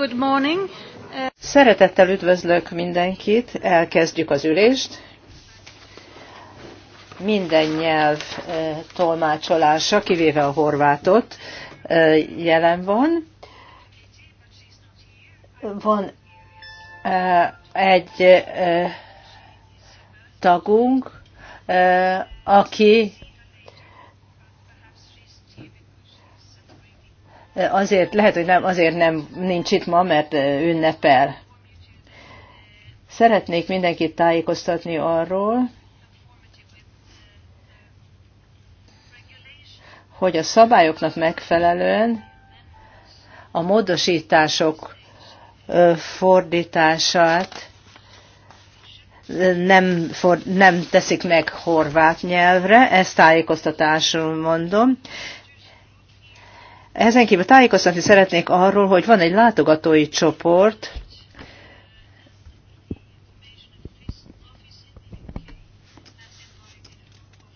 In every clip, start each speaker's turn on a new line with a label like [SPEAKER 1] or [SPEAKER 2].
[SPEAKER 1] Good morning. Szeretettel üdvözlök mindenkit, elkezdjük az ülést. Minden nyelv eh, tolmácsolása, kivéve a horvátot, eh, jelen van. Van eh, egy tagunk, aki azért, lehet, hogy nem, azért nem nincs itt ma, mert ünnepel. Szeretnék mindenkit tájékoztatni arról, hogy a szabályoknak megfelelően a módosítások fordítását nem, for, nem teszik meg horvát nyelvre, ezt tájékoztatásul mondom, ezen kívül tájékoztatni szeretnék arról, hogy van egy látogatói csoport,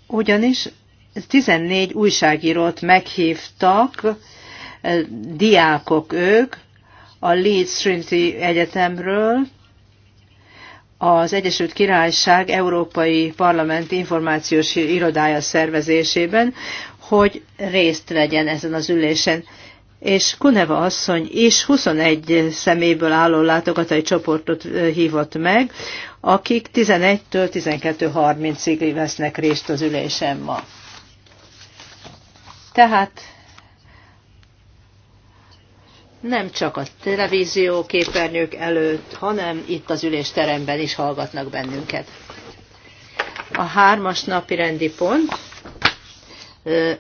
[SPEAKER 1] ugyanis 14 újságírót meghívtak, e, diákok ők, a Leeds Trinity Egyetemről, az Egyesült Királyság Európai Parlamenti Információs Irodája szervezésében, hogy részt vegyen ezen az ülésen. És Kuneva asszony is 21 szeméből álló látogatói csoportot hívott meg, akik 11-től 12.30-ig vesznek részt az ülésen ma. Tehát nem csak a televízió képernyők előtt, hanem itt az ülésteremben is hallgatnak bennünket. A hármas napi rendi pont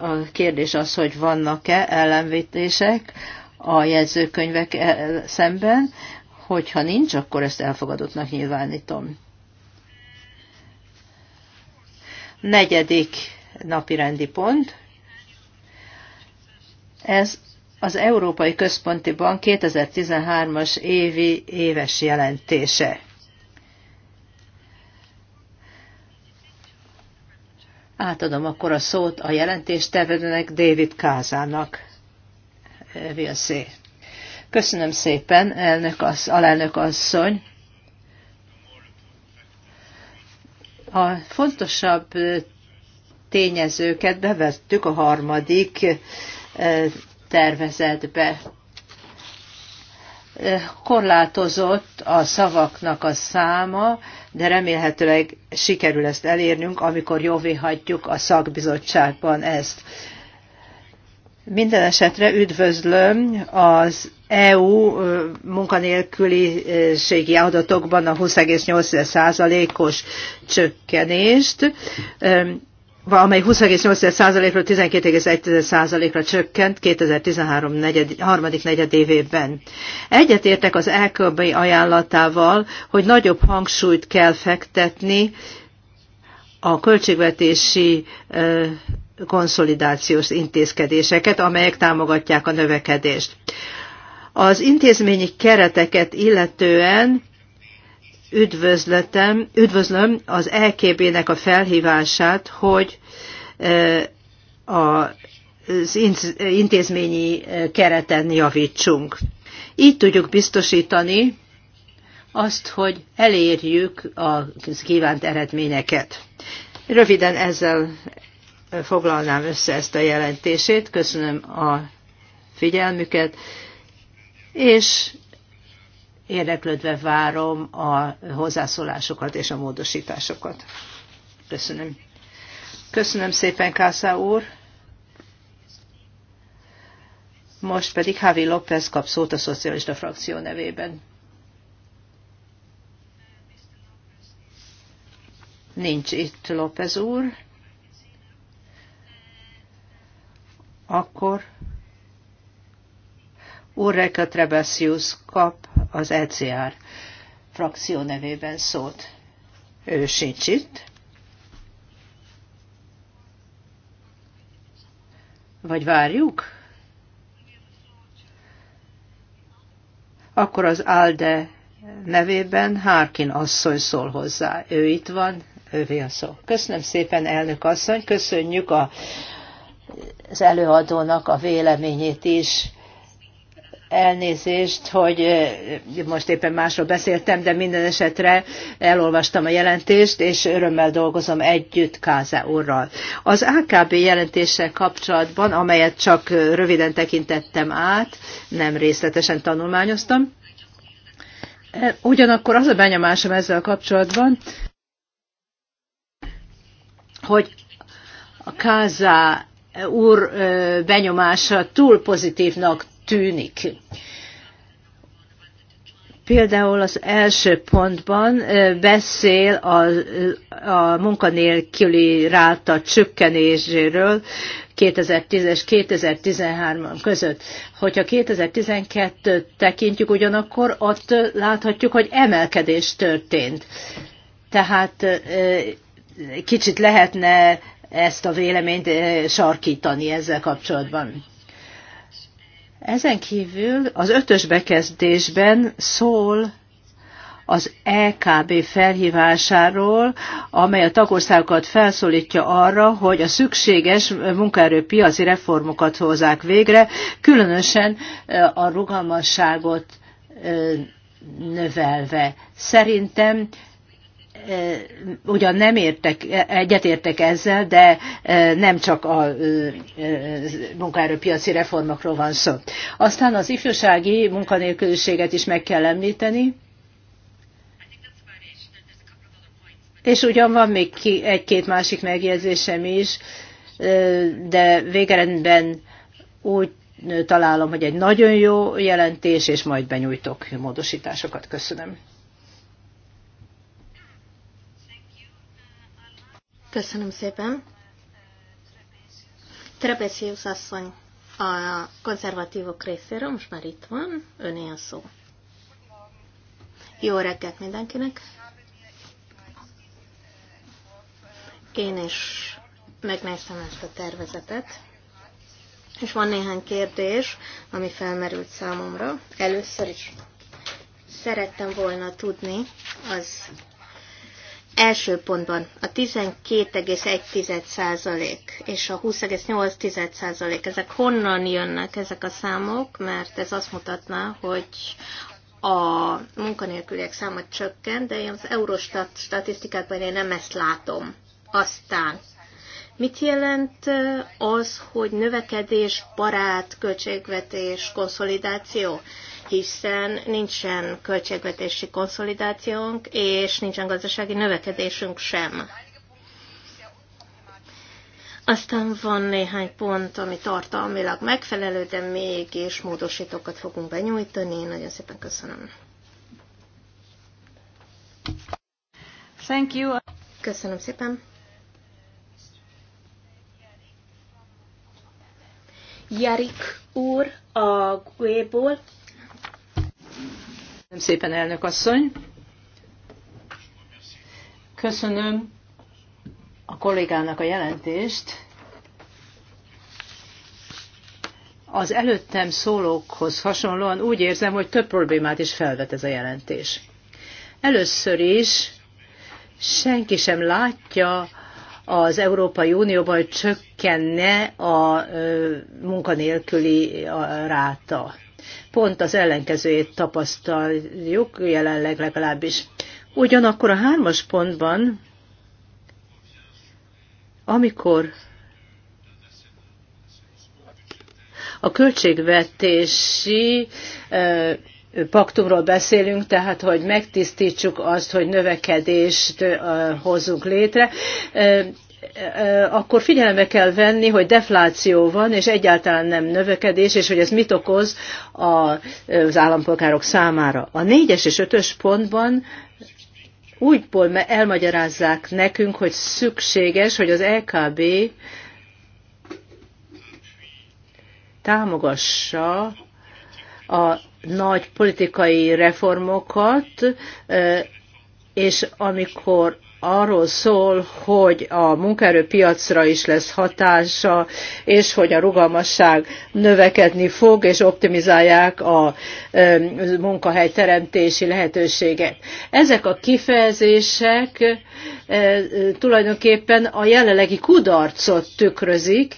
[SPEAKER 1] a kérdés az, hogy vannak-e ellenvétések a jegyzőkönyvek e, szemben, hogyha nincs, akkor ezt elfogadottnak nyilvánítom. Negyedik napi rendi pont. Ez az Európai Központi Bank 2013-as évi éves jelentése. Átadom akkor a szót a jelentéstevőnek, David Kázának. Vilszé. Köszönöm szépen, elnök az, alelnök asszony. A fontosabb tényezőket bevettük a harmadik eh, tervezetbe korlátozott a szavaknak a száma, de remélhetőleg sikerül ezt elérnünk, amikor jóvéhatjuk a szakbizottságban ezt. Minden esetre üdvözlöm az EU munkanélküliségi adatokban a 20,8%-os csökkenést amely 20,8%-ról 12,1%-ra csökkent 2013 negyed, harmadik negyed évében. Egyetértek az LKB ajánlatával, hogy nagyobb hangsúlyt kell fektetni a költségvetési konszolidációs intézkedéseket, amelyek támogatják a növekedést. Az intézményi kereteket illetően üdvözletem, üdvözlöm az LKB-nek a felhívását, hogy e, az intézményi e, kereten javítsunk. Így tudjuk biztosítani azt, hogy elérjük a kívánt eredményeket. Röviden ezzel foglalnám össze ezt a jelentését. Köszönöm a figyelmüket, és érdeklődve várom a hozzászólásokat és a módosításokat. Köszönöm. Köszönöm szépen, Kászá úr. Most pedig havi López kap szót a szocialista frakció nevében. Nincs itt López úr. Akkor Urreka Trebesius kap az ECR frakció nevében szót. Ő sincs itt. Vagy várjuk? Akkor az ALDE nevében hárkin asszony szól hozzá. Ő itt van, ővé a szó. Köszönöm szépen, elnök asszony, köszönjük a, az előadónak a véleményét is elnézést, hogy most éppen másról beszéltem, de minden esetre elolvastam a jelentést, és örömmel dolgozom együtt káze úrral. Az AKB jelentéssel kapcsolatban, amelyet csak röviden tekintettem át, nem részletesen tanulmányoztam, e, ugyanakkor az a benyomásom ezzel kapcsolatban, hogy a Káza úr benyomása túl pozitívnak tűnik. Például az első pontban beszél a, a munkanélküli ráta csökkenéséről 2010 és 2013 között. Hogyha 2012-t tekintjük ugyanakkor, ott láthatjuk, hogy emelkedés történt. Tehát kicsit lehetne ezt a véleményt sarkítani ezzel kapcsolatban. Ezen kívül az ötös bekezdésben szól az EKB felhívásáról, amely a tagországokat felszólítja arra, hogy a szükséges munkaerőpiaci reformokat hozzák végre, különösen a rugalmasságot növelve. Szerintem ugyan nem értek, egyetértek ezzel, de nem csak a munkaerőpiaci reformokról van szó. Aztán az ifjúsági munkanélküliséget is meg kell említeni. És ugyan van még egy-két másik megjegyzésem is, de végeredben úgy találom, hogy egy nagyon jó jelentés, és majd benyújtok módosításokat. Köszönöm.
[SPEAKER 2] Köszönöm szépen. Trebeszius asszony a konzervatívok részéről, most már itt van, öné a szó. Jó reggelt mindenkinek! Én is megnéztem ezt a tervezetet, és van néhány kérdés, ami felmerült számomra. Először is szerettem volna tudni az Első pontban a 12,1% és a 20,8% ezek honnan jönnek ezek a számok, mert ez azt mutatná, hogy a munkanélküliek száma csökken, de én az Eurostat statisztikákban én nem ezt látom. Aztán Mit jelent az, hogy növekedés, barát, költségvetés, konszolidáció? hiszen nincsen költségvetési konszolidációnk, és nincsen gazdasági növekedésünk sem. Aztán van néhány pont, ami tartalmilag megfelelő, de mégis módosítókat fogunk benyújtani. Nagyon szépen köszönöm. Thank you. Köszönöm szépen. Jarik úr a Guéból. Köszönöm
[SPEAKER 1] szépen, elnök asszony. Köszönöm a kollégának a jelentést. Az előttem szólókhoz hasonlóan úgy érzem, hogy több problémát is felvet ez a jelentés. Először is senki sem látja az Európai Unióban, hogy csökkenne a munkanélküli ráta Pont az ellenkezőjét tapasztaljuk jelenleg legalábbis. Ugyanakkor a hármas pontban, amikor a költségvetési paktumról beszélünk, tehát hogy megtisztítsuk azt, hogy növekedést hozzunk létre. Eh, akkor figyelembe kell venni, hogy defláció van, és egyáltalán nem növekedés, és hogy ez mit okoz az állampolgárok számára. A négyes és ötös pontban úgyból elmagyarázzák nekünk, hogy szükséges, hogy az LKB támogassa a nagy politikai reformokat, eh, és amikor arról szól, hogy a munkaerőpiacra is lesz hatása, és hogy a rugalmasság növekedni fog, és optimizálják a munkahely teremtési lehetőséget. Ezek a kifejezések tulajdonképpen a jelenlegi kudarcot tükrözik,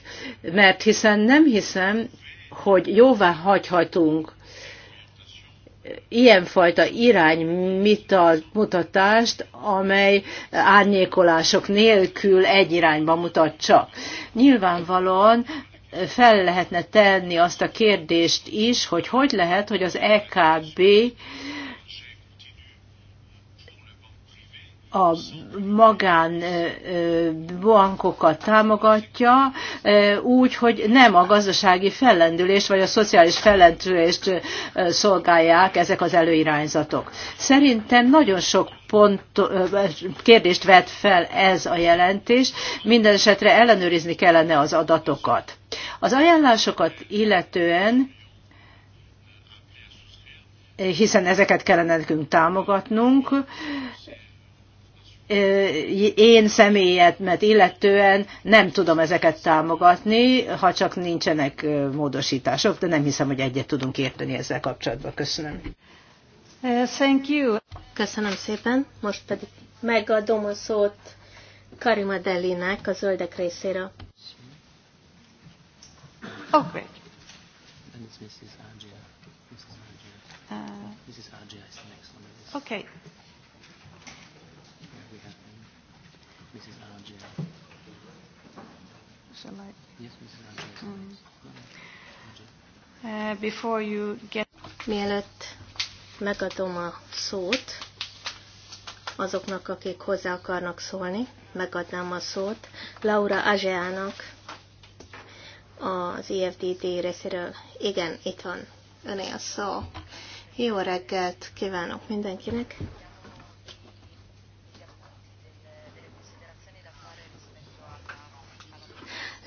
[SPEAKER 1] mert hiszen nem hiszem, hogy jóvá hagyhatunk ilyenfajta mutatást, amely árnyékolások nélkül egy irányba mutat csak. Nyilvánvalóan fel lehetne tenni azt a kérdést is, hogy hogy lehet, hogy az EKB a magán bankokat támogatja, úgy, hogy nem a gazdasági fellendülést vagy a szociális fellendülést szolgálják ezek az előirányzatok. Szerintem nagyon sok pont, kérdést vet fel ez a jelentés, minden esetre ellenőrizni kellene az adatokat. Az ajánlásokat illetően hiszen ezeket kellene nekünk támogatnunk én személyemet illetően nem tudom ezeket támogatni, ha csak nincsenek módosítások, de nem hiszem, hogy egyet tudunk érteni ezzel kapcsolatban. Köszönöm.
[SPEAKER 2] Thank you. Köszönöm szépen. Most pedig megadom a szót Karima Dellinek a zöldek részére. Oh, great. And it's Mrs. Agia. Mrs. Agia. Uh, Mrs. Agia is the next one. Okay. Um, uh, before you get... Mielőtt megadom a szót azoknak, akik hozzá akarnak szólni, megadnám a szót Laura Azseának az IFDD részéről. Igen, itt van. Öné a szó. Jó reggelt kívánok mindenkinek!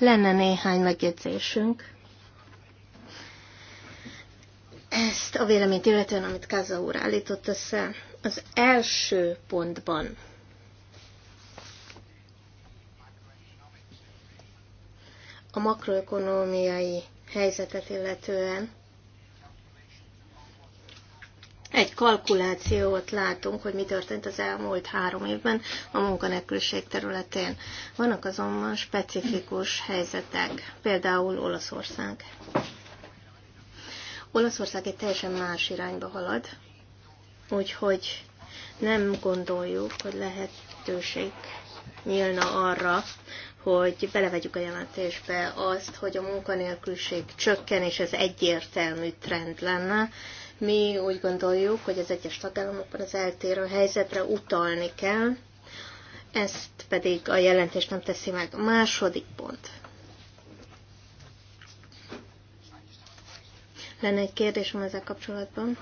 [SPEAKER 2] Lenne néhány megjegyzésünk. Ezt a véleményt illetően, amit Kaza úr állított össze, az első pontban a makroökonómiai helyzetet illetően egy kalkulációt látunk, hogy mi történt az elmúlt három évben a munkanélküliség területén. Vannak azonban specifikus helyzetek, például Olaszország. Olaszország egy teljesen más irányba halad, úgyhogy nem gondoljuk, hogy lehetőség nyílna arra, hogy belevegyük a jelentésbe azt, hogy a munkanélküliség csökken, és ez egyértelmű trend lenne, mi úgy gondoljuk, hogy az egyes tagállamokban az eltérő helyzetre utalni kell, ezt pedig a jelentés nem teszi meg. A második pont. Lenne egy kérdésem ezzel kapcsolatban.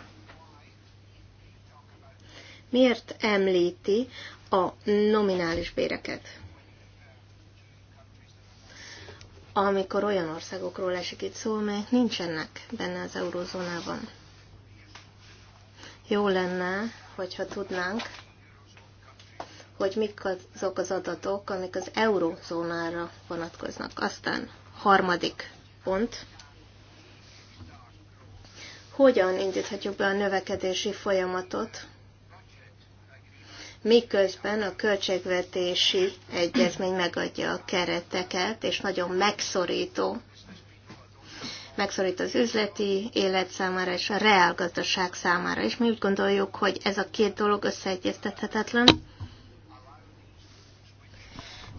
[SPEAKER 2] Miért említi a nominális béreket? amikor olyan országokról esik itt szó, amelyek nincsenek benne az eurozónában. Jó lenne, hogyha tudnánk, hogy mik azok az adatok, amik az eurózónára vonatkoznak. Aztán harmadik pont, hogyan indíthatjuk be a növekedési folyamatot, miközben a költségvetési egyezmény megadja a kereteket, és nagyon megszorító megszorít az üzleti élet számára és a reálgazdaság számára. És mi úgy gondoljuk, hogy ez a két dolog összeegyeztethetetlen.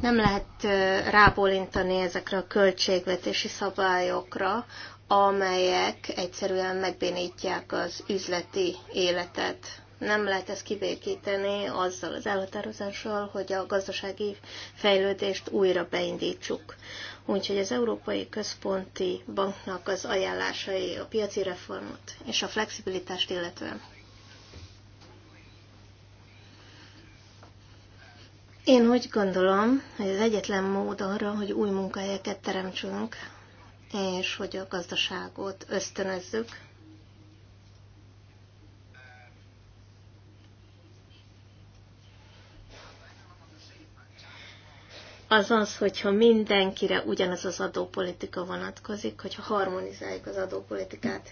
[SPEAKER 2] Nem lehet rábólintani ezekre a költségvetési szabályokra, amelyek egyszerűen megbénítják az üzleti életet. Nem lehet ezt kibékíteni azzal az elhatározással, hogy a gazdasági fejlődést újra beindítsuk. Úgyhogy az Európai Központi Banknak az ajánlásai a piaci reformot és a flexibilitást illetően. Én úgy gondolom, hogy az egyetlen mód arra, hogy új munkahelyeket teremtsünk, és hogy a gazdaságot ösztönözzük, az az, hogyha mindenkire ugyanaz az adópolitika vonatkozik, hogyha harmonizáljuk az adópolitikát.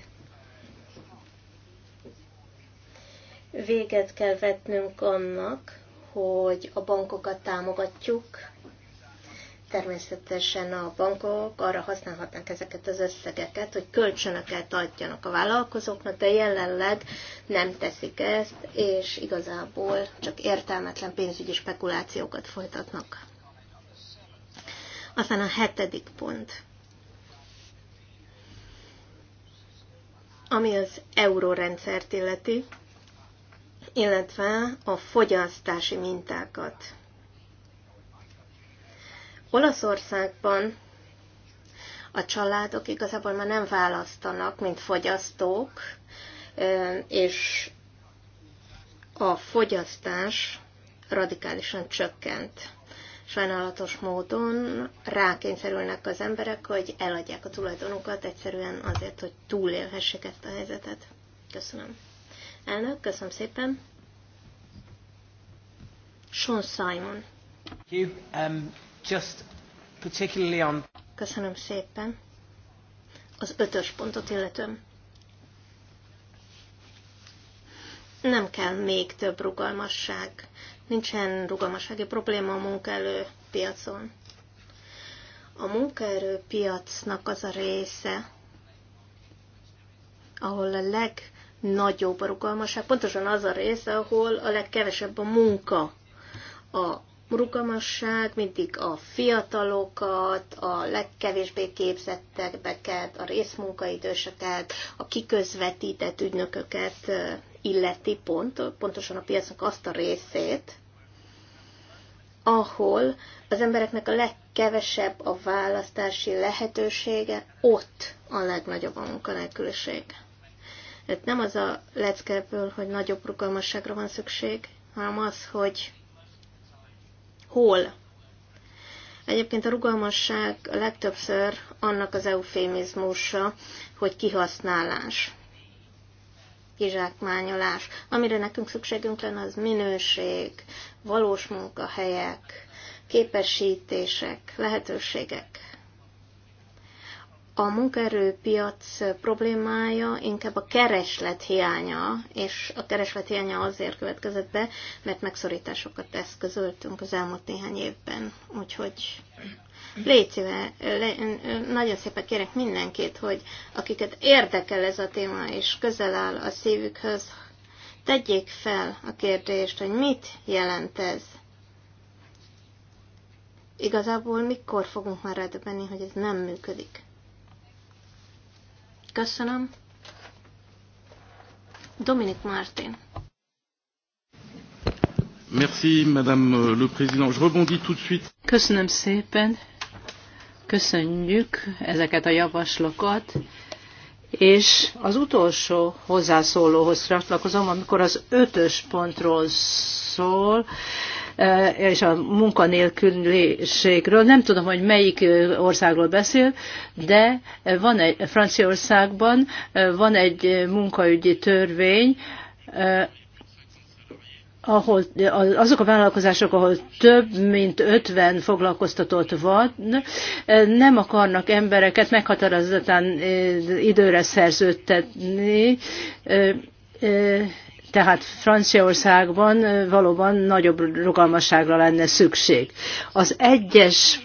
[SPEAKER 2] Véget kell vetnünk annak, hogy a bankokat támogatjuk. Természetesen a bankok arra használhatnak ezeket az összegeket, hogy kölcsönöket adjanak a vállalkozóknak, de jelenleg nem teszik ezt, és igazából csak értelmetlen pénzügyi spekulációkat folytatnak. Aztán a hetedik pont, ami az eurórendszert illeti, illetve a fogyasztási mintákat. Olaszországban a családok igazából már nem választanak, mint fogyasztók, és a fogyasztás radikálisan csökkent sajnálatos módon rákényszerülnek az emberek, hogy eladják a tulajdonukat egyszerűen azért, hogy túlélhessék ezt a helyzetet. Köszönöm. Elnök, köszönöm szépen. Sean Simon. You, um, just particularly on... Köszönöm szépen. Az ötös pontot illetően. Nem kell még több rugalmasság nincsen rugalmassági probléma a piacon. A piacnak az a része, ahol a legnagyobb a rugalmasság, pontosan az a része, ahol a legkevesebb a munka. A rugalmasság mindig a fiatalokat, a legkevésbé képzettekbeket, a részmunkaidőseket, a kiközvetített ügynököket illeti pont, pontosan a piacnak azt a részét, ahol az embereknek a legkevesebb a választási lehetősége, ott a legnagyobb a munkanélküliség. Tehát nem az a leckeből, hogy nagyobb rugalmasságra van szükség, hanem az, hogy hol. Egyébként a rugalmasság legtöbbször annak az eufémizmusa, hogy kihasználás kizsákmányolás. Amire nekünk szükségünk lenne, az minőség, valós munkahelyek, képesítések, lehetőségek. A munkaerőpiac problémája inkább a kereslet hiánya, és a kereslet hiánya azért következett be, mert megszorításokat eszközöltünk az elmúlt néhány évben. Úgyhogy Légy szíve, le, nagyon szépen kérek mindenkit, hogy akiket érdekel ez a téma, és közel áll a szívükhöz, tegyék fel a kérdést, hogy mit jelent ez. Igazából mikor fogunk már rádöbbenni, hogy ez nem működik. Köszönöm. Dominik Martin. Merci, Madame euh, le Président. Je rebondis tout de suite.
[SPEAKER 1] Köszönöm szépen. Köszönjük ezeket a javaslatokat, és az utolsó hozzászólóhoz csatlakozom, amikor az ötös pontról szól, eh, és a munkanélküliségről. Nem tudom, hogy melyik eh, országról beszél, de eh, van egy, Franciaországban van egy munkaügyi törvény, ahol, azok a vállalkozások, ahol több mint 50 foglalkoztatott van, e, nem akarnak embereket meghatározatlan e, időre szerződtetni, e, tehát Franciaországban valóban nagyobb rugalmasságra lenne szükség. Az egyes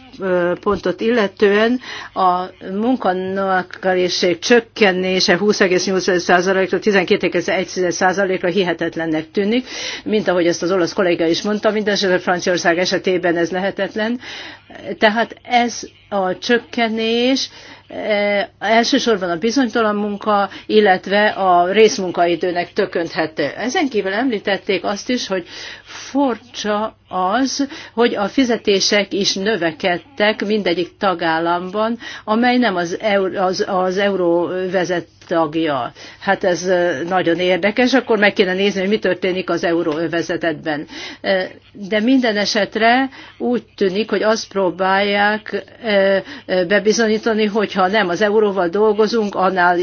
[SPEAKER 1] pontot illetően a munkanélküliség csökkenése 20,8%-ra 12,1%-ra hihetetlennek tűnik, mint ahogy ezt az olasz kollega is mondta, mindenesetre Franciaország esetében ez lehetetlen. Tehát ez a csökkenés eh, elsősorban a bizonytalan munka, illetve a részmunkaidőnek tökönthető. Ezen kívül említették azt is, hogy furcsa az, hogy a fizetések is növekedtek mindegyik tagállamban, amely nem az, euró, az, az euróvezet tagja. Hát ez nagyon érdekes, akkor meg kéne nézni, hogy mi történik az euróvezetetben? De minden esetre úgy tűnik, hogy azt próbálják bebizonyítani, hogyha nem az euróval dolgozunk, annál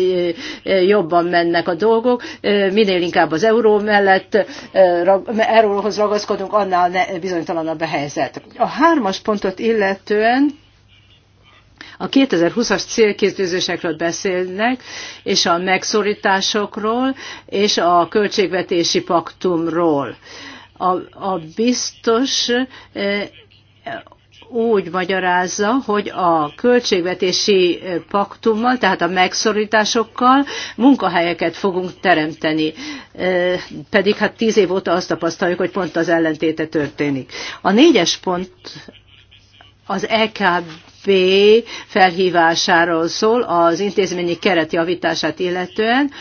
[SPEAKER 1] jobban mennek a dolgok, minél inkább az euró mellett, euróhoz ragaszkodunk, annál bizonytalanabb a helyzet. A hármas pontot illetően a 2020-as célkézdőzésekről beszélnek, és a megszorításokról, és a költségvetési paktumról. A, a biztos eh, úgy magyarázza, hogy a költségvetési paktummal, tehát a megszorításokkal munkahelyeket fogunk teremteni. Pedig hát tíz év óta azt tapasztaljuk, hogy pont az ellentéte történik. A négyes pont az EKB felhívásáról szól, az intézményi keret javítását illetően,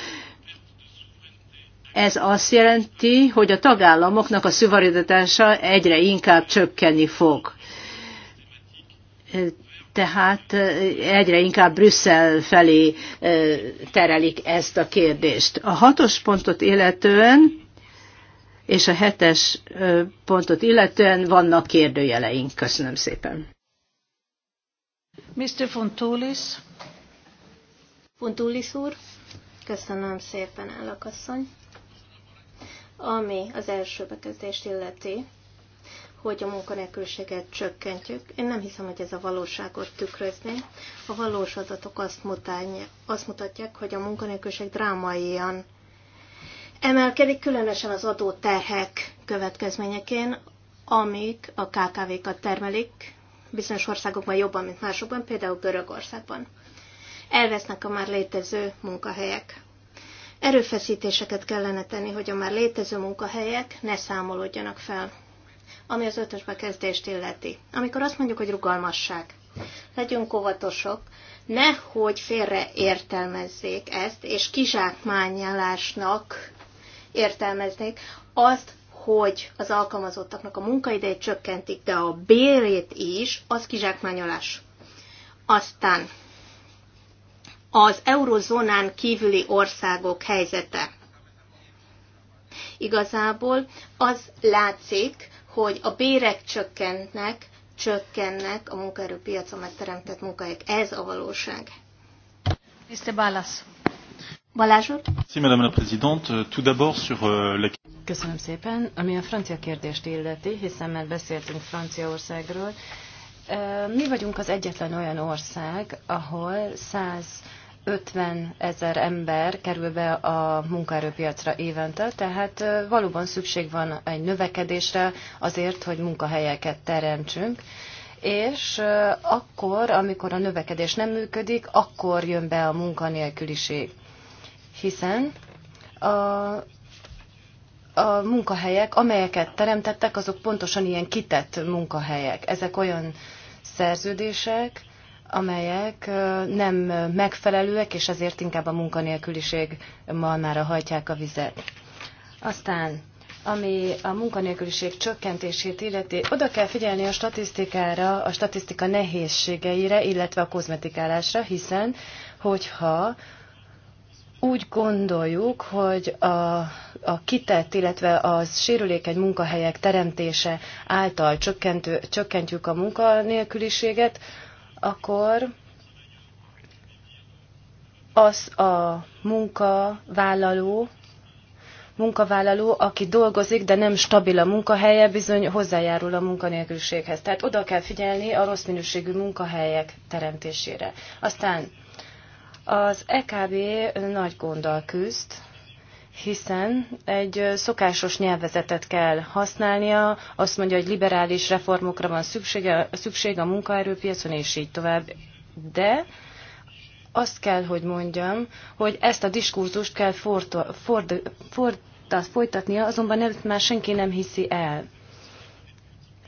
[SPEAKER 1] ez azt jelenti, hogy a tagállamoknak a szivaridatása egyre inkább csökkenni fog. Tehát egyre inkább Brüsszel felé terelik ezt a kérdést. A hatos pontot illetően és a hetes pontot illetően vannak kérdőjeleink. Köszönöm szépen.
[SPEAKER 2] Mr. Fontulis. Fontulis úr, köszönöm szépen, elnökasszony. Ami az első bekezdést illeti, hogy a munkanélküliséget csökkentjük. Én nem hiszem, hogy ez a valóságot tükrözni. A valós adatok azt, mutálja, azt mutatják, hogy a munkanélküliség drámaian emelkedik, különösen az adóterhek következményeként, amik a KKV-kat termelik, bizonyos országokban jobban, mint másokban, például Görögországban. Elvesznek a már létező munkahelyek. Erőfeszítéseket kellene tenni, hogy a már létező munkahelyek ne számolódjanak fel ami az ötös bekezdést illeti. Amikor azt mondjuk, hogy rugalmasság, legyünk óvatosok, nehogy félreértelmezzék ezt, és kizsákmányálásnak értelmeznék azt, hogy az alkalmazottaknak a munkaidejét csökkentik, de a bérét is, az kizsákmányolás. Aztán az eurozónán kívüli országok helyzete. Igazából az látszik, hogy a bérek csökkennek, csökkennek a munkaerőpiacon megteremtett munkahelyek. Ez a valóság. Mr.
[SPEAKER 3] Balas. Balázs úr?
[SPEAKER 2] Madame la Présidente. Tout d'abord sur euh, la...
[SPEAKER 3] Köszönöm szépen. Ami a francia kérdést illeti, hiszen már beszéltünk Franciaországról, mi vagyunk az egyetlen olyan ország, ahol 100 50 ezer ember kerül be a munkaerőpiacra évente, tehát valóban szükség van egy növekedésre azért, hogy munkahelyeket teremtsünk, és akkor, amikor a növekedés nem működik, akkor jön be a munkanélküliség. Hiszen a, a munkahelyek, amelyeket teremtettek, azok pontosan ilyen kitett munkahelyek. Ezek olyan szerződések, amelyek nem megfelelőek, és ezért inkább a munkanélküliség malmára hajtják a vizet. Aztán ami a munkanélküliség csökkentését illeti, oda kell figyelni a statisztikára, a statisztika nehézségeire, illetve a kozmetikálásra, hiszen hogyha úgy gondoljuk, hogy a, a kitett, illetve az sérülékeny munkahelyek teremtése által csökkentő, csökkentjük a munkanélküliséget, akkor az a munkavállaló, munkavállaló, aki dolgozik, de nem stabil a munkahelye, bizony hozzájárul a munkanélküliséghez. Tehát oda kell figyelni a rossz minőségű munkahelyek teremtésére. Aztán az EKB nagy gonddal küzd, hiszen egy szokásos nyelvezetet kell használnia, azt mondja, hogy liberális reformokra van szüksége, szükség a munkaerőpiacon, és így tovább. De azt kell, hogy mondjam, hogy ezt a diskurzust kell fordítani, ford, ford, folytatnia, azonban ezt már senki nem hiszi el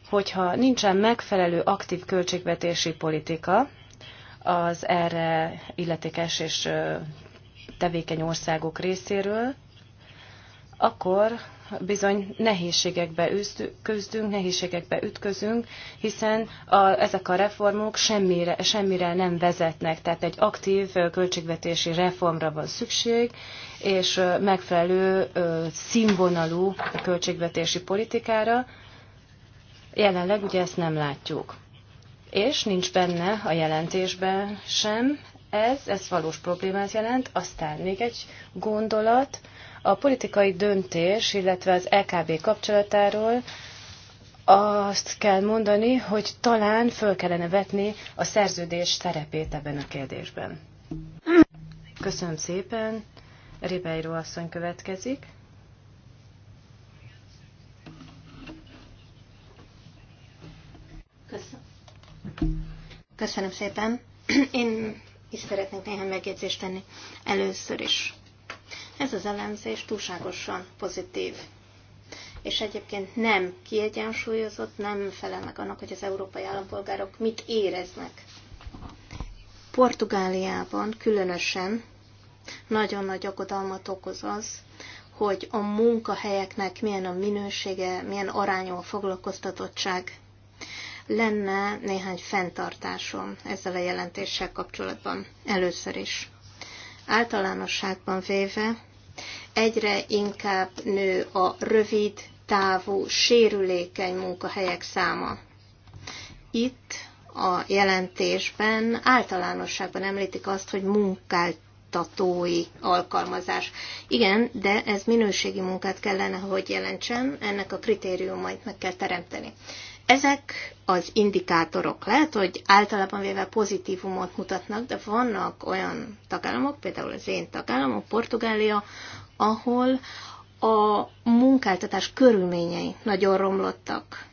[SPEAKER 3] hogyha nincsen megfelelő aktív költségvetési politika az erre illetékes és tevékeny országok részéről, akkor bizony nehézségekbe küzdünk, nehézségekbe ütközünk, hiszen a, ezek a reformok semmire, semmire nem vezetnek. Tehát egy aktív költségvetési reformra van szükség, és megfelelő színvonalú költségvetési politikára. Jelenleg ugye ezt nem látjuk. És nincs benne a jelentésben sem ez, ez valós problémát jelent. Aztán még egy gondolat, a politikai döntés, illetve az LKB kapcsolatáról azt kell mondani, hogy talán föl kellene vetni a szerződés szerepét ebben a kérdésben. Köszönöm szépen. Ribeiro asszony következik. Köszönöm.
[SPEAKER 2] Köszönöm szépen. Én is szeretnék néhány megjegyzést tenni. Először is ez az elemzés túlságosan pozitív. És egyébként nem kiegyensúlyozott, nem felel meg annak, hogy az európai állampolgárok mit éreznek. Portugáliában különösen nagyon nagy aggodalmat okoz az, hogy a munkahelyeknek milyen a minősége, milyen arányú a foglalkoztatottság. Lenne néhány fenntartásom ezzel a jelentéssel kapcsolatban először is. Általánosságban véve egyre inkább nő a rövid távú, sérülékeny munkahelyek száma. Itt a jelentésben általánosságban említik azt, hogy munkáltatói alkalmazás. Igen, de ez minőségi munkát kellene, hogy jelentsen, ennek a kritériumait meg kell teremteni. Ezek az indikátorok lehet, hogy általában véve pozitívumot mutatnak, de vannak olyan tagállamok, például az én tagállamom, Portugália, ahol a munkáltatás körülményei nagyon romlottak.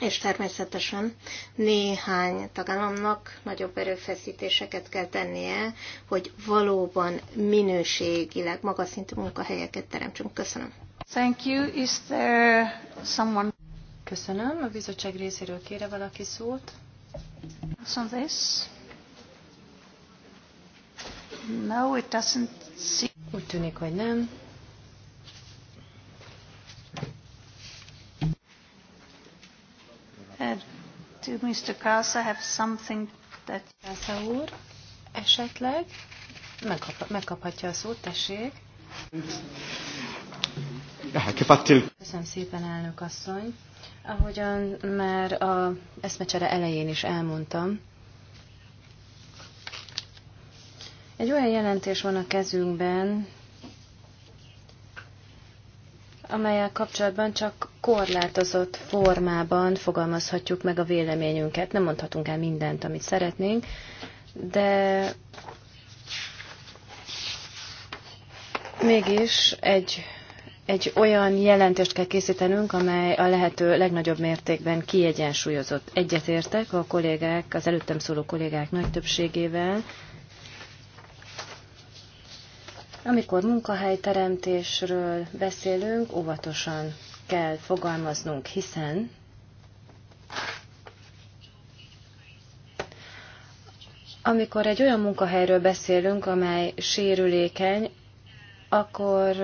[SPEAKER 2] És természetesen néhány tagállamnak nagyobb erőfeszítéseket kell tennie, hogy valóban minőségileg magas szintű munkahelyeket teremtsünk. Köszönöm.
[SPEAKER 3] Thank you. Is there someone? Köszönöm. A bizottság részéről kére valaki szót? On this? No, it doesn't seem... Úgy tűnik, hogy nem. Uh, do Mr. Kasa have something that... Kasa úr, esetleg megkap, megkaphatja a szót, tessék. Köszönöm szépen, elnök asszony. Ahogyan már a eszmecsere elején is elmondtam, Egy olyan jelentés van a kezünkben, amelyel kapcsolatban csak korlátozott formában fogalmazhatjuk meg a véleményünket. Nem mondhatunk el mindent, amit szeretnénk, de mégis egy, egy olyan jelentést kell készítenünk, amely a lehető legnagyobb mértékben kiegyensúlyozott. Egyetértek a kollégák, az előttem szóló kollégák nagy többségével, amikor munkahelyteremtésről beszélünk, óvatosan kell fogalmaznunk, hiszen amikor egy olyan munkahelyről beszélünk, amely sérülékeny, akkor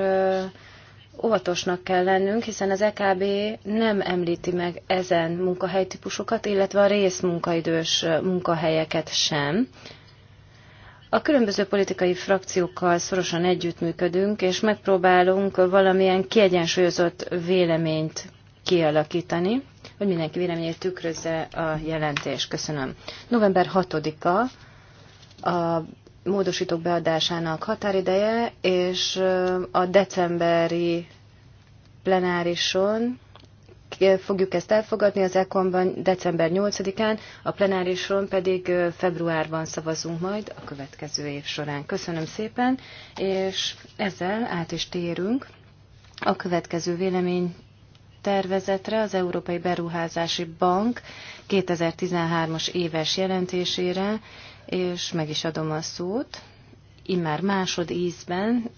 [SPEAKER 3] óvatosnak kell lennünk, hiszen az EKB nem említi meg ezen munkahelytípusokat, illetve a részmunkaidős munkahelyeket sem. A különböző politikai frakciókkal szorosan együttműködünk, és megpróbálunk valamilyen kiegyensúlyozott véleményt kialakítani, hogy mindenki véleményét tükrözze a jelentés. Köszönöm. November 6-a a módosítók beadásának határideje, és a decemberi plenárison fogjuk ezt elfogadni az ECOM-ban december 8-án, a plenárison pedig februárban szavazunk majd a következő év során. Köszönöm szépen, és ezzel át is térünk a következő vélemény tervezetre, az Európai Beruházási Bank 2013-as éves jelentésére, és meg is adom a szót. Immár másod ízben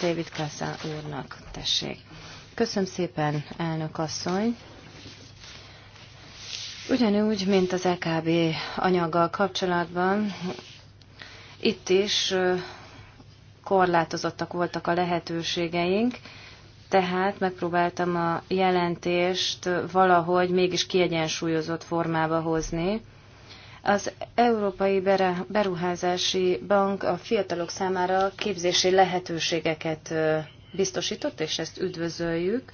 [SPEAKER 3] David Kassa úrnak tessék. Köszönöm szépen, elnök asszony. Ugyanúgy, mint az EKB anyaggal kapcsolatban, itt is korlátozottak voltak a lehetőségeink, tehát megpróbáltam a jelentést valahogy mégis kiegyensúlyozott formába hozni. Az Európai Beruházási Bank a fiatalok számára képzési lehetőségeket biztosított, és ezt üdvözöljük,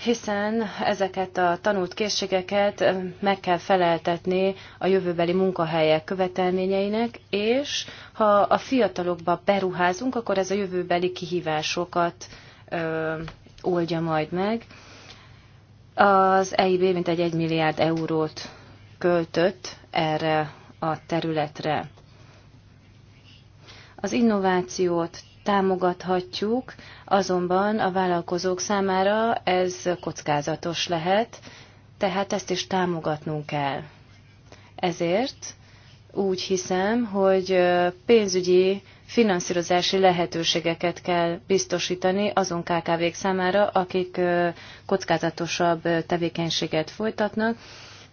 [SPEAKER 3] hiszen ezeket a tanult készségeket meg kell feleltetni a jövőbeli munkahelyek követelményeinek, és ha a fiatalokba beruházunk, akkor ez a jövőbeli kihívásokat ö, oldja majd meg. Az EIB mintegy 1 milliárd eurót költött erre a területre. Az innovációt támogathatjuk, azonban a vállalkozók számára ez kockázatos lehet, tehát ezt is támogatnunk kell. Ezért úgy hiszem, hogy pénzügyi finanszírozási lehetőségeket kell biztosítani azon KKV-k számára, akik kockázatosabb tevékenységet folytatnak,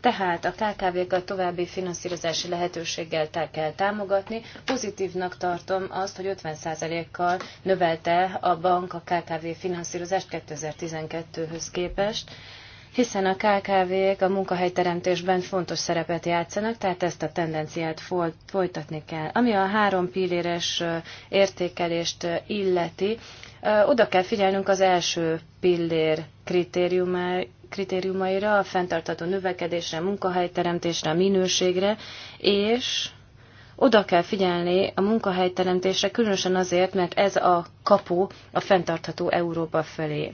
[SPEAKER 3] tehát a KKV-kat további finanszírozási lehetőséggel kell támogatni. Pozitívnak tartom azt, hogy 50%-kal növelte a bank a KKV finanszírozást 2012-höz képest hiszen a KKV-k a munkahelyteremtésben fontos szerepet játszanak, tehát ezt a tendenciát folytatni kell. Ami a három pilléres értékelést illeti, oda kell figyelnünk az első pillér kritériumaira, a fenntartató növekedésre, a munkahelyteremtésre, a minőségre, és oda kell figyelni a munkahelyteremtésre, különösen azért, mert ez a kapu a fenntartható Európa felé.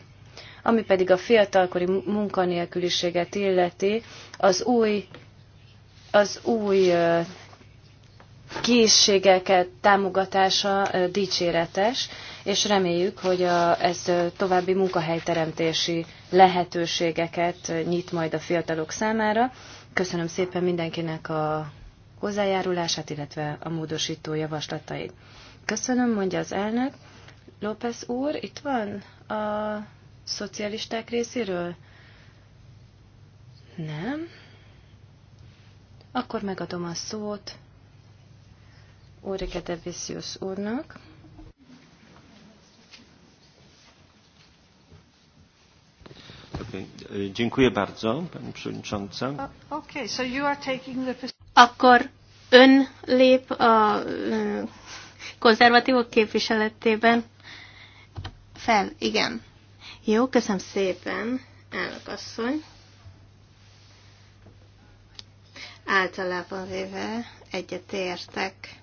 [SPEAKER 3] Ami pedig a fiatalkori munkanélküliséget illeti, az új, az új készségeket támogatása dicséretes, és reméljük, hogy a, ez további munkahelyteremtési lehetőségeket nyit majd a fiatalok számára. Köszönöm szépen mindenkinek a hozzájárulását, illetve a módosító javaslatait. Köszönöm, mondja az elnök. López úr, itt van a szocialisták részéről? Nem. Akkor megadom a szót Ulrike de Vissius úrnak. Dziękuję bardzo, Pani Przewodnicząca.
[SPEAKER 1] Okay, so you are taking the...
[SPEAKER 2] Akkor ön lép a konzervatívok képviseletében fel, igen. Jó, köszönöm szépen, elnök asszony. Általában véve egyetértek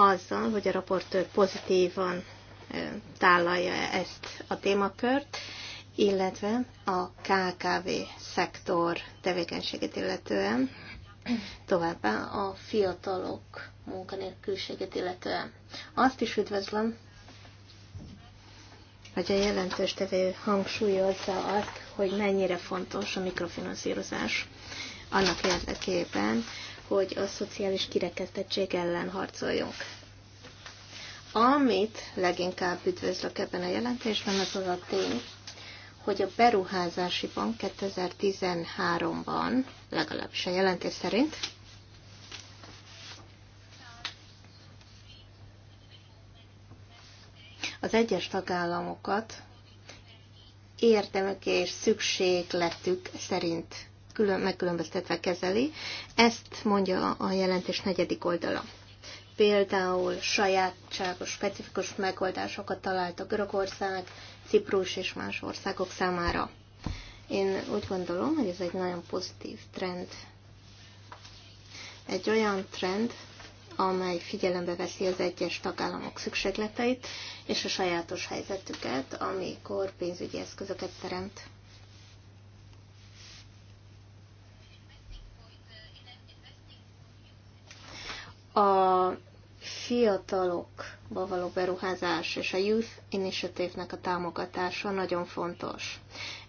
[SPEAKER 2] azzal, hogy a raportőr pozitívan tálalja ezt a témakört, illetve a KKV szektor tevékenységét illetően, továbbá a fiatalok munkanélküliségét illetően. Azt is üdvözlöm, hogy a jelentős tevő hangsúlyozza azt, hogy mennyire fontos a mikrofinanszírozás annak érdekében, hogy a szociális kirekesztettség ellen harcoljunk. Amit leginkább üdvözlök ebben a jelentésben, az az a tény, hogy a beruházási bank 2013-ban, legalábbis a jelentés szerint, az egyes tagállamokat érdemük és szükségletük szerint külön, megkülönböztetve kezeli. Ezt mondja a jelentés negyedik oldala. Például sajátságos, specifikus megoldásokat talált a Görögország, Ciprus és más országok számára. Én úgy gondolom, hogy ez egy nagyon pozitív trend. Egy olyan trend, amely figyelembe veszi az egyes tagállamok szükségleteit és a sajátos helyzetüket, amikor pénzügyi eszközöket teremt. A fiatalokba való beruházás és a Youth Initiative-nek a támogatása nagyon fontos.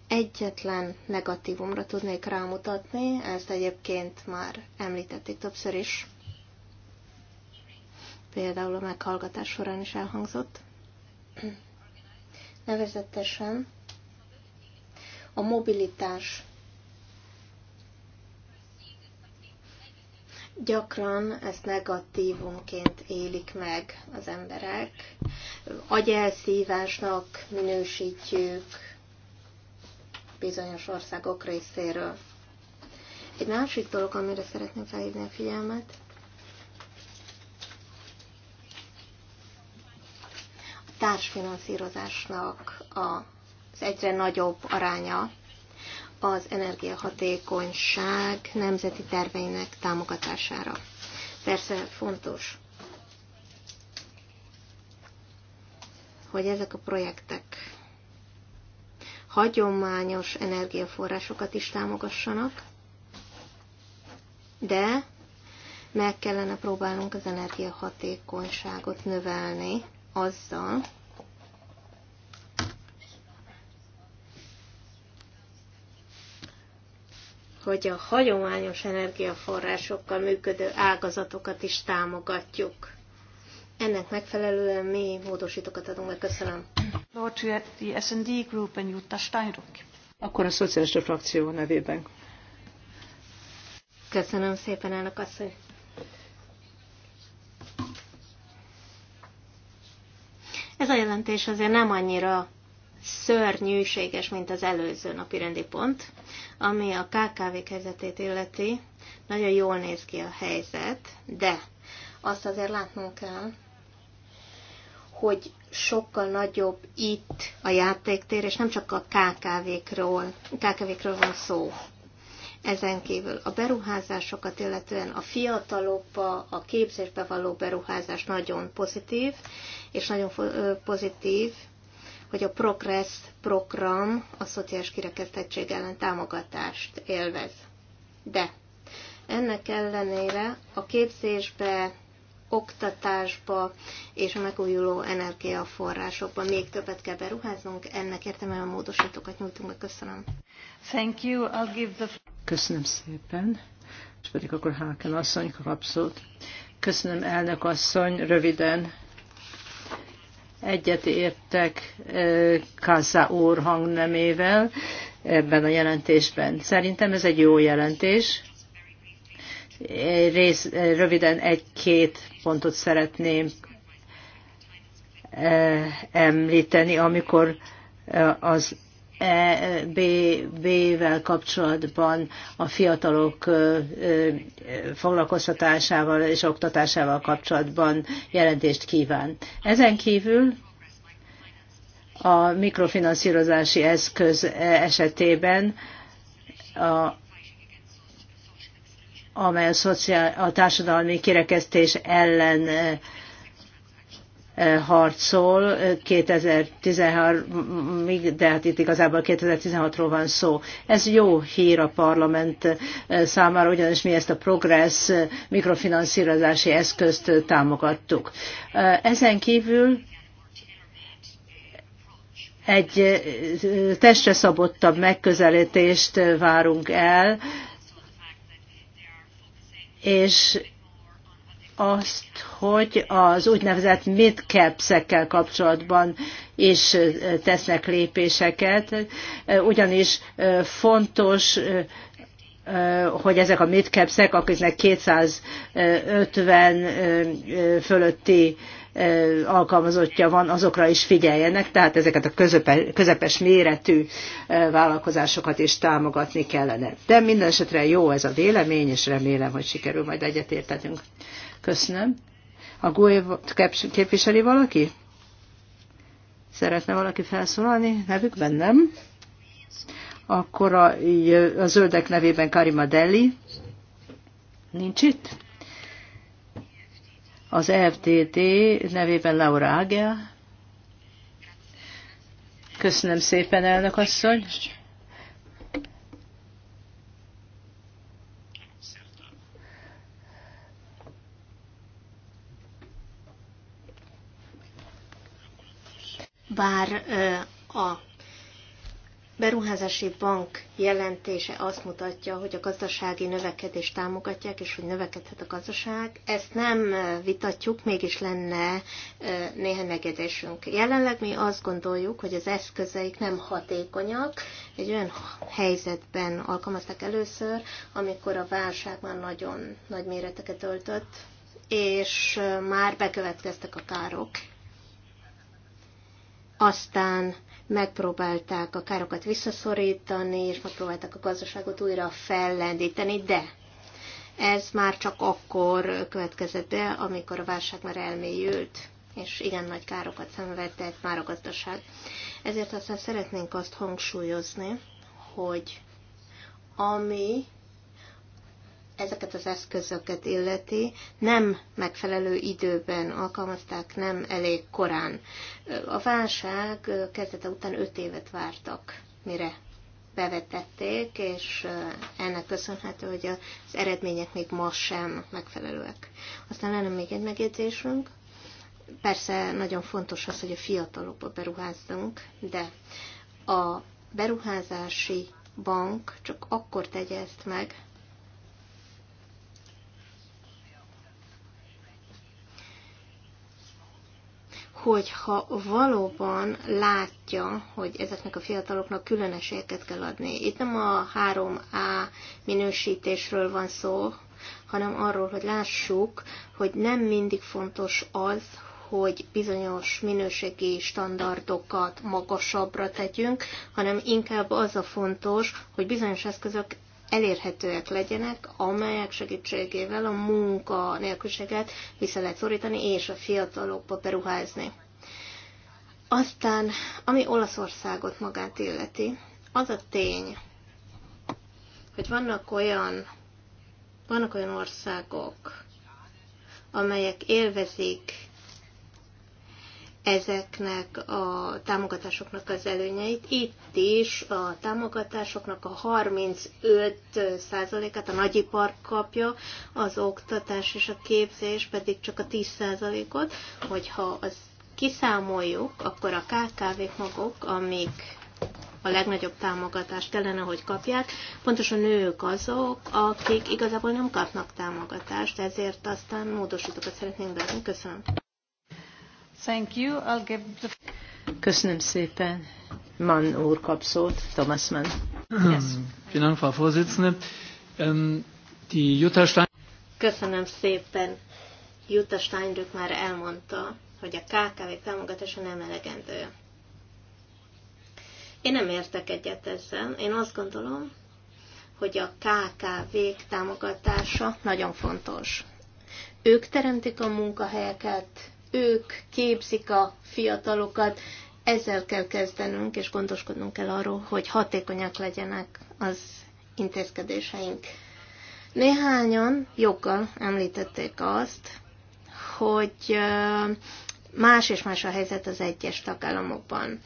[SPEAKER 2] Egyetlen negatívumra tudnék rámutatni, ezt egyébként már említették többször is, például a meghallgatás során is elhangzott. Nevezetesen a mobilitás Gyakran ezt negatívumként élik meg az emberek. Agyelszívásnak minősítjük bizonyos országok részéről. Egy másik dolog, amire szeretném felhívni a figyelmet, a társfinanszírozásnak az egyre nagyobb aránya az energiahatékonyság nemzeti terveinek támogatására. Persze fontos, hogy ezek a projektek hagyományos energiaforrásokat is támogassanak, de meg kellene próbálnunk az energiahatékonyságot növelni azzal, hogy a hagyományos energiaforrásokkal működő ágazatokat is támogatjuk. Ennek megfelelően mi módosítókat adunk meg. Köszönöm.
[SPEAKER 1] Lord, S&D Jutta Akkor a szocialista frakció nevében.
[SPEAKER 2] Köszönöm szépen, elnök asszony. Ez a jelentés azért nem annyira szörnyűséges, mint az előző napi rendi pont, ami a KKV helyzetét illeti. Nagyon jól néz ki a helyzet, de azt azért látnunk kell, hogy sokkal nagyobb itt a játéktér, és nem csak a KKV-król, KKV-kről van szó. Ezen kívül a beruházásokat, illetően a fiatalokba, a képzésbe való beruházás nagyon pozitív, és nagyon pozitív hogy a Progress program a szociális kirekesztettség ellen támogatást élvez. De ennek ellenére a képzésbe, oktatásba és a megújuló energiaforrásokba még többet kell beruháznunk. Ennek a módosítókat nyújtunk meg. Köszönöm. Thank you. I'll give the...
[SPEAKER 1] Köszönöm szépen. És pedig akkor Háken asszony kap szót. Köszönöm, elnök asszony, röviden Egyet értek Kaza úr hangnemével ebben a jelentésben. Szerintem ez egy jó jelentés. Rész, röviden egy-két pontot szeretném említeni, amikor az EBB-vel kapcsolatban a fiatalok foglalkoztatásával és oktatásával kapcsolatban jelentést kíván. Ezen kívül a mikrofinanszírozási eszköz e, esetében a amely a, szociál, a társadalmi kirekesztés ellen e, harcol 2013-ig, de hát itt igazából 2016-ról van szó. Ez jó hír a parlament számára, ugyanis mi ezt a progress mikrofinanszírozási eszközt támogattuk. Ezen kívül egy testre szabottabb megközelítést várunk el, és azt, hogy az úgynevezett midcapsekkel kapcsolatban is tesznek lépéseket, ugyanis fontos, hogy ezek a midcapsek, akiknek 250 fölötti alkalmazottja van, azokra is figyeljenek, tehát ezeket a közöpe, közepes méretű vállalkozásokat is támogatni kellene. De minden esetre jó ez a vélemény, és remélem, hogy sikerül majd egyetértenünk. Köszönöm. A GUE képviseli valaki? Szeretne valaki felszólalni? Nevükben nem. Akkor a, a zöldek nevében Karima Delli. Nincs itt? Az FDD nevében Laura Ágia. Köszönöm szépen, elnök asszony.
[SPEAKER 2] bár a beruházási bank jelentése azt mutatja, hogy a gazdasági növekedést támogatják, és hogy növekedhet a gazdaság. Ezt nem vitatjuk, mégis lenne néhány megjegyzésünk. Jelenleg mi azt gondoljuk, hogy az eszközeik nem hatékonyak. Egy olyan helyzetben alkalmazták először, amikor a válság már nagyon nagy méreteket öltött, és már bekövetkeztek a károk aztán megpróbálták a károkat visszaszorítani, és megpróbálták a gazdaságot újra fellendíteni, de ez már csak akkor következett be, amikor a válság már elmélyült, és igen nagy károkat szenvedett már a gazdaság. Ezért aztán szeretnénk azt hangsúlyozni, hogy ami ezeket az eszközöket illeti, nem megfelelő időben alkalmazták, nem elég korán. A válság kezdete után öt évet vártak, mire bevetették, és eh, ennek köszönhető, hogy az eredmények még ma sem megfelelőek. Aztán lenne még egy megjegyzésünk. Persze nagyon fontos az, hogy a fiatalokba beruházzunk, de a beruházási bank csak akkor tegye ezt meg, hogyha valóban látja, hogy ezeknek a fiataloknak külön esélyeket kell adni. Itt nem a 3A minősítésről van szó, hanem arról, hogy lássuk, hogy nem mindig fontos az, hogy bizonyos minőségi standardokat magasabbra tegyünk, hanem inkább az a fontos, hogy bizonyos eszközök elérhetőek legyenek, amelyek segítségével a munka nélküliséget vissza lehet szorítani, és a fiatalokba beruházni. Aztán, ami Olaszországot magát illeti, az a tény, hogy vannak olyan, vannak olyan országok, amelyek élvezik ezeknek a támogatásoknak az előnyeit. Itt is a támogatásoknak a 35%-át a nagyipar kapja, az oktatás és a képzés pedig csak a 10%-ot, hogyha az kiszámoljuk, akkor a KKV-k maguk, amik a legnagyobb támogatást kellene, hogy kapják. Pontosan ők azok, akik igazából nem kapnak támogatást, ezért aztán módosítokat szeretnénk beadni. Köszönöm. Thank you. I'll give the...
[SPEAKER 1] Köszönöm szépen. Mann úr kap
[SPEAKER 2] szót. Thomas Mann. Yes. Frau Vorsitzende. Ähm, die Jutta Stein... Köszönöm szépen. Jutta Steinrück már elmondta, hogy a KKV támogatása nem elegendő. Én nem értek egyet ezzel. Én azt gondolom, hogy a kkv támogatása nagyon fontos. Ők teremtik a munkahelyeket, ők képzik a fiatalokat, ezzel kell kezdenünk, és gondoskodnunk kell arról, hogy hatékonyak legyenek az intézkedéseink. Néhányan joggal említették azt, hogy más és más a helyzet az egyes tagállamokban.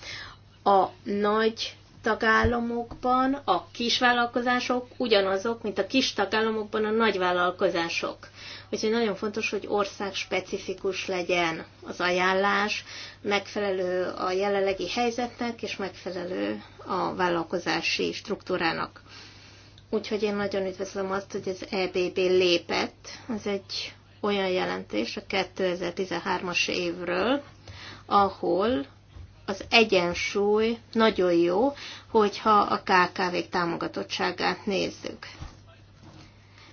[SPEAKER 2] A nagy tagállamokban a kisvállalkozások ugyanazok, mint a kis tagállamokban a nagyvállalkozások. Úgyhogy nagyon fontos, hogy ország specifikus legyen az ajánlás, megfelelő a jelenlegi helyzetnek, és megfelelő a vállalkozási struktúrának. Úgyhogy én nagyon üdvözlöm azt, hogy az EBB lépett. Ez egy olyan jelentés a 2013-as évről, ahol az egyensúly nagyon jó, hogyha a KKV-k támogatottságát nézzük.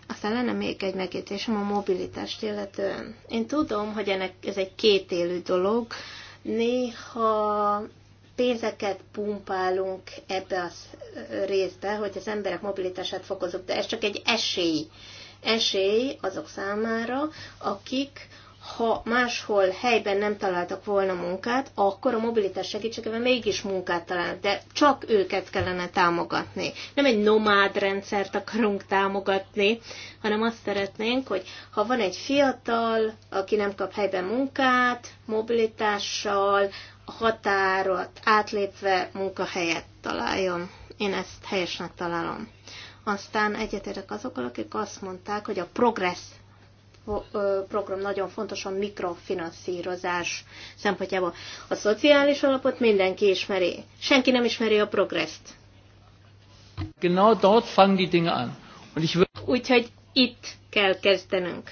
[SPEAKER 2] Aztán lenne még egy megjegyzésem a mobilitást illetően. Én tudom, hogy ennek ez egy kétélű dolog. Néha pénzeket pumpálunk ebbe a részbe, hogy az emberek mobilitását fokozunk, de ez csak egy esély. Esély azok számára, akik ha máshol helyben nem találtak volna munkát, akkor a mobilitás segítségével mégis munkát találnak, de csak őket kellene támogatni. Nem egy nomád rendszert akarunk támogatni, hanem azt szeretnénk, hogy ha van egy fiatal, aki nem kap helyben munkát, mobilitással, a határot átlépve munkahelyet találjon. Én ezt helyesnek találom. Aztán egyetértek azokkal, akik azt mondták, hogy a progressz program nagyon fontos a mikrofinanszírozás szempontjából. A szociális alapot mindenki ismeri. Senki nem ismeri a progresszt. Genau dort fangen die Dinge an. Und ich Úgyhogy itt kell kezdenünk.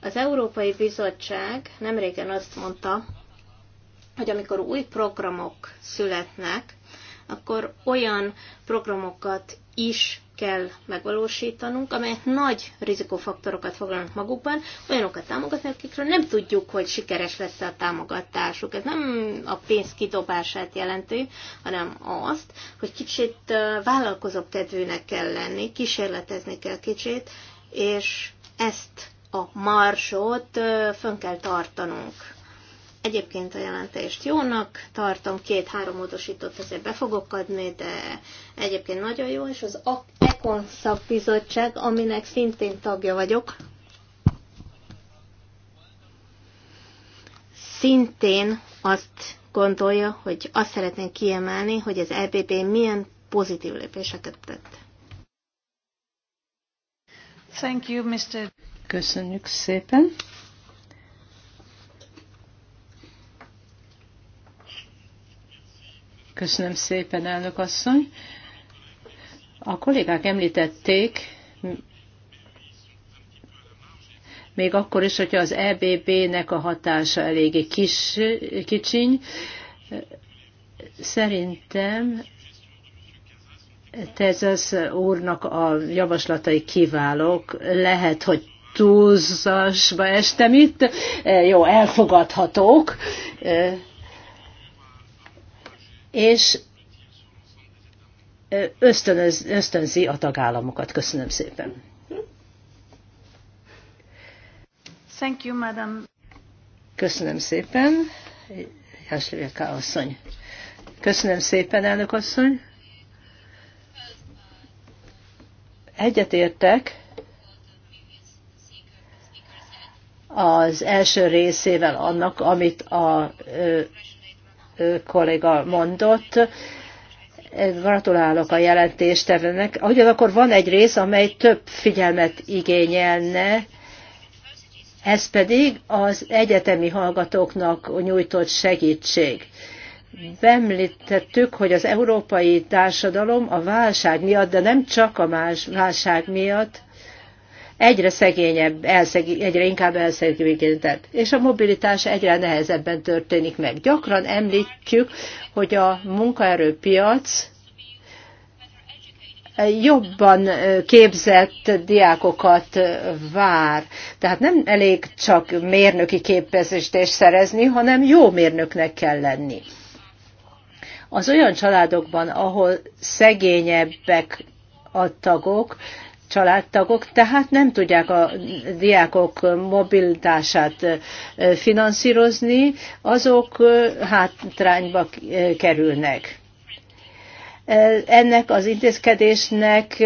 [SPEAKER 2] Az Európai Bizottság nem régen azt mondta, hogy amikor új programok születnek, akkor olyan programokat is kell megvalósítanunk, amelyek nagy rizikófaktorokat foglalnak magukban, olyanokat támogatni, akikről nem tudjuk, hogy sikeres lesz a támogatásuk. Ez nem a pénz kidobását jelenti, hanem azt, hogy kicsit vállalkozó kedvűnek kell lenni, kísérletezni kell kicsit, és ezt a marsot fönn kell tartanunk. Egyébként a jelentést jónak tartom, két-három módosított azért be fogok adni, de egyébként nagyon jó, és az Econ szakbizottság, aminek szintén tagja vagyok, szintén azt gondolja, hogy azt szeretnénk kiemelni, hogy az EPP milyen pozitív lépéseket tett. Thank you, Mr.
[SPEAKER 1] Köszönjük szépen. Köszönöm szépen, elnök asszony. A kollégák említették, még akkor is, hogyha az EBB-nek a hatása eléggé kis, kicsiny, szerintem az úrnak a javaslatai kiválók. Lehet, hogy túlzásba estem itt, jó, elfogadhatók, és ösztönöz, ösztönzi a tagállamokat. Köszönöm szépen. Thank you, madam. Köszönöm szépen. Jászlőjeká asszony. Köszönöm szépen, elnök asszony. Egyetértek az első részével annak, amit a kolléga mondott. Gratulálok a jelentéstevőnek. Ugyanakkor van egy rész, amely több figyelmet igényelne, ez pedig az egyetemi hallgatóknak nyújtott segítség. Bemlítettük, hogy az európai társadalom a válság miatt, de nem csak a más válság miatt, egyre szegényebb, elszegé, egyre inkább elszegényedett, és a mobilitás egyre nehezebben történik meg. Gyakran említjük, hogy a munkaerőpiac jobban képzett diákokat vár. Tehát nem elég csak mérnöki képezést szerezni, hanem jó mérnöknek kell lenni. Az olyan családokban, ahol szegényebbek a tagok, családtagok, tehát nem tudják a diákok mobilitását finanszírozni, azok hátrányba kerülnek. Ennek az intézkedésnek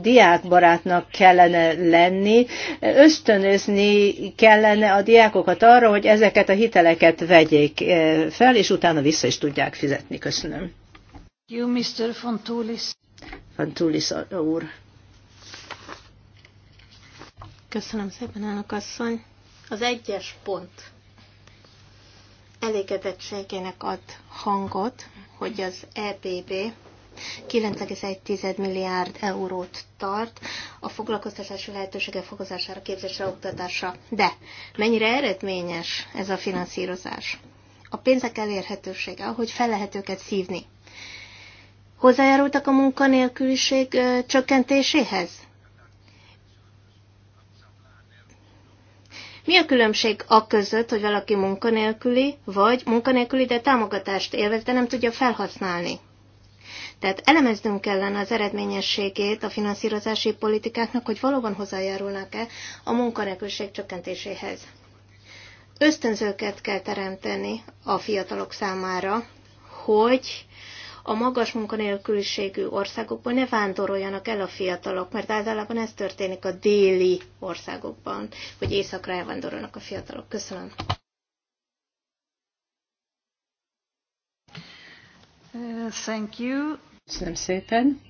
[SPEAKER 1] diákbarátnak kellene lenni, ösztönözni kellene a diákokat arra, hogy ezeket a hiteleket vegyék fel, és utána vissza is tudják fizetni. Köszönöm.
[SPEAKER 3] You,
[SPEAKER 2] Mr. Fontulis.
[SPEAKER 1] Fontulis úr.
[SPEAKER 2] Köszönöm szépen, elnök asszony. Az egyes pont elégedettségének ad hangot, hogy az EBB 9,1 milliárd eurót tart a foglalkoztatási lehetősége fokozására, képzésre, oktatásra. De mennyire eredményes ez a finanszírozás? A pénzek elérhetősége, hogy fel lehet őket szívni. Hozzájárultak a munkanélküliség csökkentéséhez? Mi a különbség a között, hogy valaki munkanélküli, vagy munkanélküli, de támogatást élvez, de nem tudja felhasználni? Tehát elemeznünk kellene az eredményességét a finanszírozási politikáknak, hogy valóban hozzájárulnak-e a munkanélküliség csökkentéséhez. Ösztönzőket kell teremteni a fiatalok számára, hogy a magas munkanélküliségű országokból ne vándoroljanak el a fiatalok, mert általában ez történik a déli országokban, hogy északra elvándorolnak a fiatalok. Köszönöm.
[SPEAKER 1] Uh, thank you. Köszönöm szépen.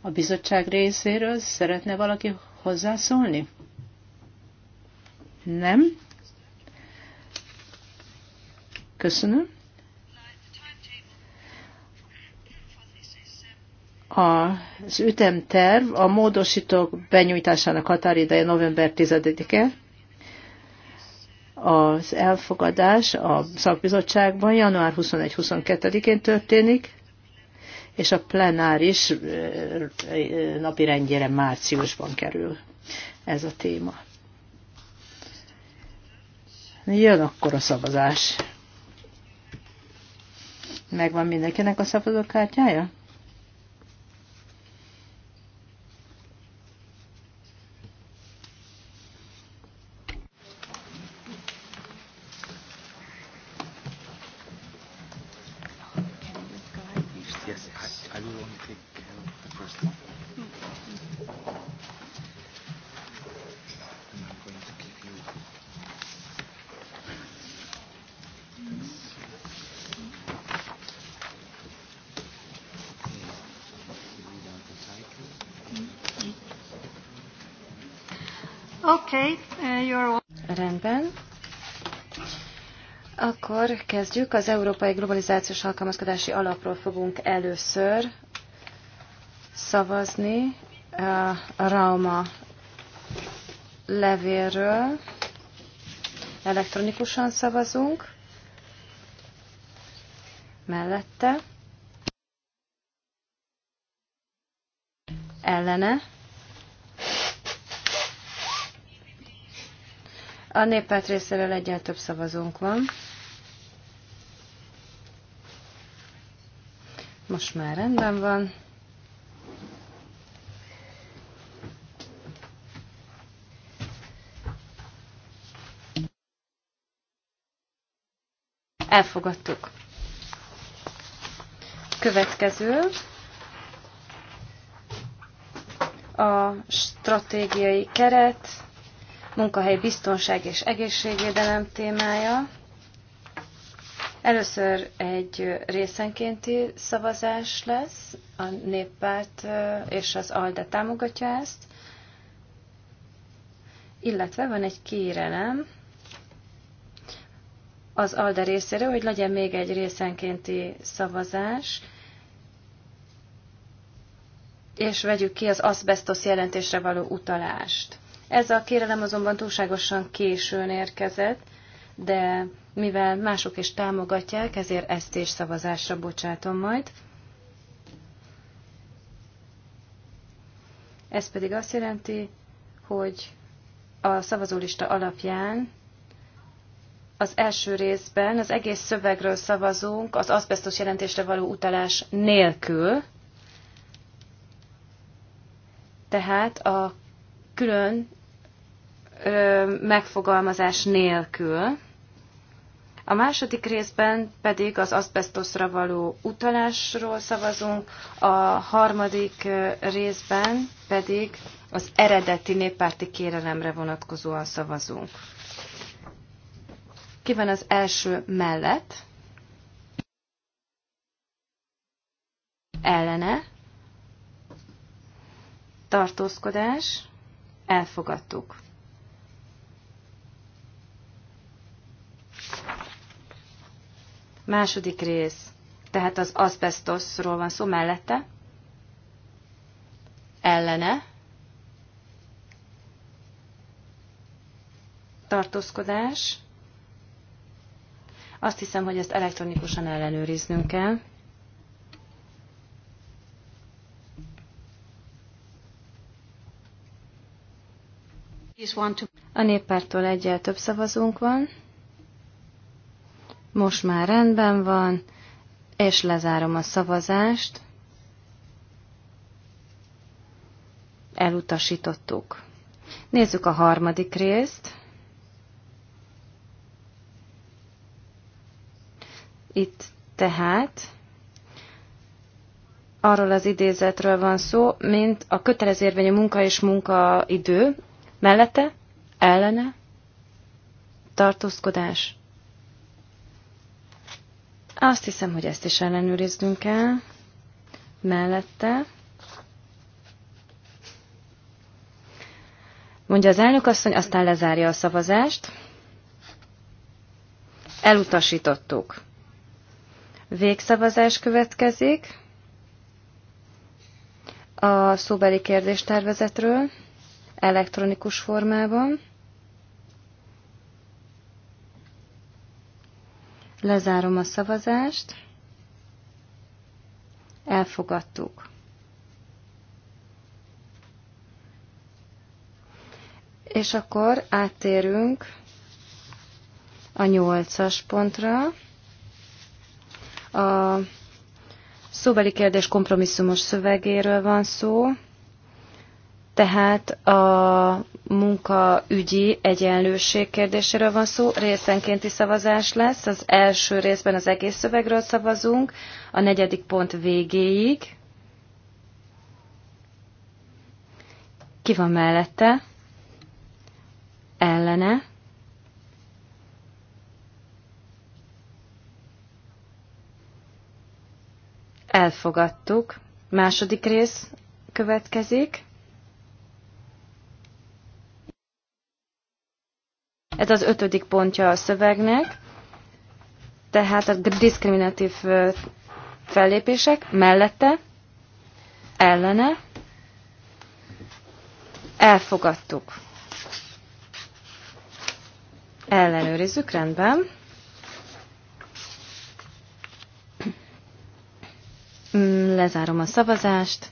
[SPEAKER 1] A bizottság részéről szeretne valaki hozzászólni? Nem? Köszönöm. az ütemterv a módosítók benyújtásának határideje november 10-e, az elfogadás a szakbizottságban január 21-22-én történik, és a plenáris napi rendjére márciusban kerül ez a téma. Jön akkor a szavazás. Megvan mindenkinek a szavazókártyája?
[SPEAKER 3] Kezdjük Az Európai Globalizációs Alkalmazkodási Alapról fogunk először szavazni eh, a Rauma levélről. Elektronikusan szavazunk. Mellette. Ellene. A néppárt részéről egyel több szavazónk van. Most már rendben van. Elfogadtuk. Következő a stratégiai keret, munkahely biztonság és egészségvédelem témája. Először egy részenkénti szavazás lesz, a néppárt és az ALDE támogatja ezt, illetve van egy kérelem az ALDE részéről, hogy legyen még egy részenkénti szavazás, és vegyük ki az asbestos jelentésre való utalást. Ez a kérelem azonban túlságosan későn érkezett, de mivel mások is támogatják, ezért ezt is szavazásra bocsátom majd. Ez pedig azt jelenti, hogy a szavazólista alapján az első részben az egész szövegről szavazunk az aszbesztos jelentésre való utalás nélkül, tehát a külön megfogalmazás nélkül. A második részben pedig az azbestoszra való utalásról szavazunk, a harmadik részben pedig az eredeti néppárti kérelemre vonatkozóan szavazunk. Ki van az első mellett? Ellene? Tartózkodás? Elfogadtuk. Második rész, tehát az asbestosról van szó mellette, ellene, tartózkodás. Azt hiszem, hogy ezt elektronikusan ellenőriznünk kell. A néppártól egyel több szavazónk van. Most már rendben van, és lezárom a szavazást. Elutasítottuk. Nézzük a harmadik részt. Itt tehát arról az idézetről van szó, mint a kötelező érvényű munka és munkaidő mellette, ellene, tartózkodás, azt hiszem, hogy ezt is ellenőriznünk kell. Mellette. Mondja az elnökasszony, aztán lezárja a szavazást. Elutasítottuk. Végszavazás következik a szóbeli kérdéstervezetről elektronikus formában. Lezárom a szavazást. Elfogadtuk. És akkor áttérünk a nyolcas pontra. A szóbeli kérdés kompromisszumos szövegéről van szó. Tehát a munkaügyi egyenlőség kérdéséről van szó, részenkénti szavazás lesz, az első részben az egész szövegről szavazunk, a negyedik pont végéig. Ki van mellette? Ellene? Elfogadtuk. Második rész következik. Ez az ötödik pontja a szövegnek, tehát a diszkriminatív fellépések mellette, ellene, elfogadtuk. Ellenőrizzük, rendben. Mm, lezárom a szavazást.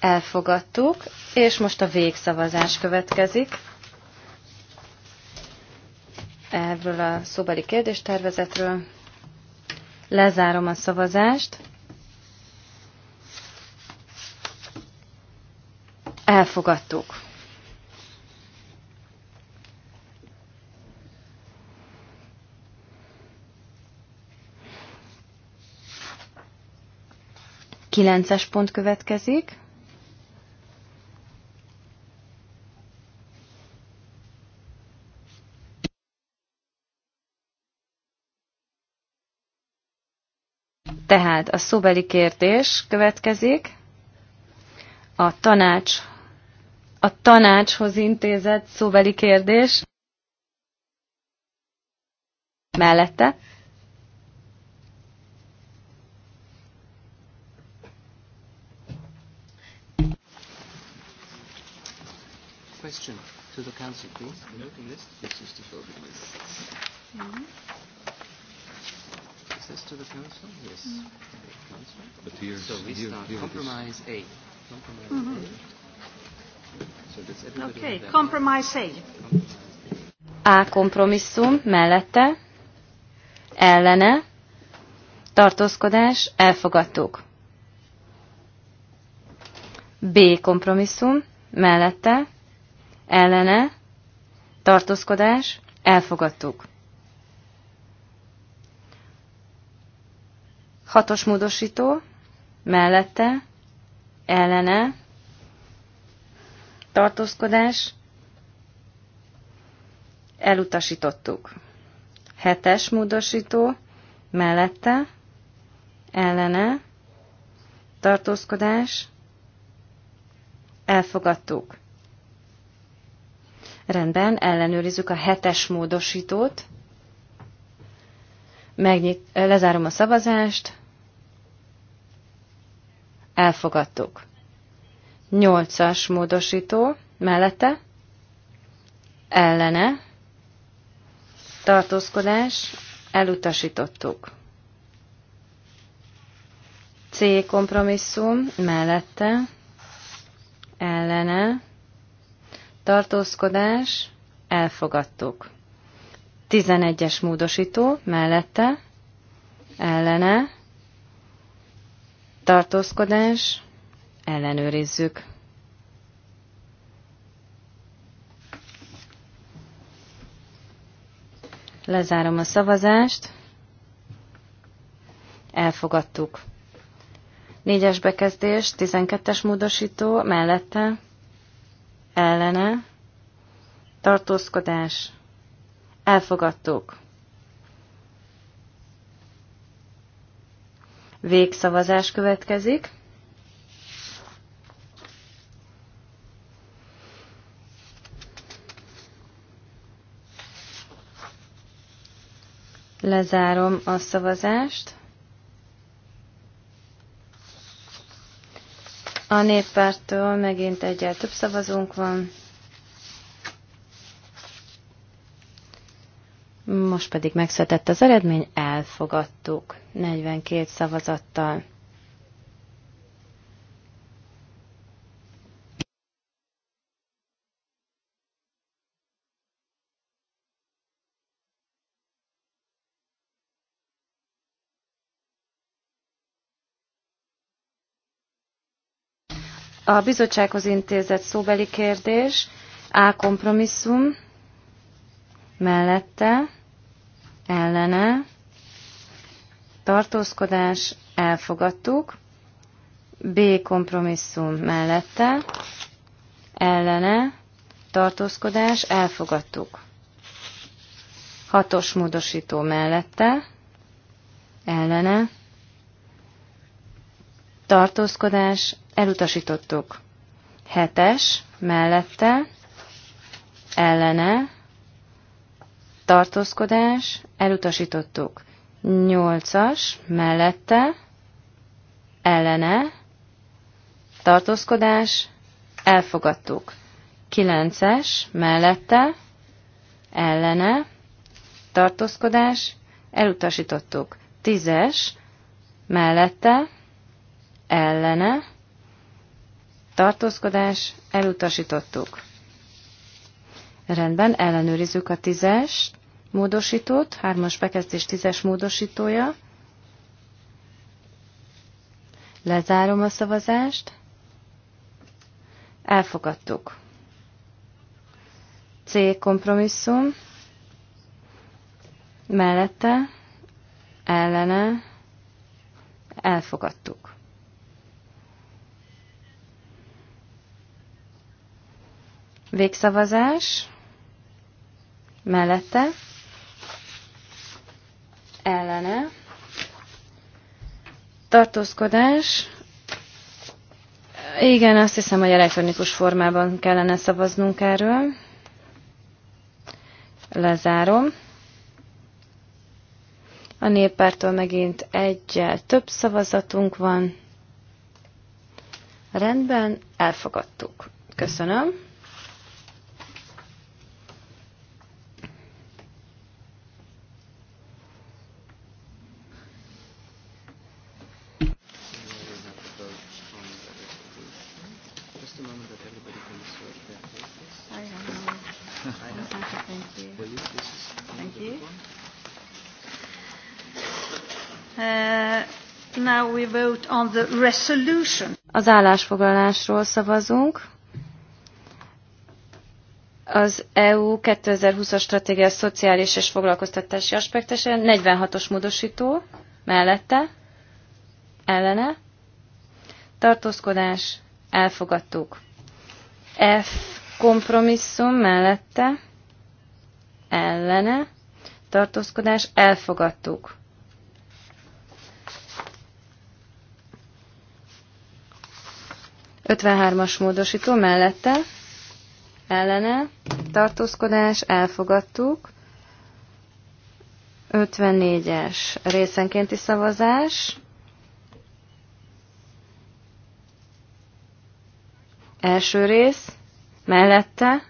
[SPEAKER 3] Elfogadtuk. És most a végszavazás következik. Erről a szóbeli kérdéstervezetről lezárom a szavazást. Elfogadtuk. Kilences pont következik. Tehát a szóbeli kérdés következik. A tanács, a tanácshoz intézett szóbeli kérdés mellette.
[SPEAKER 2] Question to the council, please. Noting list. This is the voting list. Mm-hmm access to the council? Yes. Mm. hmm The council. But here, so we here, start here compromise A. Compromise mm-hmm. A. So does okay,
[SPEAKER 1] compromise A.
[SPEAKER 3] A kompromisszum mellette, ellene, tartózkodás, elfogadtuk. B kompromisszum mellette, ellene, tartózkodás, elfogadtuk. Hatos módosító, mellette, ellene, tartózkodás, elutasítottuk. Hetes módosító, mellette, ellene, tartózkodás, elfogadtuk. Rendben, ellenőrizzük a hetes módosítót. Megnyit, lezárom a szavazást elfogadtuk. Nyolcas módosító mellette ellene tartózkodás elutasítottuk. C kompromisszum mellette ellene tartózkodás elfogadtuk. 11-es módosító mellette ellene tartózkodás, ellenőrizzük. Lezárom a szavazást. Elfogadtuk. Négyes bekezdés, 12-es módosító, mellette, ellene, tartózkodás, elfogadtuk. Végszavazás következik. Lezárom a szavazást. A néppártól megint egyel több szavazunk van. Most pedig megszületett az eredmény, elfogadtuk 42 szavazattal. A bizottsághoz intézett szóbeli kérdés, A kompromisszum, mellette, ellene, tartózkodás, elfogadtuk, B kompromisszum mellette, ellene, tartózkodás, elfogadtuk. Hatos módosító mellette, ellene, tartózkodás, elutasítottuk. Hetes mellette, ellene, tartózkodás, elutasítottuk. Nyolcas mellette, ellene, tartózkodás, elfogadtuk. Kilences, mellette, ellene, tartózkodás, elutasítottuk. Tízes mellette, ellene, tartózkodás, elutasítottuk. Rendben, ellenőrizzük a tízes módosítót, hármas bekezdés tízes módosítója. Lezárom a szavazást. Elfogadtuk. C kompromisszum. Mellette, ellene, elfogadtuk. Végszavazás mellette, ellene, tartózkodás, igen, azt hiszem, hogy elektronikus formában kellene szavaznunk erről. Lezárom. A néppártól megint egyel több szavazatunk van. Rendben, elfogadtuk. Köszönöm.
[SPEAKER 2] on the
[SPEAKER 1] resolution.
[SPEAKER 3] Az állásfoglalásról szavazunk. Az EU 2020-as stratégia szociális és foglalkoztatási aspektese 46-os módosító mellette, ellene, tartózkodás, elfogadtuk. F kompromisszum mellette, ellene, tartózkodás, elfogadtuk. 53-as módosító mellette, ellene, tartózkodás, elfogadtuk. 54-es részenkénti szavazás. Első rész, mellette,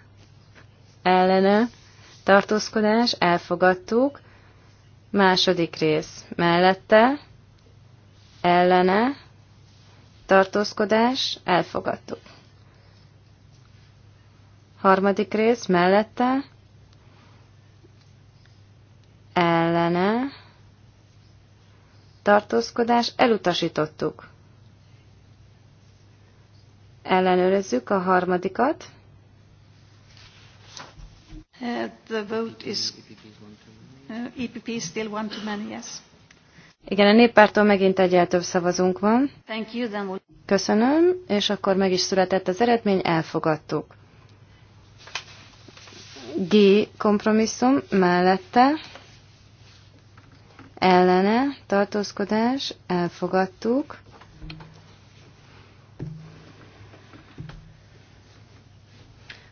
[SPEAKER 3] ellene, tartózkodás, elfogadtuk. Második rész, mellette, ellene, tartózkodás, elfogadtuk. Harmadik rész mellette, ellene, tartózkodás, elutasítottuk. Ellenőrizzük a harmadikat.
[SPEAKER 1] Uh, the vote is uh, EPP still
[SPEAKER 3] one too many, yes. Igen, a néppártól megint egyel több szavazunk van. Köszönöm, és akkor meg is született az eredmény, elfogadtuk. G kompromisszum mellette ellene tartózkodás, elfogadtuk.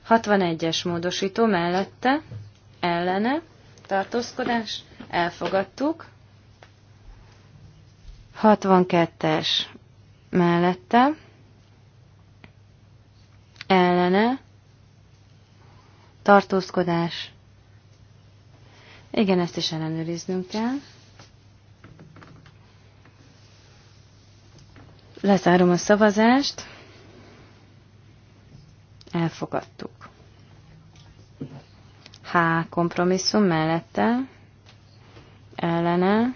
[SPEAKER 3] Hatvanegyes módosító mellette ellene tartózkodás, elfogadtuk. 62-es mellette, ellene, tartózkodás. Igen, ezt is ellenőriznünk kell. Lezárom a szavazást. Elfogadtuk. H kompromisszum mellette, ellene,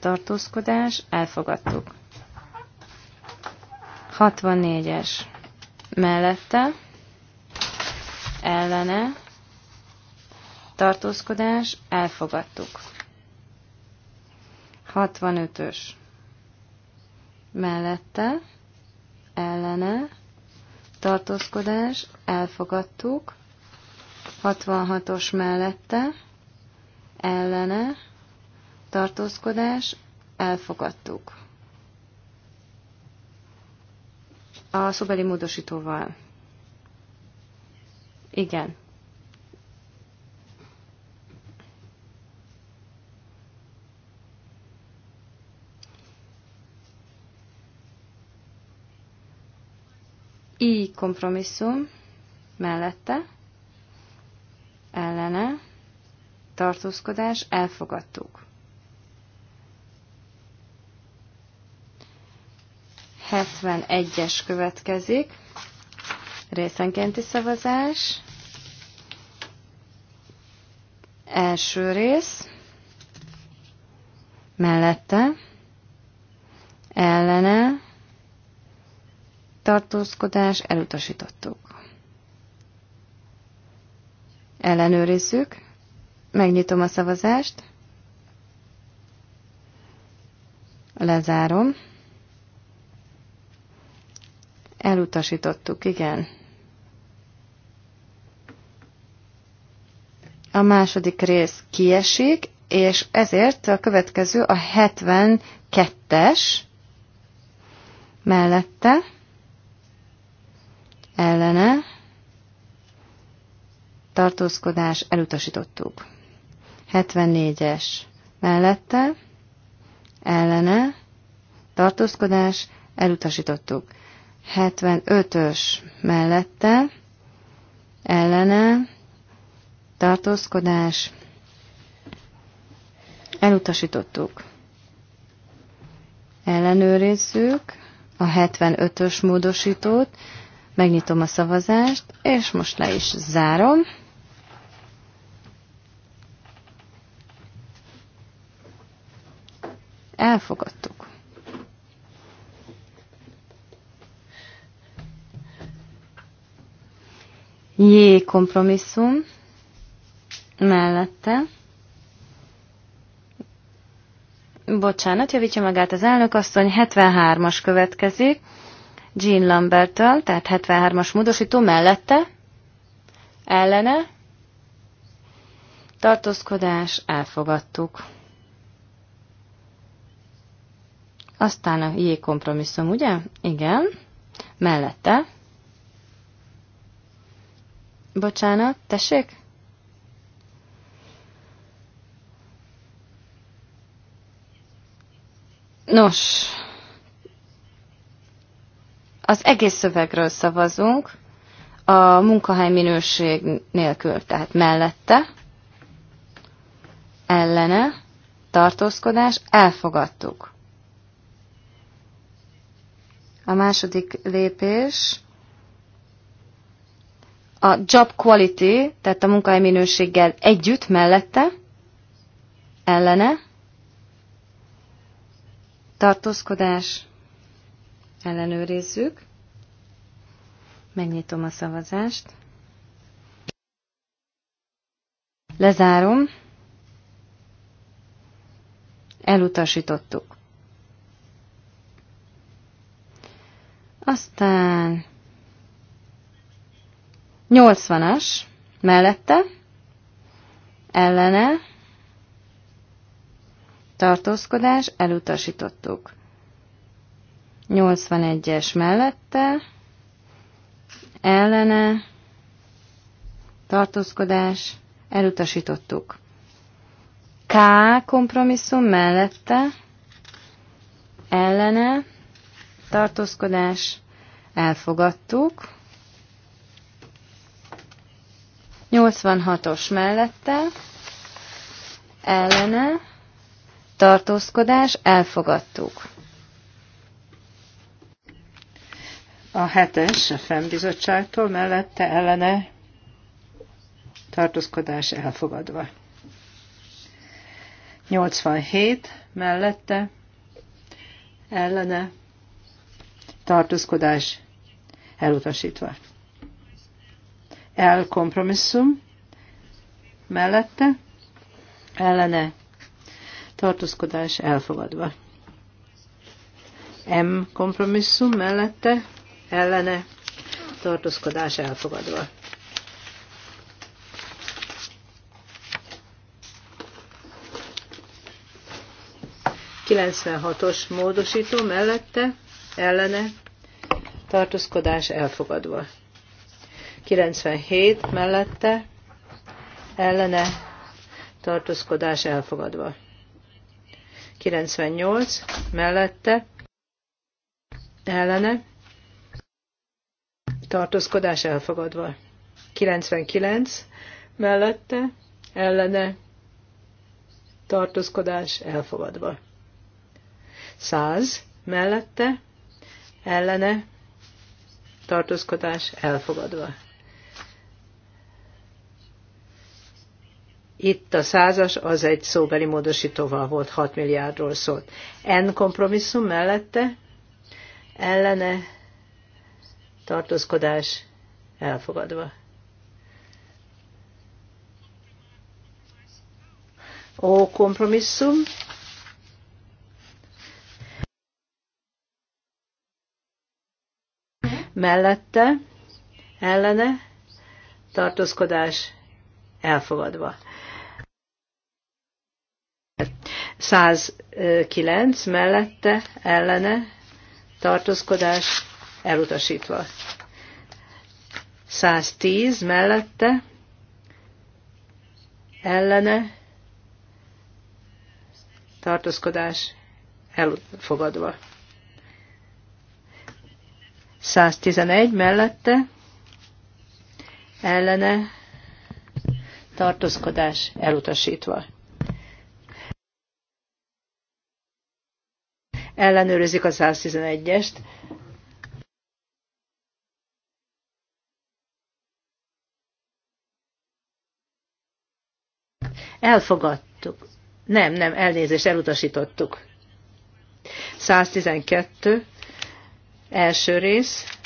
[SPEAKER 3] tartózkodás, elfogadtuk. 64-es mellette, ellene, tartózkodás, elfogadtuk. 65-ös mellette, ellene, tartózkodás, elfogadtuk. 66-os mellette, ellene, tartózkodás, elfogadtuk. A szobeli módosítóval. Igen. így kompromisszum mellette, ellene, tartózkodás, elfogadtuk. 71-es következik. Részenkénti szavazás. Első rész. Mellette. Ellene. Tartózkodás. Elutasítottuk. Ellenőrizzük. Megnyitom a szavazást. Lezárom. Elutasítottuk, igen. A második rész kiesik, és ezért a következő a 72-es mellette, ellene, tartózkodás, elutasítottuk. 74-es mellette, ellene, tartózkodás, elutasítottuk. 75-ös mellette ellene tartózkodás elutasítottuk. Ellenőrizzük a 75-ös módosítót, megnyitom a szavazást, és most le is zárom. Elfogadt. J kompromisszum mellette. Bocsánat, javítja magát az elnökasszony, 73-as következik. Jean lambert tehát 73-as módosító mellette, ellene, tartózkodás, elfogadtuk. Aztán a J kompromisszum, ugye? Igen. Mellette. Bocsánat, tessék? Nos, az egész szövegről szavazunk, a munkahely minőség nélkül, tehát mellette, ellene, tartózkodás, elfogadtuk. A második lépés a job quality, tehát a munkahely minőséggel együtt, mellette, ellene, tartózkodás, ellenőrizzük, megnyitom a szavazást, lezárom, elutasítottuk. Aztán 80-as mellette, ellene, tartózkodás, elutasítottuk. 81-es mellette, ellene, tartózkodás, elutasítottuk. K kompromisszum mellette, ellene, tartózkodás, elfogadtuk. 86-os mellette ellene tartózkodás elfogadtuk.
[SPEAKER 1] A hetes a fennbizottságtól mellette ellene tartózkodás elfogadva. 87 mellette ellene tartózkodás elutasítva kompromisszum mellette ellene tartózkodás elfogadva. M kompromisszum mellette ellene tartózkodás elfogadva. os módosító mellette ellene tartózkodás elfogadva. 97 mellette ellene tartózkodás elfogadva. 98 mellette ellene tartózkodás elfogadva. 99 mellette ellene tartózkodás elfogadva. 100 mellette ellene tartózkodás elfogadva. Itt a százas az egy szóbeli módosítóval volt, 6 milliárdról szólt. En kompromisszum mellette ellene tartózkodás elfogadva. O kompromisszum mellette ellene tartózkodás elfogadva. 109 mellette ellene tartózkodás elutasítva. 110 mellette ellene tartózkodás elfogadva. 111 mellette ellene tartózkodás elutasítva. ellenőrizik a 111-est. Elfogadtuk. Nem, nem, elnézést, elutasítottuk. 112. Első rész,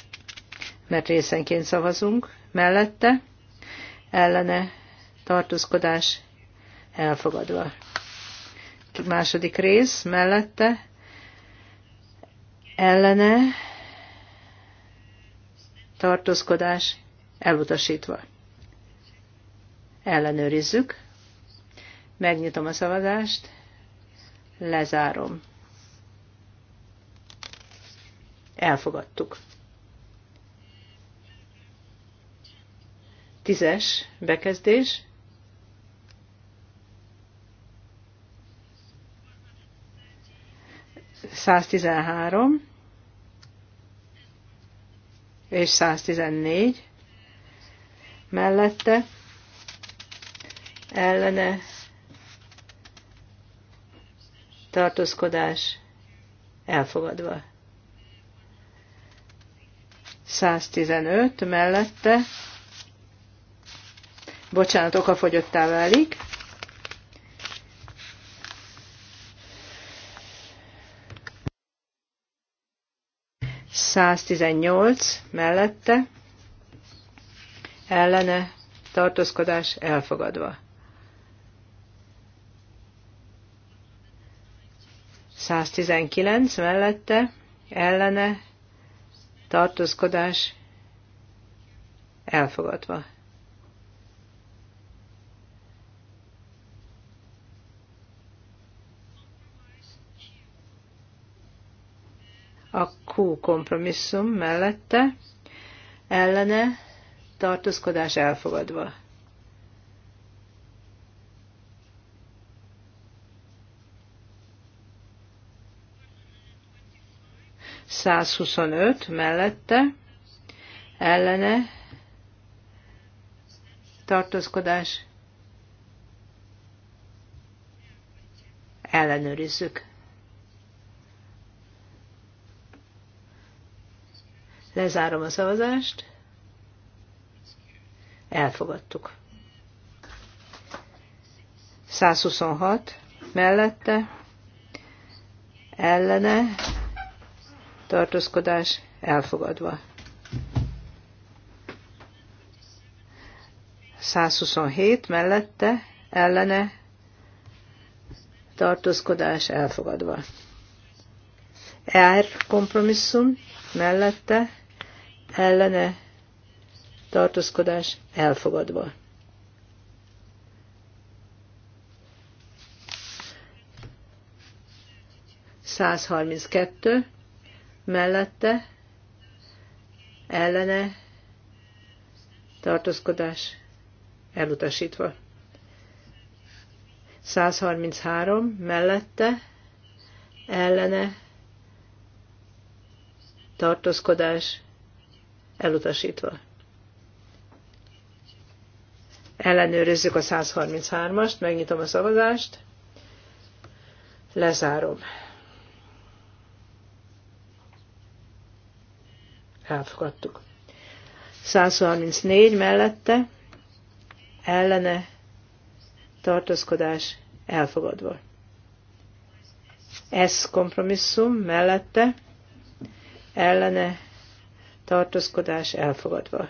[SPEAKER 1] mert részenként szavazunk. Mellette, ellene, tartózkodás, elfogadva. Második rész, mellette, ellene tartózkodás elutasítva. Ellenőrizzük. Megnyitom a szavazást. Lezárom. Elfogadtuk. Tízes bekezdés. 113 és 114 mellette ellene tartózkodás elfogadva. 115 mellette, bocsánat, okafogyottá válik, 118 mellette ellene tartózkodás elfogadva. 119 mellette ellene tartózkodás elfogadva. A Q kompromisszum mellette ellene tartózkodás elfogadva. Százhuszonöt mellette ellene tartózkodás ellenőrizzük. Lezárom a szavazást. Elfogadtuk. 126 mellette, ellene, tartózkodás elfogadva. 127 mellette, ellene, tartózkodás elfogadva. R kompromisszum mellette, ellene tartózkodás elfogadva. Százharminckettő mellette ellene tartózkodás elutasítva. 133 mellette ellene tartózkodás elutasítva. Ellenőrizzük a 133-ast, megnyitom a szavazást, lezárom. Elfogadtuk. 134 mellette ellene tartózkodás elfogadva. Ez kompromisszum mellette ellene tartózkodás elfogadva.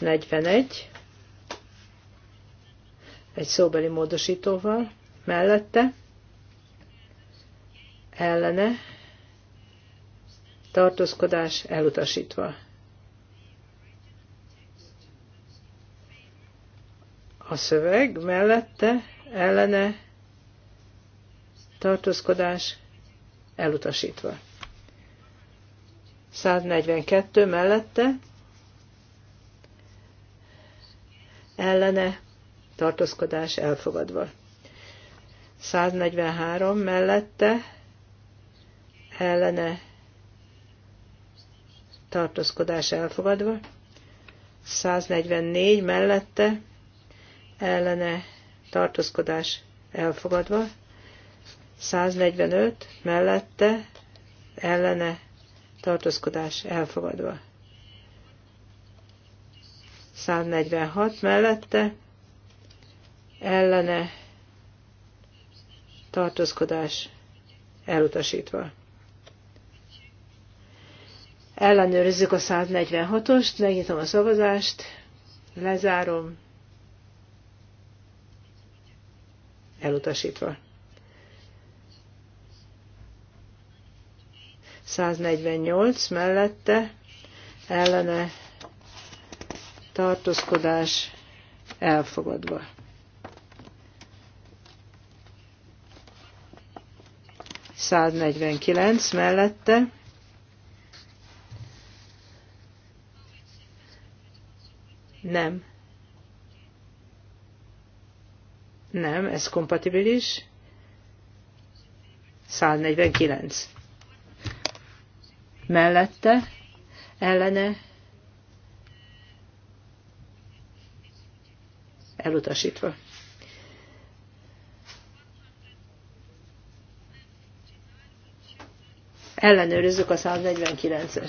[SPEAKER 1] egy egy szóbeli módosítóval mellette ellene tartózkodás elutasítva. a szöveg, mellette ellene tartózkodás elutasítva. 142 mellette ellene tartózkodás elfogadva. 143 mellette ellene tartózkodás elfogadva. 144 mellette ellene tartózkodás elfogadva, 145 mellette ellene tartózkodás elfogadva. 146 mellette ellene tartózkodás elutasítva. Ellenőrizzük a 146-ost, megnyitom a szavazást, lezárom, elutasítva. 148 mellette ellene tartózkodás elfogadva. Száznegyvenkilenc mellette nem. Nem, ez kompatibilis. 149. Mellette, ellene, elutasítva. Ellenőrizzük a 149-est.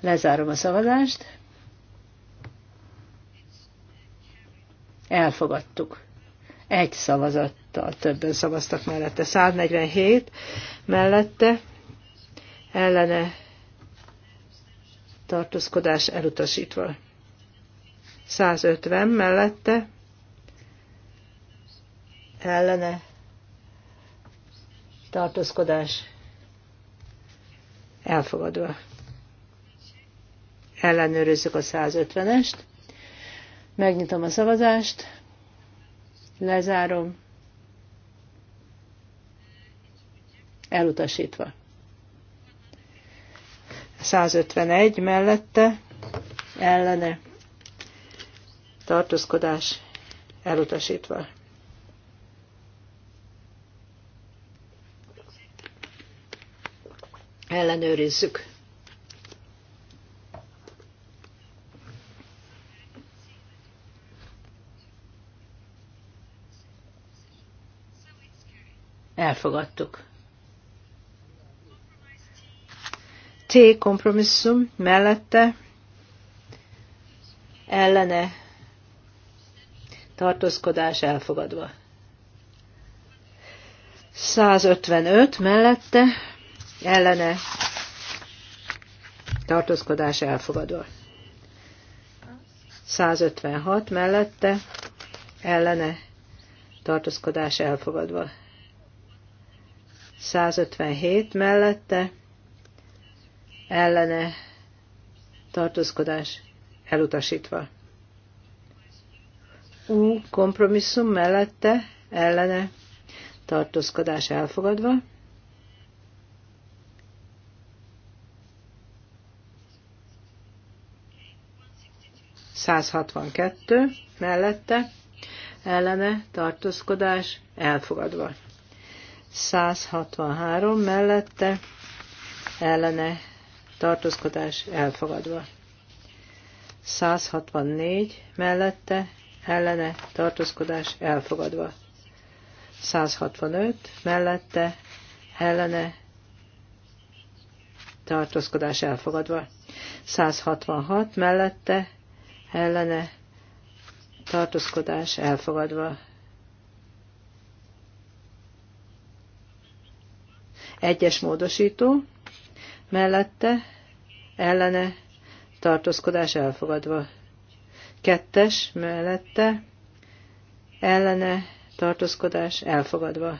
[SPEAKER 1] Lezárom a szavazást. Elfogadtuk. Egy szavazattal többen szavaztak mellette. 147 mellette ellene tartózkodás elutasítva. 150 mellette ellene tartózkodás elfogadva. Ellenőrizzük a 150-est. Megnyitom a szavazást, lezárom, elutasítva. 151 mellette, ellene, tartózkodás, elutasítva. Ellenőrizzük. Elfogadtuk. T kompromisszum mellette ellene tartózkodás elfogadva. 155 mellette ellene tartózkodás elfogadva. 156 mellette ellene tartózkodás elfogadva. 157 mellette ellene tartózkodás elutasítva. U kompromisszum mellette ellene tartózkodás elfogadva. Százhatvankettő mellette ellene tartózkodás elfogadva. 163 mellette ellene tartózkodás elfogadva. 164 mellette ellene tartózkodás elfogadva. 165 mellette ellene tartózkodás elfogadva. 166 mellette ellene tartózkodás elfogadva. Egyes módosító mellette ellene tartózkodás elfogadva. Kettes mellette ellene tartózkodás elfogadva.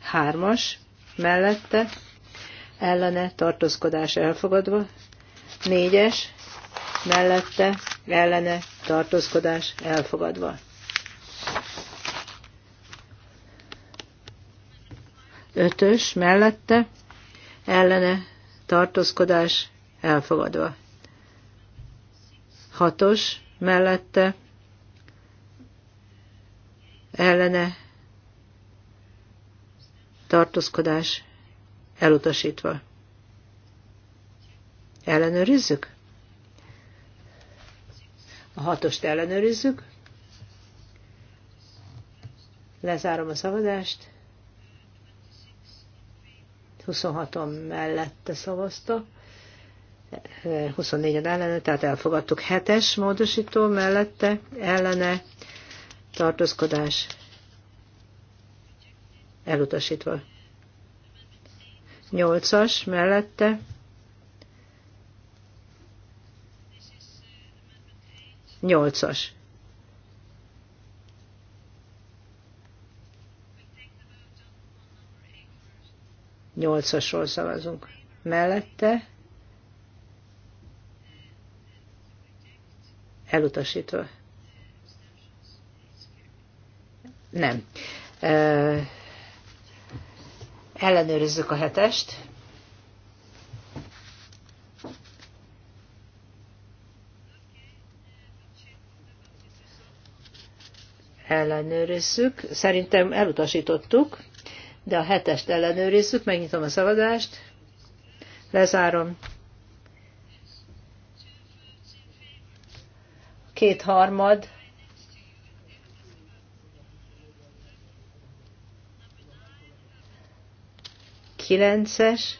[SPEAKER 1] Hármas mellette ellene tartózkodás elfogadva. Négyes mellette ellene tartózkodás elfogadva. Ötös mellette ellene tartózkodás elfogadva. Hatos mellette ellene tartózkodás elutasítva. Ellenőrizzük? A hatost ellenőrizzük. Lezárom a szavazást. 26-on mellette szavazta, 24-en ellene, tehát elfogadtuk 7-es módosító mellette, ellene, tartózkodás elutasítva. 8-as mellette, Nyolcas. Nyolcasról szavazunk. Mellette elutasítva. Nem. Ö, ellenőrizzük a hetest. Ellenőrizzük. Szerintem elutasítottuk, de a hetest ellenőrizzük, megnyitom a szavazást, lezárom. Kétharmad. Kilences.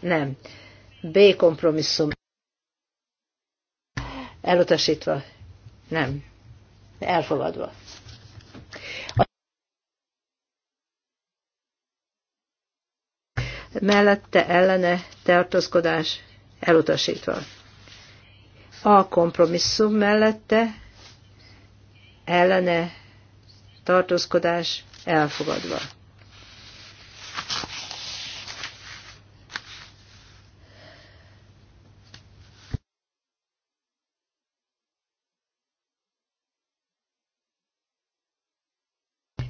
[SPEAKER 1] Nem. B kompromisszum. Elutasítva. Nem. Elfogadva. mellette ellene tartózkodás elutasítva. A kompromisszum mellette ellene tartózkodás elfogadva.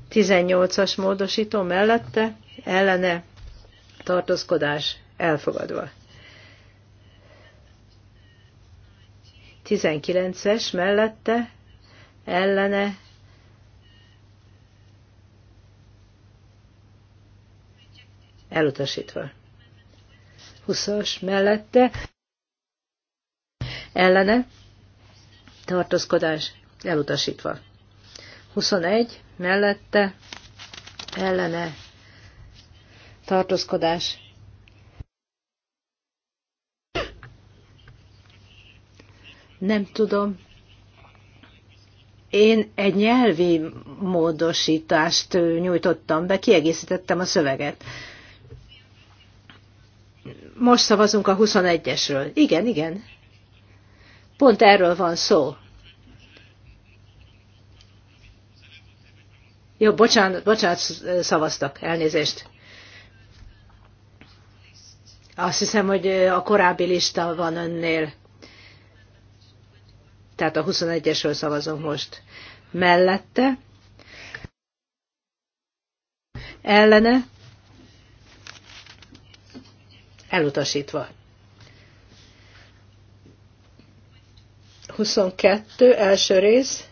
[SPEAKER 1] Tizennyolcas módosító mellette ellene tartózkodás elfogadva. 19-es mellette ellene elutasítva. 20-as mellette ellene tartózkodás elutasítva. 21 mellette ellene tartózkodás. Nem tudom. Én egy nyelvi módosítást nyújtottam be, kiegészítettem a szöveget. Most szavazunk a 21-esről. Igen, igen. Pont erről van szó. Jó, bocsánat, bocsánat, szavaztak, elnézést. Azt hiszem, hogy a korábbi lista van önnél. Tehát a 21-esről szavazom most. Mellette. Ellene. Elutasítva. 22. első rész.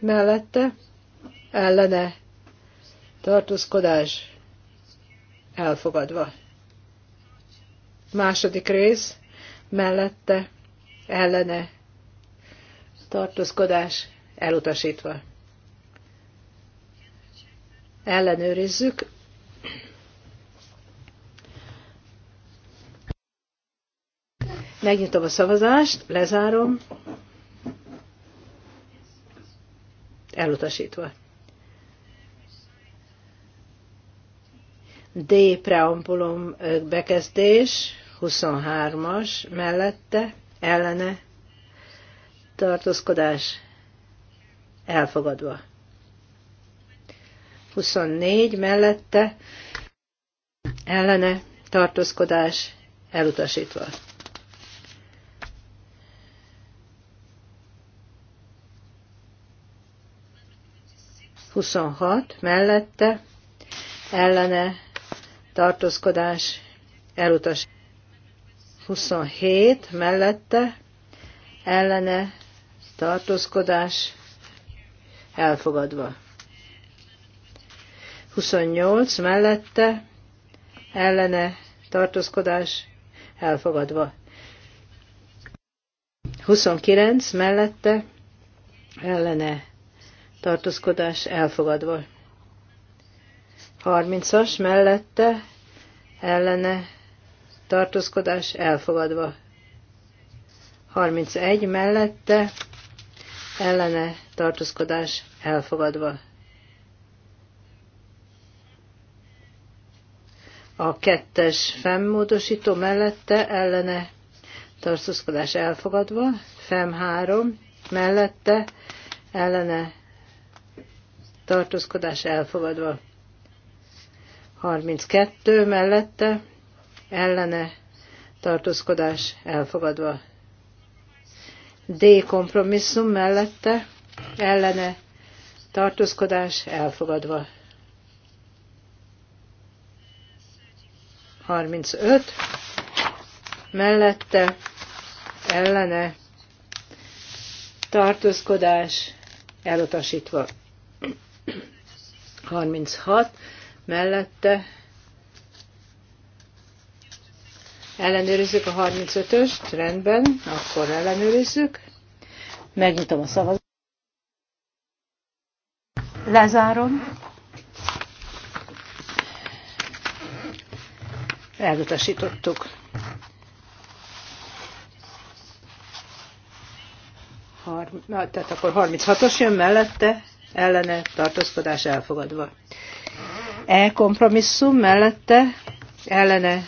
[SPEAKER 1] Mellette. Ellene. Tartózkodás. Elfogadva. Második rész mellette ellene tartózkodás elutasítva. Ellenőrizzük. Megnyitom a szavazást, lezárom. Elutasítva. D. Preambulum bekezdés 23-as mellette ellene tartózkodás elfogadva. 24 mellette ellene tartózkodás elutasítva. Huszonhat mellette ellene tartózkodás elutasítva. 27 mellette ellene tartózkodás elfogadva. 28 mellette ellene tartózkodás elfogadva. 29 mellette ellene tartózkodás elfogadva. 30-as mellette ellene tartózkodás elfogadva. 31 mellette ellene tartózkodás elfogadva. A kettes fennmódosító mellette ellene tartózkodás elfogadva, FEM 3 mellette ellene tartózkodás elfogadva. 32 mellette ellene tartózkodás elfogadva. D. Kompromisszum mellette ellene tartózkodás elfogadva. 35. Mellette ellene tartózkodás elutasítva. 36. Mellette Ellenőrizzük a 35-öst, rendben, akkor ellenőrizzük. Megnyitom a szavazatot. Lezárom. Elutasítottuk. Na, tehát akkor 36-os jön mellette, ellene tartózkodás elfogadva. E kompromisszum mellette, ellene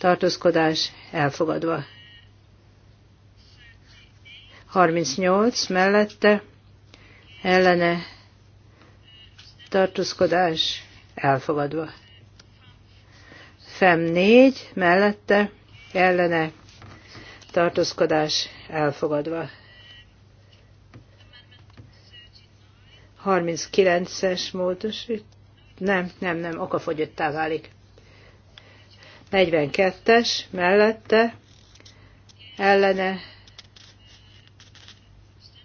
[SPEAKER 1] tartózkodás elfogadva. 38 mellette ellene tartózkodás elfogadva. Fem 4 mellette ellene tartózkodás elfogadva. 39-es módosít. Nem, nem, nem, okafogyottá válik. 42-es mellette ellene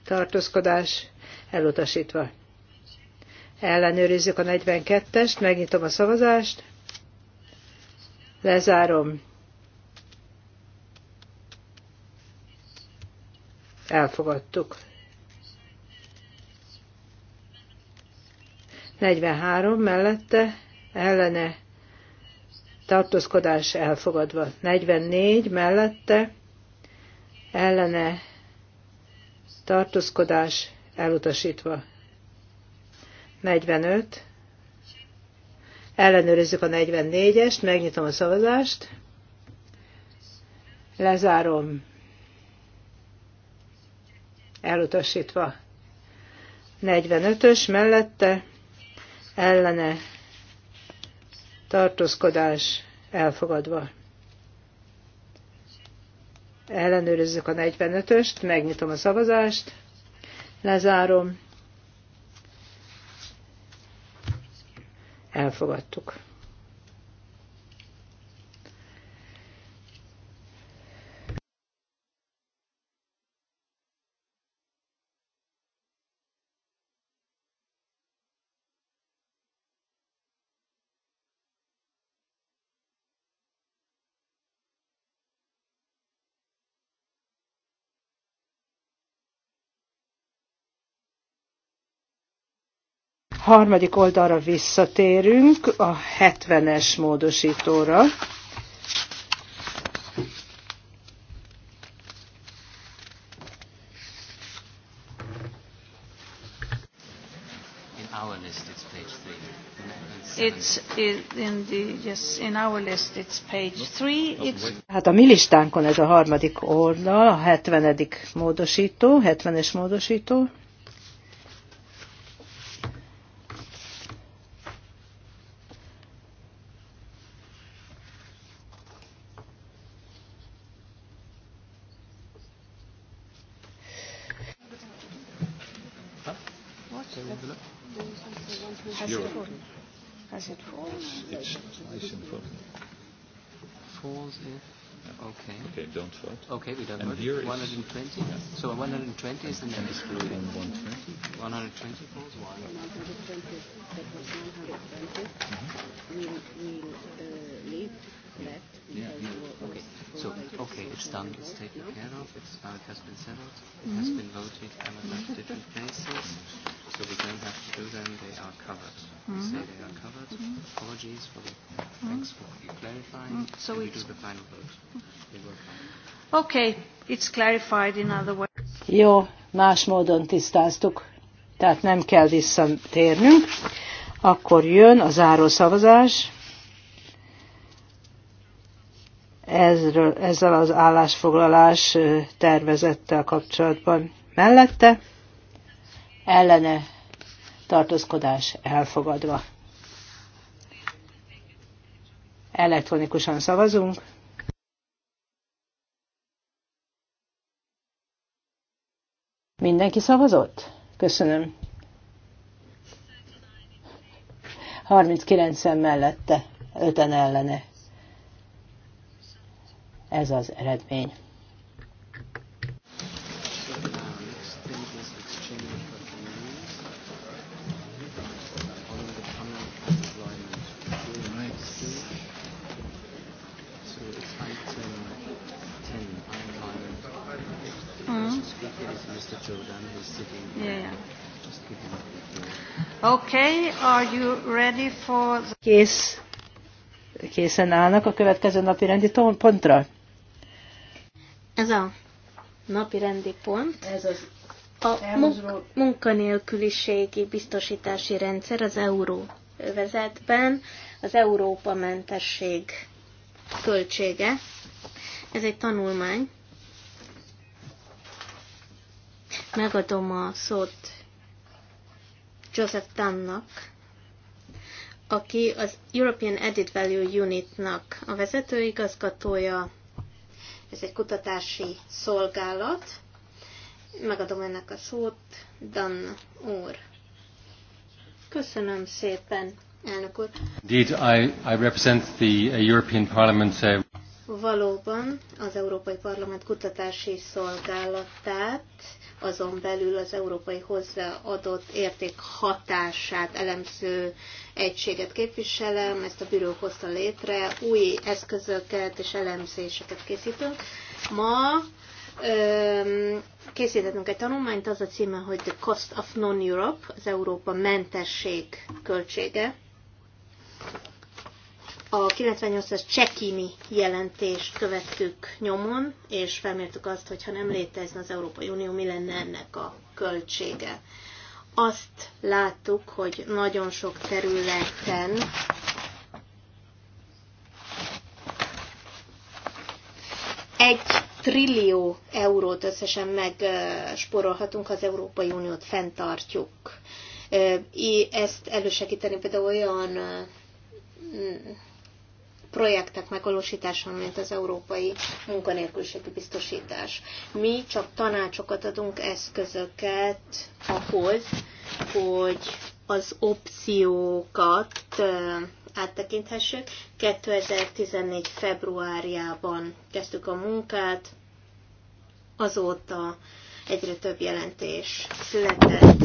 [SPEAKER 1] tartózkodás elutasítva. Ellenőrizzük a 42-est, megnyitom a szavazást, lezárom, elfogadtuk. 43 mellette ellene tartózkodás elfogadva. 44 mellette ellene tartózkodás elutasítva. 45. Ellenőrizzük a 44-est, megnyitom a szavazást, lezárom, elutasítva. 45-ös mellette ellene tartózkodás elfogadva. Ellenőrizzük a 45-öst, megnyitom a szavazást, lezárom, elfogadtuk. harmadik oldalra visszatérünk, a 70-es módosítóra. It's in the, yes, in our list it's page three. It's... Hát a mi listánkon ez a harmadik oldal, a 70. módosító, 70-es módosító.
[SPEAKER 3] it's nice
[SPEAKER 1] and full.
[SPEAKER 2] Falls if okay. Okay, don't vote. Okay, we don't and vote. Here 120. Is, yeah. So 120 is the name excluded.
[SPEAKER 3] 120. 120 falls 120. That was 120. Mm-hmm. We we uh, leave left. Yeah, yeah. Okay. So, okay, it's done. It's taken care
[SPEAKER 2] of. It's how it has been settled. It has mm-hmm. been voted and left different places. So we don't have to do them. They are covered. We
[SPEAKER 1] say mm-hmm.
[SPEAKER 3] they are covered. Mm-hmm. Apologies for the. Thanks for clarifying. So we do the final vote. They
[SPEAKER 1] were Okay, it's clarified in other words. Jó, más módon tisztáztuk, tehát nem kell visszatérnünk. Akkor jön a záró szavazás. ezről, ezzel az állásfoglalás tervezettel kapcsolatban. Mellette ellene tartózkodás elfogadva. Elektronikusan szavazunk. Mindenki szavazott? Köszönöm. 39 mellette, 5 ellene ez az eredmény. Mm-hmm. Okay, are you
[SPEAKER 2] ready for the...
[SPEAKER 1] Kész, készen állnak a következő napi rendi pontra?
[SPEAKER 2] Ez a napi rendi pont. Ez az a munk- munkanélküliségi biztosítási rendszer az euró övezetben, az Európa mentesség költsége. Ez egy tanulmány. Megadom a szót Joseph Tannak, aki az European Added Value Unitnak a vezetőigazgatója, ez egy kutatási szolgálat. Megadom ennek a szót, Dan úr. Köszönöm szépen, elnök úr.
[SPEAKER 1] Indeed, I, I represent the uh, European Parliament. so...
[SPEAKER 2] Valóban az Európai Parlament kutatási szolgálatát azon belül az európai hozzáadott érték hatását elemző egységet képviselem, ezt a bűrő hozta létre, új eszközöket és elemzéseket készítünk. Ma öm, készítettünk egy tanulmányt, az a címe, hogy The Cost of Non-Europe, az Európa mentesség költsége a 98-as Csekini jelentést követtük nyomon, és felmértük azt, hogy ha nem létezne az Európai Unió, mi lenne ennek a költsége. Azt láttuk, hogy nagyon sok területen egy trillió eurót összesen megsporolhatunk, ha az Európai Uniót fenntartjuk. Ezt elősegíteni például olyan projektek megvalósítása, mint az Európai Munkanélküliségi Biztosítás. Mi csak tanácsokat adunk, eszközöket ahhoz, hogy az opciókat áttekinthessük. 2014. februárjában kezdtük a munkát, azóta egyre több jelentés született,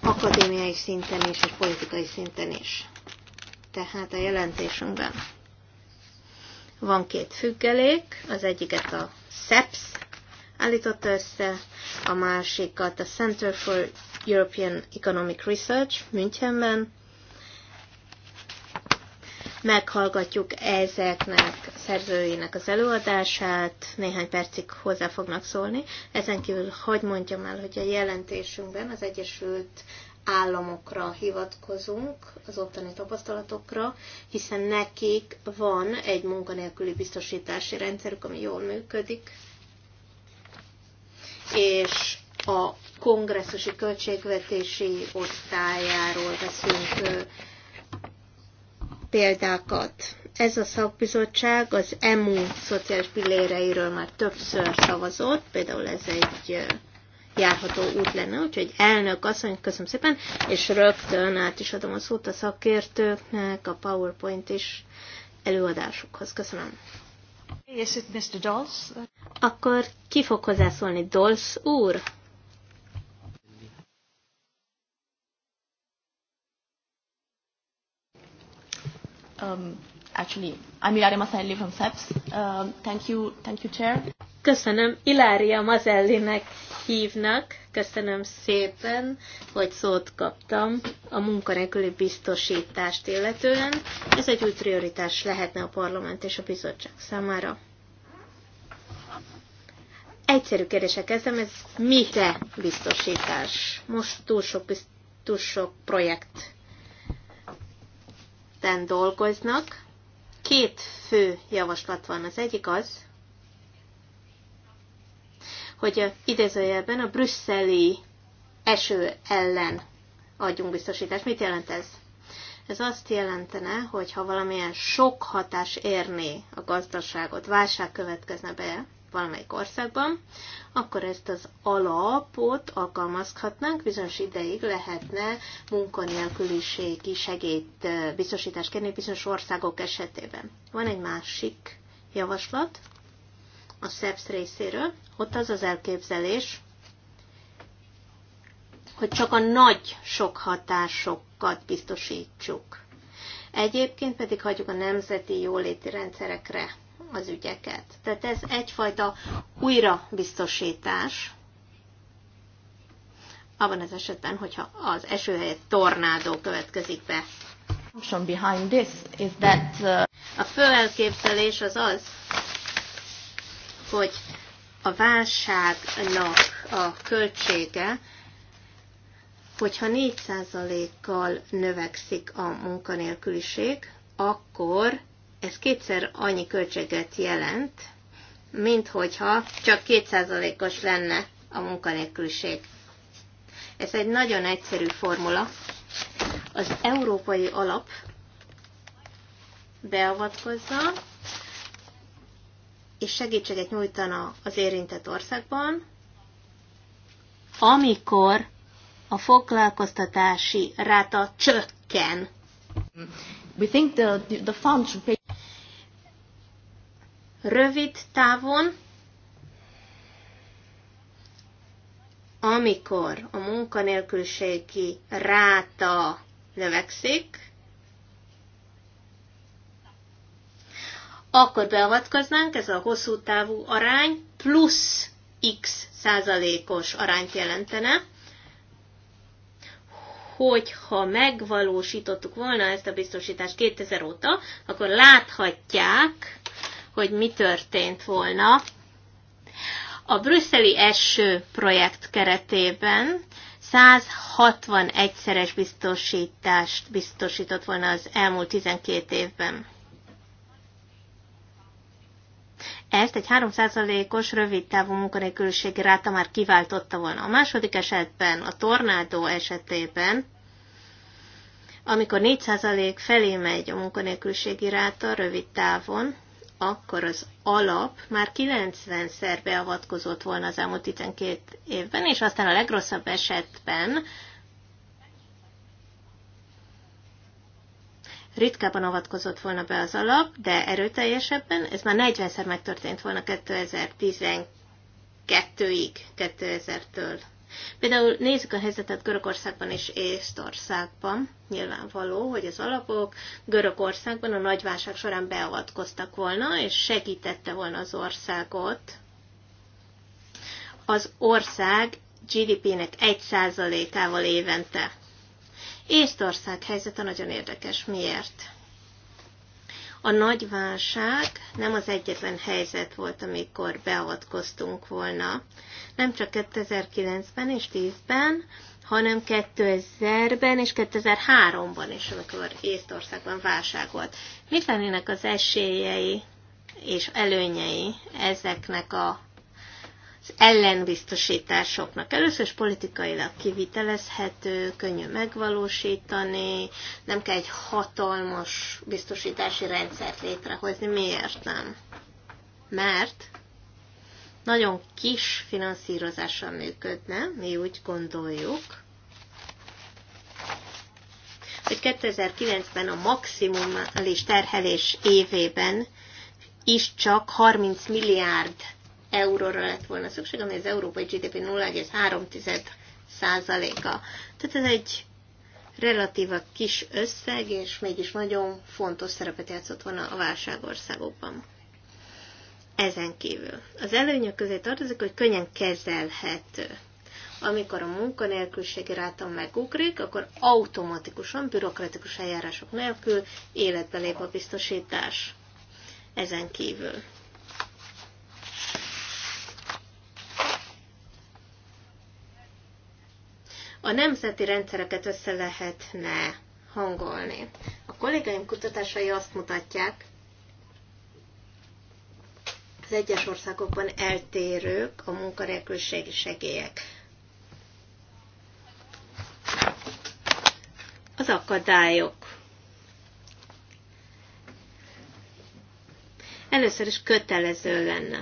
[SPEAKER 2] akadémiai szinten és és politikai szinten is tehát a jelentésünkben. Van két függelék, az egyiket a SEPS állította össze, a másikat a Center for European Economic Research Münchenben. Meghallgatjuk ezeknek szerzőinek az előadását, néhány percig hozzá fognak szólni. Ezen kívül hagyd mondjam el, hogy a jelentésünkben az Egyesült államokra hivatkozunk, az ottani tapasztalatokra, hiszen nekik van egy munkanélküli biztosítási rendszerük, ami jól működik, és a kongresszusi költségvetési osztályáról veszünk példákat. Ez a szakbizottság az EMU szociális pilléreiről már többször szavazott, például ez egy járható út lenne. Úgyhogy elnök asszony, köszönöm szépen, és rögtön át is adom a szót a szakértőknek, a PowerPoint is előadásukhoz. Köszönöm. Yes, it Mr. Dolls. Akkor ki fog hozzászólni? Dolls úr? Um, actually, I'm Ilaria Maselli from SEPS. Uh, thank you, thank you, Chair. Köszönöm, Ilaria Mazellinek hívnak. Köszönöm szépen, hogy szót kaptam a munkanélküli biztosítást illetően. Ez egy új prioritás lehetne a parlament és a bizottság számára. Egyszerű kérdése kezdem, ez mire biztosítás? Most túl sok, túl sok projekt dolgoznak, Két fő javaslat van. Az egyik az, hogy idézőjelben a brüsszeli eső ellen adjunk biztosítást. Mit jelent ez? Ez azt jelentene, hogy ha valamilyen sok hatás érné a gazdaságot, válság következne be, valamelyik országban, akkor ezt az alapot alkalmazhatnánk, bizonyos ideig lehetne munkanélküliségi segélyt biztosítást kérni bizonyos országok esetében. Van egy másik javaslat a SZEPS részéről, ott az az elképzelés, hogy csak a nagy sok hatásokat biztosítsuk. Egyébként pedig hagyjuk a nemzeti jóléti rendszerekre az ügyeket. Tehát ez egyfajta újrabiztosítás, abban az esetben, hogyha az eső helyett tornádó következik be. Behind this is that, uh... A fő elképzelés az az, hogy a válságnak a költsége, hogyha 4%-kal növekszik a munkanélküliség, akkor ez kétszer annyi költséget jelent, mint hogyha csak kétszázalékos lenne a munkanélküliség. Ez egy nagyon egyszerű formula. Az európai alap beavatkozza, és segítséget nyújtana az érintett országban, amikor a foglalkoztatási ráta csökken. We think the, the fund should pay Rövid távon, amikor a munkanélküliségi ráta növekszik, akkor beavatkoznánk, ez a hosszú távú arány plusz x százalékos arányt jelentene, hogyha megvalósítottuk volna ezt a biztosítást 2000 óta, akkor láthatják, hogy mi történt volna. A brüsszeli eső projekt keretében 161-szeres biztosítást biztosított volna az elmúlt 12 évben. Ezt egy 3%-os rövid távú munkanélküliségi ráta már kiváltotta volna. A második esetben, a tornádó esetében, amikor 4% felé megy a munkanélküliségi ráta rövid távon, akkor az alap már 90-szer beavatkozott volna az elmúlt 12 évben, és aztán a legrosszabb esetben ritkában avatkozott volna be az alap, de erőteljesebben, ez már 40-szer megtörtént volna 2012-ig, 2000-től. Például nézzük a helyzetet Görögországban és Észtországban. Nyilvánvaló, hogy az alapok Görögországban a nagyválság során beavatkoztak volna, és segítette volna az országot. Az ország GDP-nek 1%-ával évente. Észtország helyzete nagyon érdekes. Miért? A nagy válság nem az egyetlen helyzet volt, amikor beavatkoztunk volna. Nem csak 2009-ben és 10-ben, hanem 2000-ben és 2003-ban is, amikor Észtországban válság volt. Mit lennének az esélyei és előnyei ezeknek a ellenbiztosításoknak. Először is politikailag kivitelezhető, könnyű megvalósítani, nem kell egy hatalmas biztosítási rendszert létrehozni. Miért nem? Mert nagyon kis finanszírozással működne, mi úgy gondoljuk, hogy 2009-ben a maximális terhelés évében is csak 30 milliárd euróra lett volna szükség, ami az európai GDP 0,3%-a. Tehát ez egy relatíva kis összeg, és mégis nagyon fontos szerepet játszott volna a válságországokban. Ezen kívül. Az előnyök közé tartozik, hogy könnyen kezelhető. Amikor a munkanélküliségi ráta megugrik, akkor automatikusan, bürokratikus eljárások nélkül életbe lép a biztosítás. Ezen kívül a nemzeti rendszereket össze lehetne hangolni. A kollégáim kutatásai azt mutatják, az egyes országokban eltérők a munkanélküliségi segélyek. Az akadályok. Először is kötelező lenne.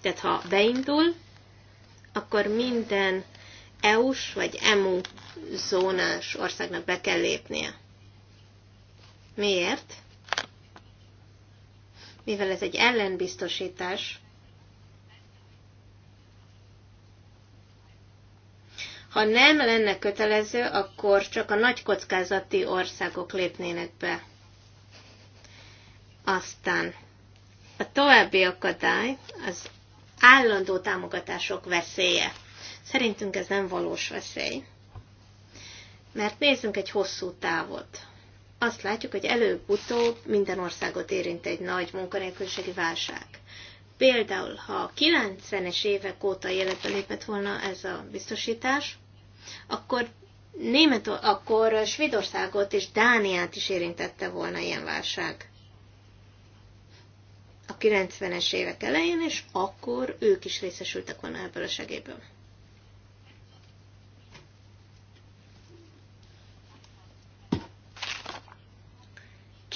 [SPEAKER 2] Tehát ha beindul, akkor minden EU-s vagy EMU zónás országnak be kell lépnie. Miért? Mivel ez egy ellenbiztosítás, ha nem lenne kötelező, akkor csak a nagy kockázati országok lépnének be. Aztán a további akadály az állandó támogatások veszélye. Szerintünk ez nem valós veszély. Mert nézzünk egy hosszú távot. Azt látjuk, hogy előbb-utóbb minden országot érint egy nagy munkanélküliségi válság. Például, ha 90-es évek óta életbe lépett volna ez a biztosítás, akkor Német, akkor Svédországot és Dániát is érintette volna ilyen válság a 90-es évek elején, és akkor ők is részesültek volna ebből a segélyből.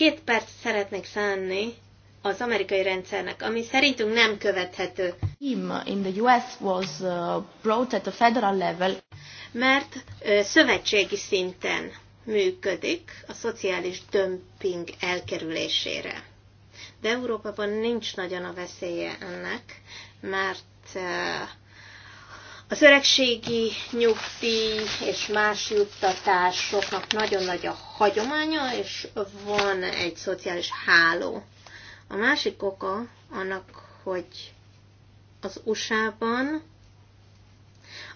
[SPEAKER 2] Két perc szeretnék szánni az amerikai rendszernek, ami szerintünk nem követhető. In the US was uh, brought at the federal level. Mert szövetségi szinten működik a szociális dömping elkerülésére. De Európában nincs nagyon a veszélye ennek, mert az öregségi nyugdíj és más juttatásoknak nagyon nagy a hagyománya, és van egy szociális háló. A másik oka annak, hogy az USA-ban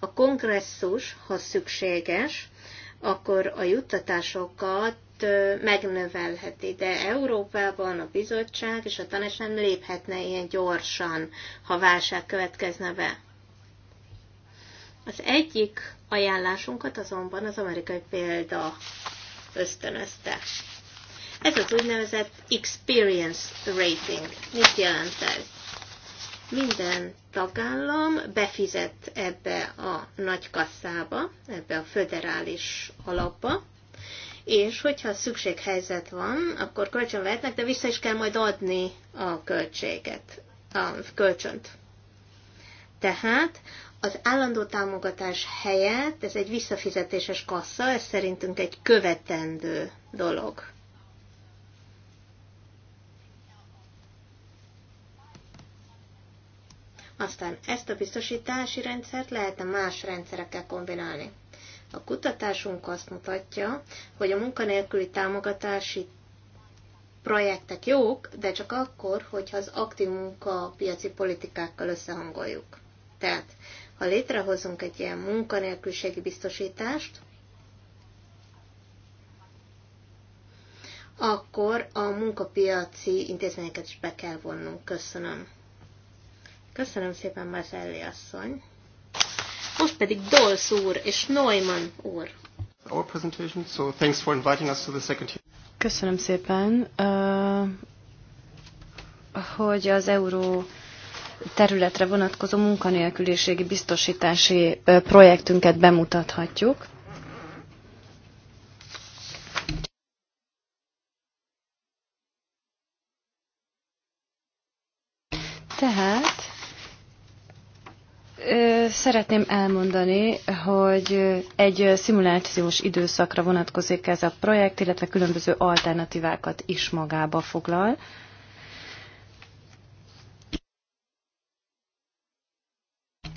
[SPEAKER 2] a kongresszus, ha szükséges, akkor a juttatásokat megnövelheti, de Európában a bizottság és a tanács nem léphetne ilyen gyorsan, ha válság következne be. Az egyik ajánlásunkat azonban az amerikai példa ösztönözte. Ez az úgynevezett experience rating. Mit jelent ez? Minden tagállam befizet ebbe a nagy kasszába, ebbe a föderális alapba, és hogyha szükséghelyzet van, akkor kölcsön vehetnek, de vissza is kell majd adni a költséget, a kölcsönt. Tehát az állandó támogatás helyett ez egy visszafizetéses kassa, ez szerintünk egy követendő dolog. Aztán ezt a biztosítási rendszert lehetne más rendszerekkel kombinálni. A kutatásunk azt mutatja, hogy a munkanélküli támogatási projektek jók, de csak akkor, hogyha az aktív munkapiaci politikákkal összehangoljuk. Tehát ha létrehozunk egy ilyen munkanélküliségi biztosítást, akkor a munkapiaci intézményeket is be kell vonnunk. Köszönöm. Köszönöm szépen, Mazelli asszony. Most pedig Dolz úr és Neumann úr. Our presentation, so thanks for inviting us to the second
[SPEAKER 3] Köszönöm szépen, hogy az euró területre vonatkozó munkanélküliségi biztosítási projektünket bemutathatjuk. Tehát szeretném elmondani, hogy egy szimulációs időszakra vonatkozik ez a projekt, illetve különböző alternatívákat is magába foglal.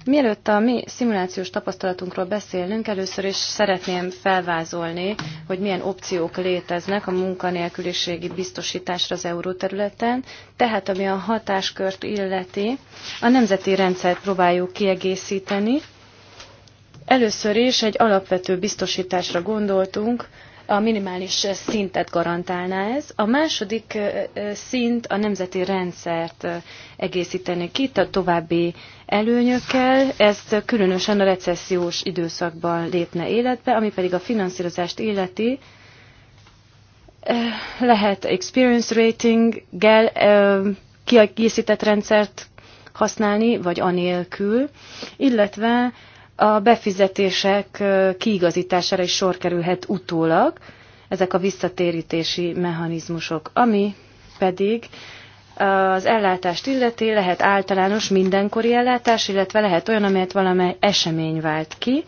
[SPEAKER 3] Mielőtt a mi szimulációs tapasztalatunkról beszélnünk, először is szeretném felvázolni, hogy milyen opciók léteznek a munkanélküliségi biztosításra az euróterületen, tehát ami a hatáskört illeti, a nemzeti rendszert próbáljuk kiegészíteni. Először is egy alapvető biztosításra gondoltunk, a minimális szintet garantálná ez. A második szint a nemzeti rendszert egészíteni ki, a további előnyökkel. Ez különösen a recessziós időszakban lépne életbe, ami pedig a finanszírozást illeti, lehet experience rating-gel kiegészített rendszert használni, vagy anélkül, illetve a befizetések kiigazítására is sor kerülhet utólag, ezek a visszatérítési mechanizmusok, ami pedig az ellátást illeti, lehet általános mindenkori ellátás, illetve lehet olyan, amelyet valamely esemény vált ki,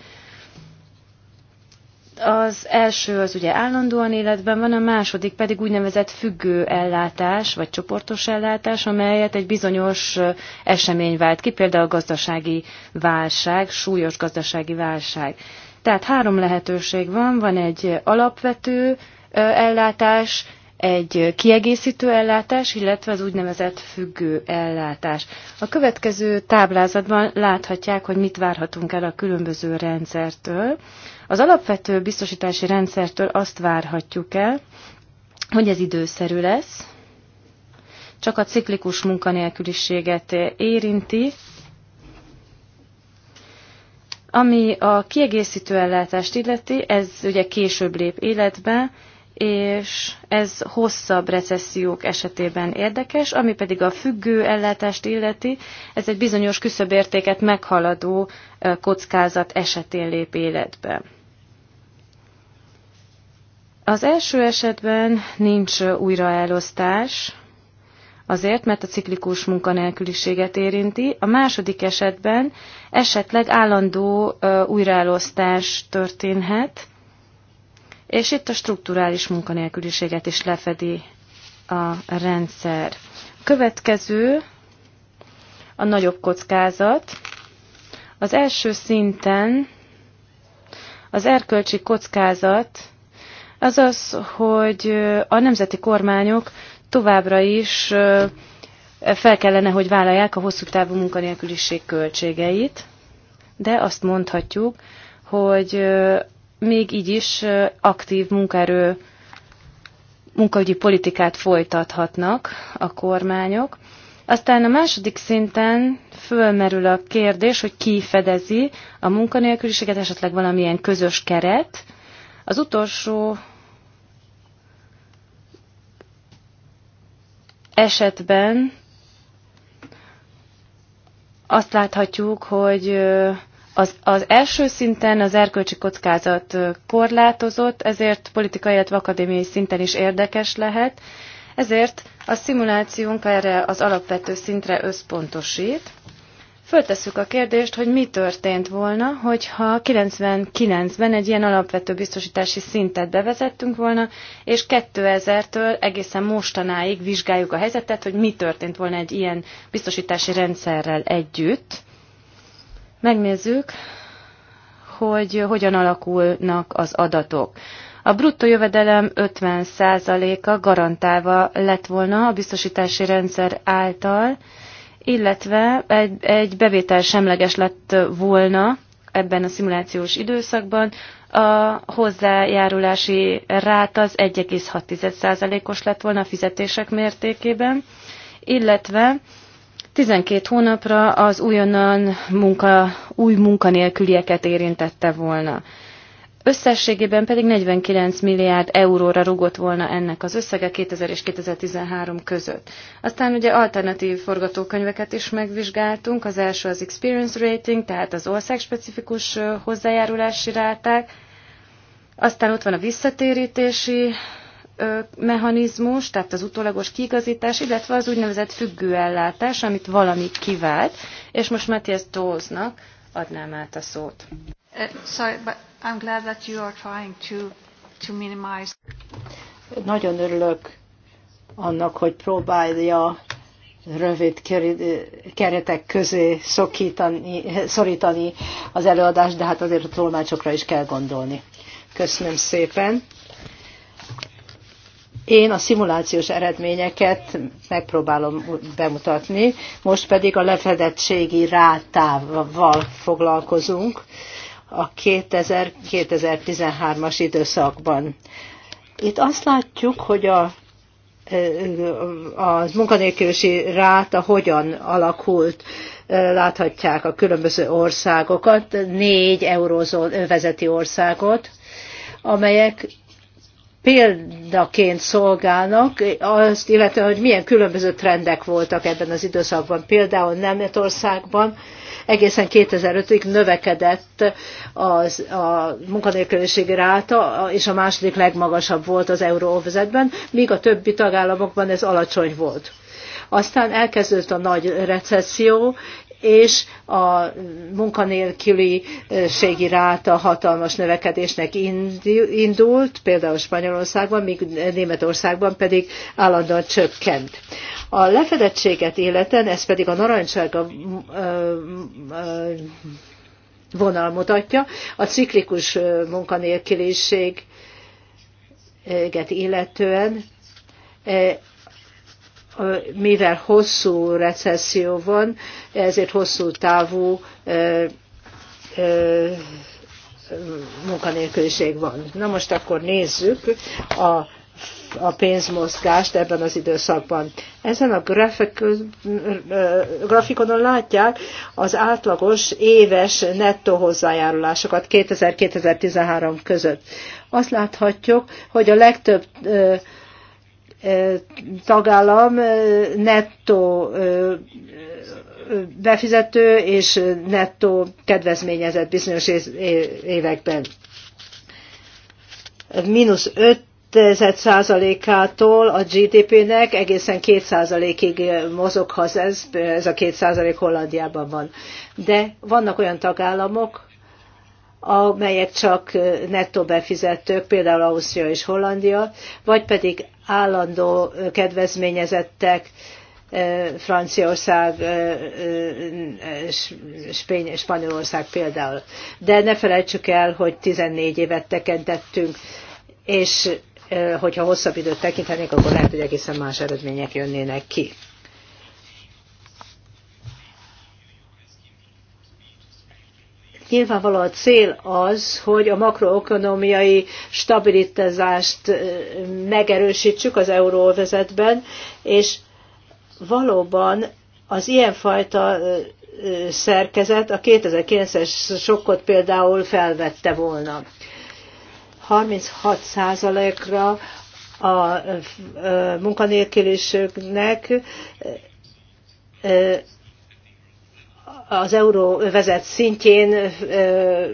[SPEAKER 3] az első az ugye állandóan életben van, a második pedig úgynevezett függő ellátás, vagy csoportos ellátás, amelyet egy bizonyos esemény vált ki, például gazdasági válság, súlyos gazdasági válság. Tehát három lehetőség van, van egy alapvető ellátás, egy kiegészítő ellátás, illetve az úgynevezett függő ellátás. A következő táblázatban láthatják, hogy mit várhatunk el a különböző rendszertől. Az alapvető biztosítási rendszertől azt várhatjuk el, hogy ez időszerű lesz, csak a ciklikus munkanélküliséget érinti, ami a kiegészítő ellátást illeti, ez ugye később lép életbe, és ez hosszabb recessziók esetében érdekes, ami pedig a függő ellátást illeti, ez egy bizonyos küszöbértéket meghaladó kockázat esetén lép életbe. Az első esetben nincs újraelosztás, azért, mert a ciklikus munkanélküliséget érinti, a második esetben esetleg állandó újraelosztás történhet, és itt a strukturális munkanélküliséget is lefedi a rendszer. Következő a nagyobb kockázat. Az első szinten az erkölcsi kockázat az az, hogy a nemzeti kormányok továbbra is fel kellene, hogy vállalják a hosszú távú munkanélküliség költségeit, de azt mondhatjuk, hogy még így is aktív munkaerő munkaügyi politikát folytathatnak a kormányok. Aztán a második szinten fölmerül a kérdés, hogy ki fedezi a munkanélküliséget, esetleg valamilyen közös keret. Az utolsó esetben azt láthatjuk, hogy az, az első szinten az erkölcsi kockázat korlátozott, ezért politikai, illetve akadémiai szinten is érdekes lehet. Ezért a szimulációnk erre az alapvető szintre összpontosít. Föltesszük a kérdést, hogy mi történt volna, hogyha 99-ben egy ilyen alapvető biztosítási szintet bevezettünk volna, és 2000-től egészen mostanáig vizsgáljuk a helyzetet, hogy mi történt volna egy ilyen biztosítási rendszerrel együtt megnézzük, hogy hogyan alakulnak az adatok. A bruttó jövedelem 50%-a garantálva lett volna a biztosítási rendszer által, illetve egy, egy bevétel semleges lett volna ebben a szimulációs időszakban. A hozzájárulási ráta az 1,6%-os lett volna a fizetések mértékében, illetve 12 hónapra az újonnan munka, új munkanélkülieket érintette volna. Összességében pedig 49 milliárd euróra rugott volna ennek az összege 2000 és 2013 között. Aztán ugye alternatív forgatókönyveket is megvizsgáltunk. Az első az experience rating, tehát az országspecifikus hozzájárulási ráták. Aztán ott van a visszatérítési mechanizmus, tehát az utólagos kiigazítás, illetve az úgynevezett függőellátás, amit valami kivált, és most Matthias Dóznak adnám át a szót.
[SPEAKER 1] Uh, sorry, but I'm glad that you are trying to, to Nagyon örülök annak, hogy próbálja rövid keretek közé szokítani, szorítani az előadást, de hát azért a tolmácsokra is kell gondolni. Köszönöm szépen. Én a szimulációs eredményeket megpróbálom bemutatni, most pedig a lefedettségi rátával foglalkozunk a 2013 as időszakban. Itt azt látjuk, hogy a a munkanélkülési ráta hogyan alakult, láthatják a különböző országokat, négy eurózó vezeti országot, amelyek példaként szolgálnak, azt illetve, hogy milyen különböző trendek voltak ebben az időszakban. Például Németországban egészen 2005-ig növekedett az, a munkanélküliség ráta, és a második legmagasabb volt az euróvezetben, míg a többi tagállamokban ez alacsony volt. Aztán elkezdődött a nagy recesszió, és a munkanélküliségi ráta hatalmas növekedésnek indult, például Spanyolországban, míg Németországban pedig állandóan csökkent. A lefedettséget életen, ez pedig a narancsága vonal mutatja, a ciklikus munkanélküliséget illetően mivel hosszú recesszió van, ezért hosszú távú munkanélküliség van. Na most akkor nézzük a, a pénzmozgást ebben az időszakban. Ezen a grafik, grafikonon látják az átlagos éves nettó hozzájárulásokat 2000-2013 között. Azt láthatjuk, hogy a legtöbb tagállam nettó befizető és nettó kedvezményezett bizonyos években. Mínusz 5 százalékától a GDP-nek egészen 2 százalékig mozoghat ez, ez a 2 százalék Hollandiában van. De vannak olyan tagállamok, amelyek csak nettó befizetők, például Ausztria és Hollandia, vagy pedig állandó kedvezményezettek, Franciaország, Spanyolország például. De ne felejtsük el, hogy 14 évet tekintettünk, és hogyha hosszabb időt tekintenénk, akkor lehet, hogy egészen más eredmények jönnének ki. Nyilvánvaló a cél az, hogy a makroökonomiai stabilitázást megerősítsük az euróvezetben, és valóban az ilyenfajta szerkezet a 2009-es sokkot például felvette volna. 36%-ra a munkanélküliségnek az euróvezet szintjén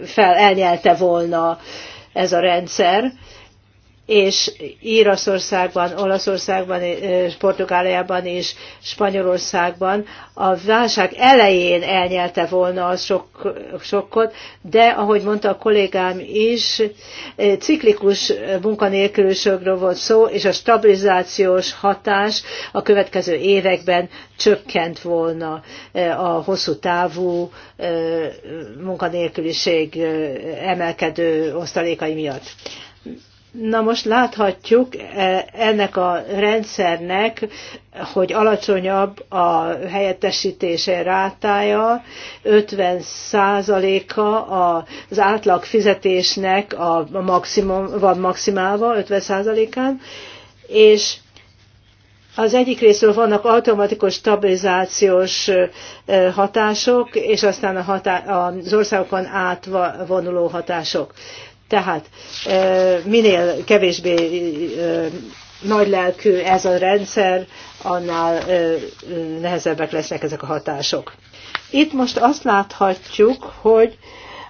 [SPEAKER 1] fel elnyelte volna ez a rendszer és Íraszországban, Olaszországban, Portugáliában és Spanyolországban a válság elején elnyelte volna a sok, sokkot, de ahogy mondta a kollégám is, ciklikus munkanélkülőségről volt szó, és a stabilizációs hatás a következő években csökkent volna a hosszú távú munkanélküliség emelkedő osztalékai miatt Na most láthatjuk e, ennek a rendszernek, hogy alacsonyabb a helyettesítése rátája, 50 a az átlag fizetésnek a maximum, van maximálva, 50 án és az egyik részről vannak automatikus stabilizációs e, hatások, és aztán a hatá- az országokon átvonuló hatások tehát minél kevésbé nagylelkű ez a rendszer, annál nehezebbek lesznek ezek a hatások. Itt most azt láthatjuk, hogy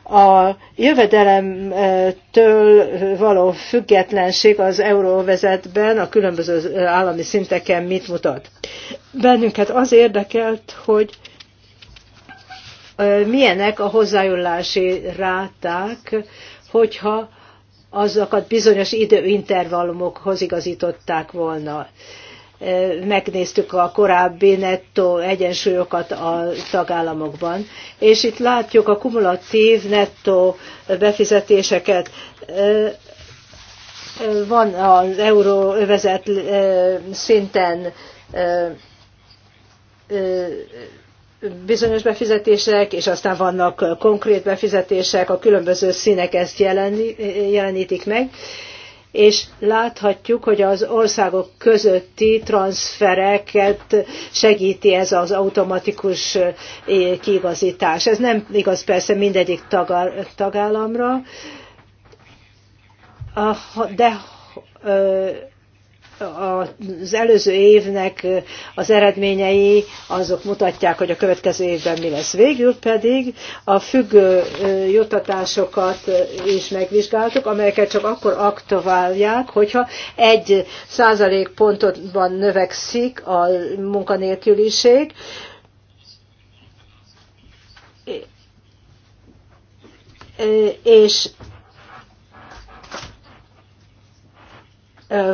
[SPEAKER 1] a jövedelemtől való függetlenség az euróvezetben a különböző állami szinteken mit mutat. Bennünket az érdekelt, hogy milyenek a hozzájulási ráták hogyha azokat bizonyos időintervallumokhoz igazították volna. Megnéztük a korábbi nettó egyensúlyokat a tagállamokban, és itt látjuk a kumulatív nettó befizetéseket van az euróövezet szinten bizonyos befizetések, és aztán vannak konkrét befizetések, a különböző színek ezt jelenítik meg, és láthatjuk, hogy az országok közötti transfereket segíti ez az automatikus eh, kiigazítás. Ez nem igaz persze mindegyik tagállamra, de eh, az előző évnek az eredményei azok mutatják, hogy a következő évben mi lesz. Végül pedig a függő juttatásokat is megvizsgáltuk, amelyeket csak akkor aktuálják, hogyha egy százalék pontotban növekszik a munkanélküliség, és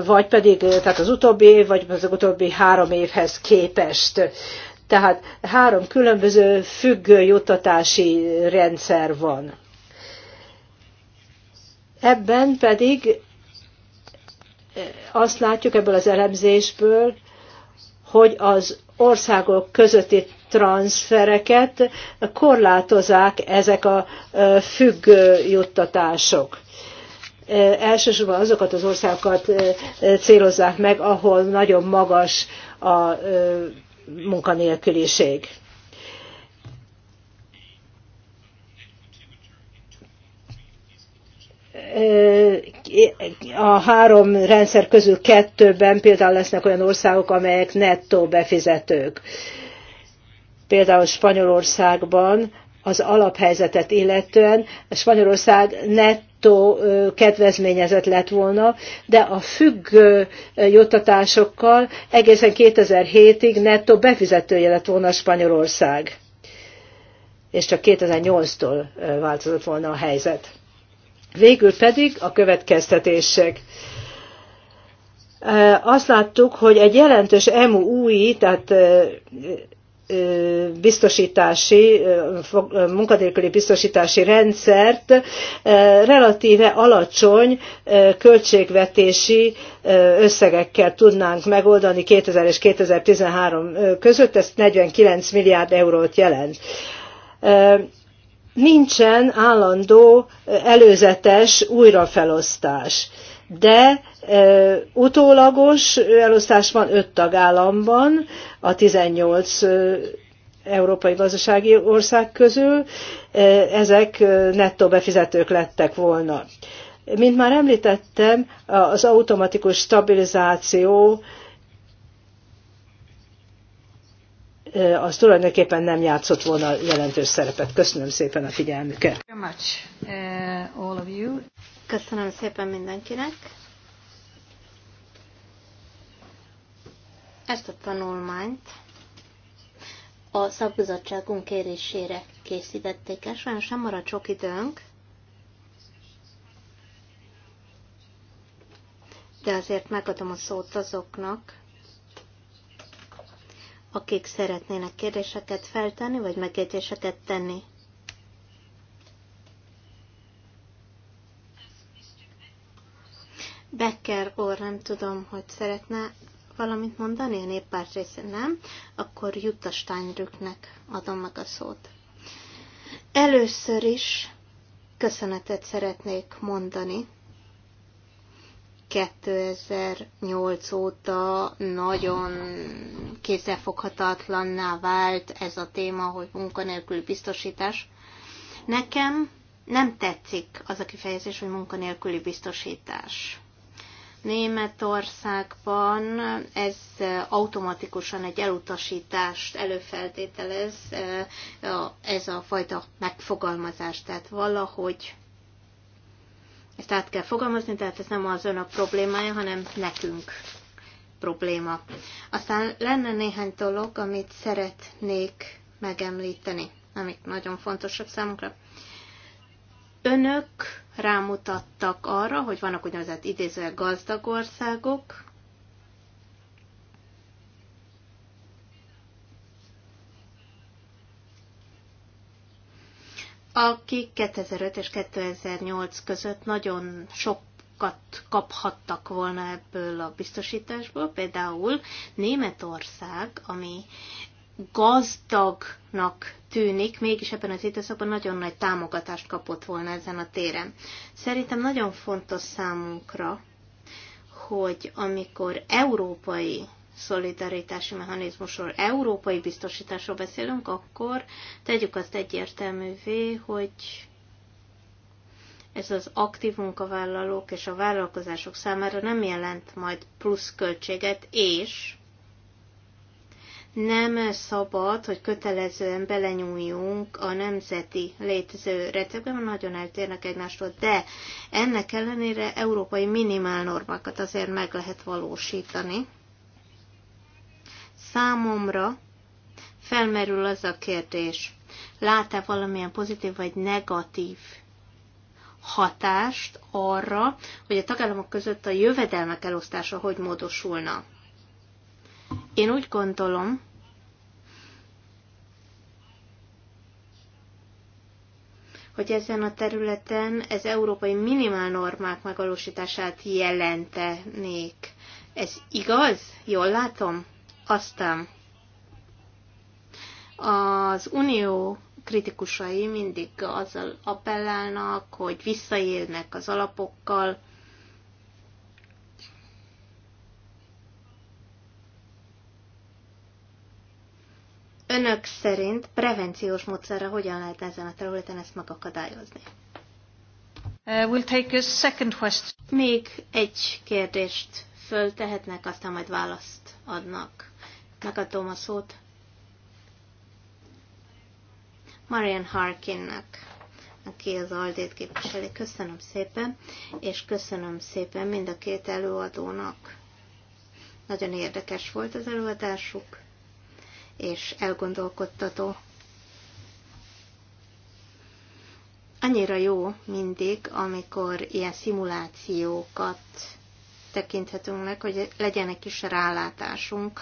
[SPEAKER 1] vagy pedig, tehát az utóbbi év, vagy az utóbbi három évhez képest. Tehát három különböző függő juttatási rendszer van. Ebben pedig azt látjuk ebből az elemzésből, hogy az országok közötti transfereket korlátozák ezek a függő juttatások elsősorban azokat az országokat célozzák meg, ahol nagyon magas a munkanélküliség. a három rendszer közül kettőben például lesznek olyan országok, amelyek nettó befizetők. Például Spanyolországban az alaphelyzetet illetően Spanyolország nettó nettó kedvezményezett lett volna, de a függő juttatásokkal egészen 2007-ig nettó befizetője lett volna Spanyolország. És csak 2008-tól változott volna a helyzet. Végül pedig a következtetések azt láttuk, hogy egy jelentős EMU új, tehát biztosítási, munkadélküli biztosítási rendszert relatíve alacsony költségvetési összegekkel tudnánk megoldani 2000 és 2013 között, ezt 49 milliárd eurót jelent. Nincsen állandó előzetes újrafelosztás de e, utólagos elosztás van öt tagállamban, a 18 európai gazdasági ország közül, ezek nettó befizetők lettek volna. Mint már említettem, az automatikus stabilizáció az tulajdonképpen nem játszott volna jelentős szerepet. Köszönöm szépen a figyelmüket.
[SPEAKER 2] Köszönöm szépen mindenkinek. Ezt a tanulmányt a szakbizottságunk kérésére készítették el. Sajnos nem maradt sok időnk, de azért megadom a szót azoknak, akik szeretnének kérdéseket feltenni, vagy megjegyzéseket tenni. Becker or nem tudom, hogy szeretne valamit mondani a néppárt része, nem? Akkor Jutta Steinrücknek adom meg a szót. Először is köszönetet szeretnék mondani 2008 óta nagyon kézzelfoghatatlanná vált ez a téma, hogy munkanélkül biztosítás. Nekem nem tetszik az a kifejezés, hogy munkanélküli biztosítás. Németországban ez automatikusan egy elutasítást előfeltételez, ez a fajta megfogalmazás, tehát valahogy ezt át kell fogalmazni, tehát ez nem az önök problémája, hanem nekünk probléma. Aztán lenne néhány dolog, amit szeretnék megemlíteni, amik nagyon fontosak számunkra. Önök rámutattak arra, hogy vannak úgynevezett idézve gazdag országok, akik 2005 és 2008 között nagyon sokat kaphattak volna ebből a biztosításból. Például Németország, ami gazdagnak tűnik, mégis ebben az időszakban nagyon nagy támogatást kapott volna ezen a téren. Szerintem nagyon fontos számunkra, hogy amikor európai szolidaritási mechanizmusról, európai biztosításról beszélünk, akkor tegyük azt egyértelművé, hogy ez az aktív munkavállalók és a vállalkozások számára nem jelent majd plusz költséget, és nem szabad, hogy kötelezően belenyúljunk a nemzeti létező receptbe, mert nagyon eltérnek egymástól, de ennek ellenére európai minimálnormákat azért meg lehet valósítani. Számomra felmerül az a kérdés, lát-e valamilyen pozitív vagy negatív hatást arra, hogy a tagállamok között a jövedelmek elosztása hogy módosulna. Én úgy gondolom, hogy ezen a területen ez európai minimálnormák megvalósítását jelentenék. Ez igaz? Jól látom? Aztán az unió kritikusai mindig azzal appellálnak, hogy visszaélnek az alapokkal, Önök szerint prevenciós módszerre hogyan lehet ezen a területen ezt megakadályozni? Uh, we'll take a second question. Még egy kérdést föltehetnek, aztán majd választ adnak. Megadom a szót. Marian Harkinnak, aki az Aldét képviseli. Köszönöm szépen, és köszönöm szépen mind a két előadónak. Nagyon érdekes volt az előadásuk és elgondolkodtató. Annyira jó mindig, amikor ilyen szimulációkat tekinthetünk meg, hogy legyen egy kis rálátásunk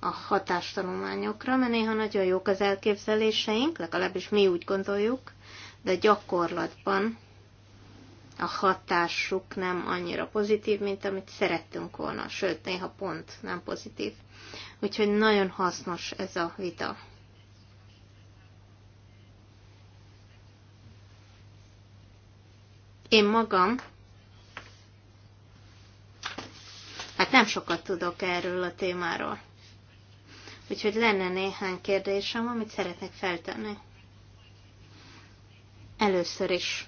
[SPEAKER 2] a hatástanulmányokra, mert néha nagyon jók az elképzeléseink, legalábbis mi úgy gondoljuk, de gyakorlatban a hatásuk nem annyira pozitív, mint amit szerettünk volna, sőt, néha pont nem pozitív. Úgyhogy nagyon hasznos ez a vita. Én magam, hát nem sokat tudok erről a témáról. Úgyhogy lenne néhány kérdésem, amit szeretnék feltenni. Először is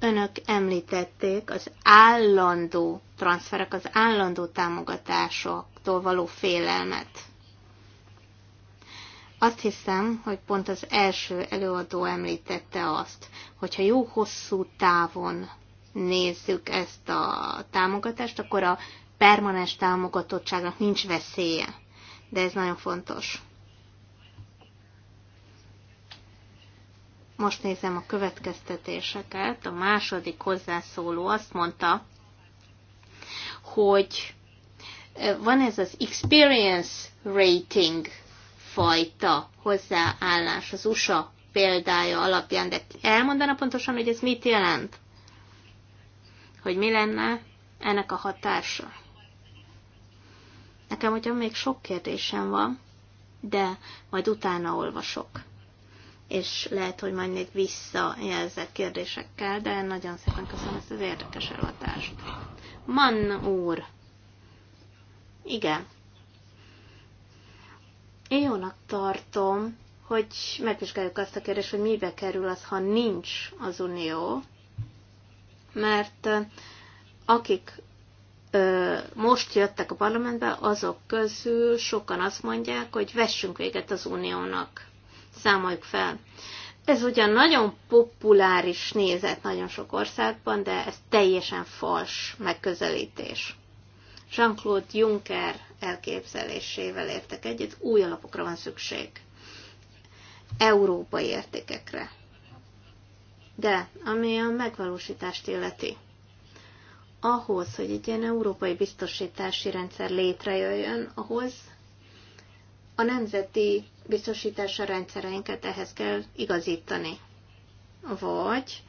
[SPEAKER 2] önök említették az állandó transferek, az állandó támogatásoktól való félelmet. Azt hiszem, hogy pont az első előadó említette azt, hogyha jó hosszú távon nézzük ezt a támogatást, akkor a permanens támogatottságnak nincs veszélye. De ez nagyon fontos. Most nézem a következtetéseket. A második hozzászóló azt mondta, hogy eh, van ez az experience rating fajta hozzáállás az USA példája alapján, de elmondaná pontosan, hogy ez mit jelent? Hogy mi lenne ennek a hatása? Nekem ugyan még sok kérdésem van, de majd utána olvasok és lehet, hogy majd még visszajelzek kérdésekkel, de nagyon szépen köszönöm ezt az érdekes előadást. Mann úr! Igen. Én jónak tartom, hogy megvizsgáljuk azt a kérdést, hogy mibe kerül az, ha nincs az unió, mert akik ö, most jöttek a parlamentbe, azok közül sokan azt mondják, hogy vessünk véget az uniónak számoljuk fel. Ez ugyan nagyon populáris nézet nagyon sok országban, de ez teljesen fals megközelítés. Jean-Claude Juncker elképzelésével értek egyet, új alapokra van szükség. Európai értékekre. De, ami a megvalósítást illeti, ahhoz, hogy egy ilyen európai biztosítási rendszer létrejöjjön, ahhoz a nemzeti biztosítása rendszereinket ehhez kell igazítani. Vagy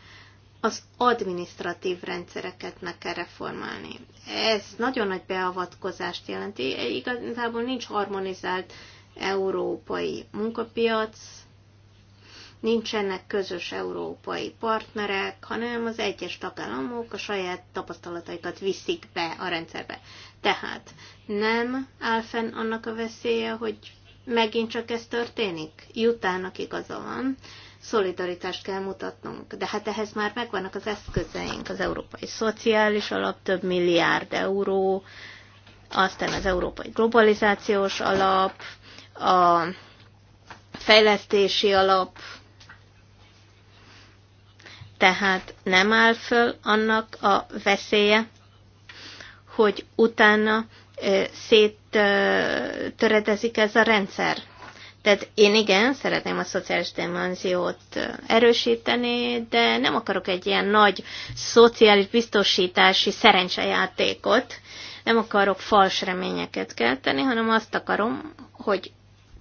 [SPEAKER 2] az administratív rendszereket meg kell reformálni. Ez nagyon nagy beavatkozást jelenti, igazából nincs harmonizált európai munkapiac, nincsenek közös európai partnerek, hanem az egyes tagállamok a saját tapasztalataikat viszik be a rendszerbe. Tehát nem áll fenn annak a veszélye, hogy megint csak ez történik. Jutának igaza van, szolidaritást kell mutatnunk. De hát ehhez már megvannak az eszközeink, az Európai Szociális Alap több milliárd euró, aztán az Európai Globalizációs Alap, a fejlesztési alap, tehát nem áll föl annak a veszélye, hogy utána széttöredezik ez a rendszer. Tehát én igen, szeretném a szociális dimenziót erősíteni, de nem akarok egy ilyen nagy szociális biztosítási szerencsejátékot, nem akarok fals reményeket kelteni, hanem azt akarom, hogy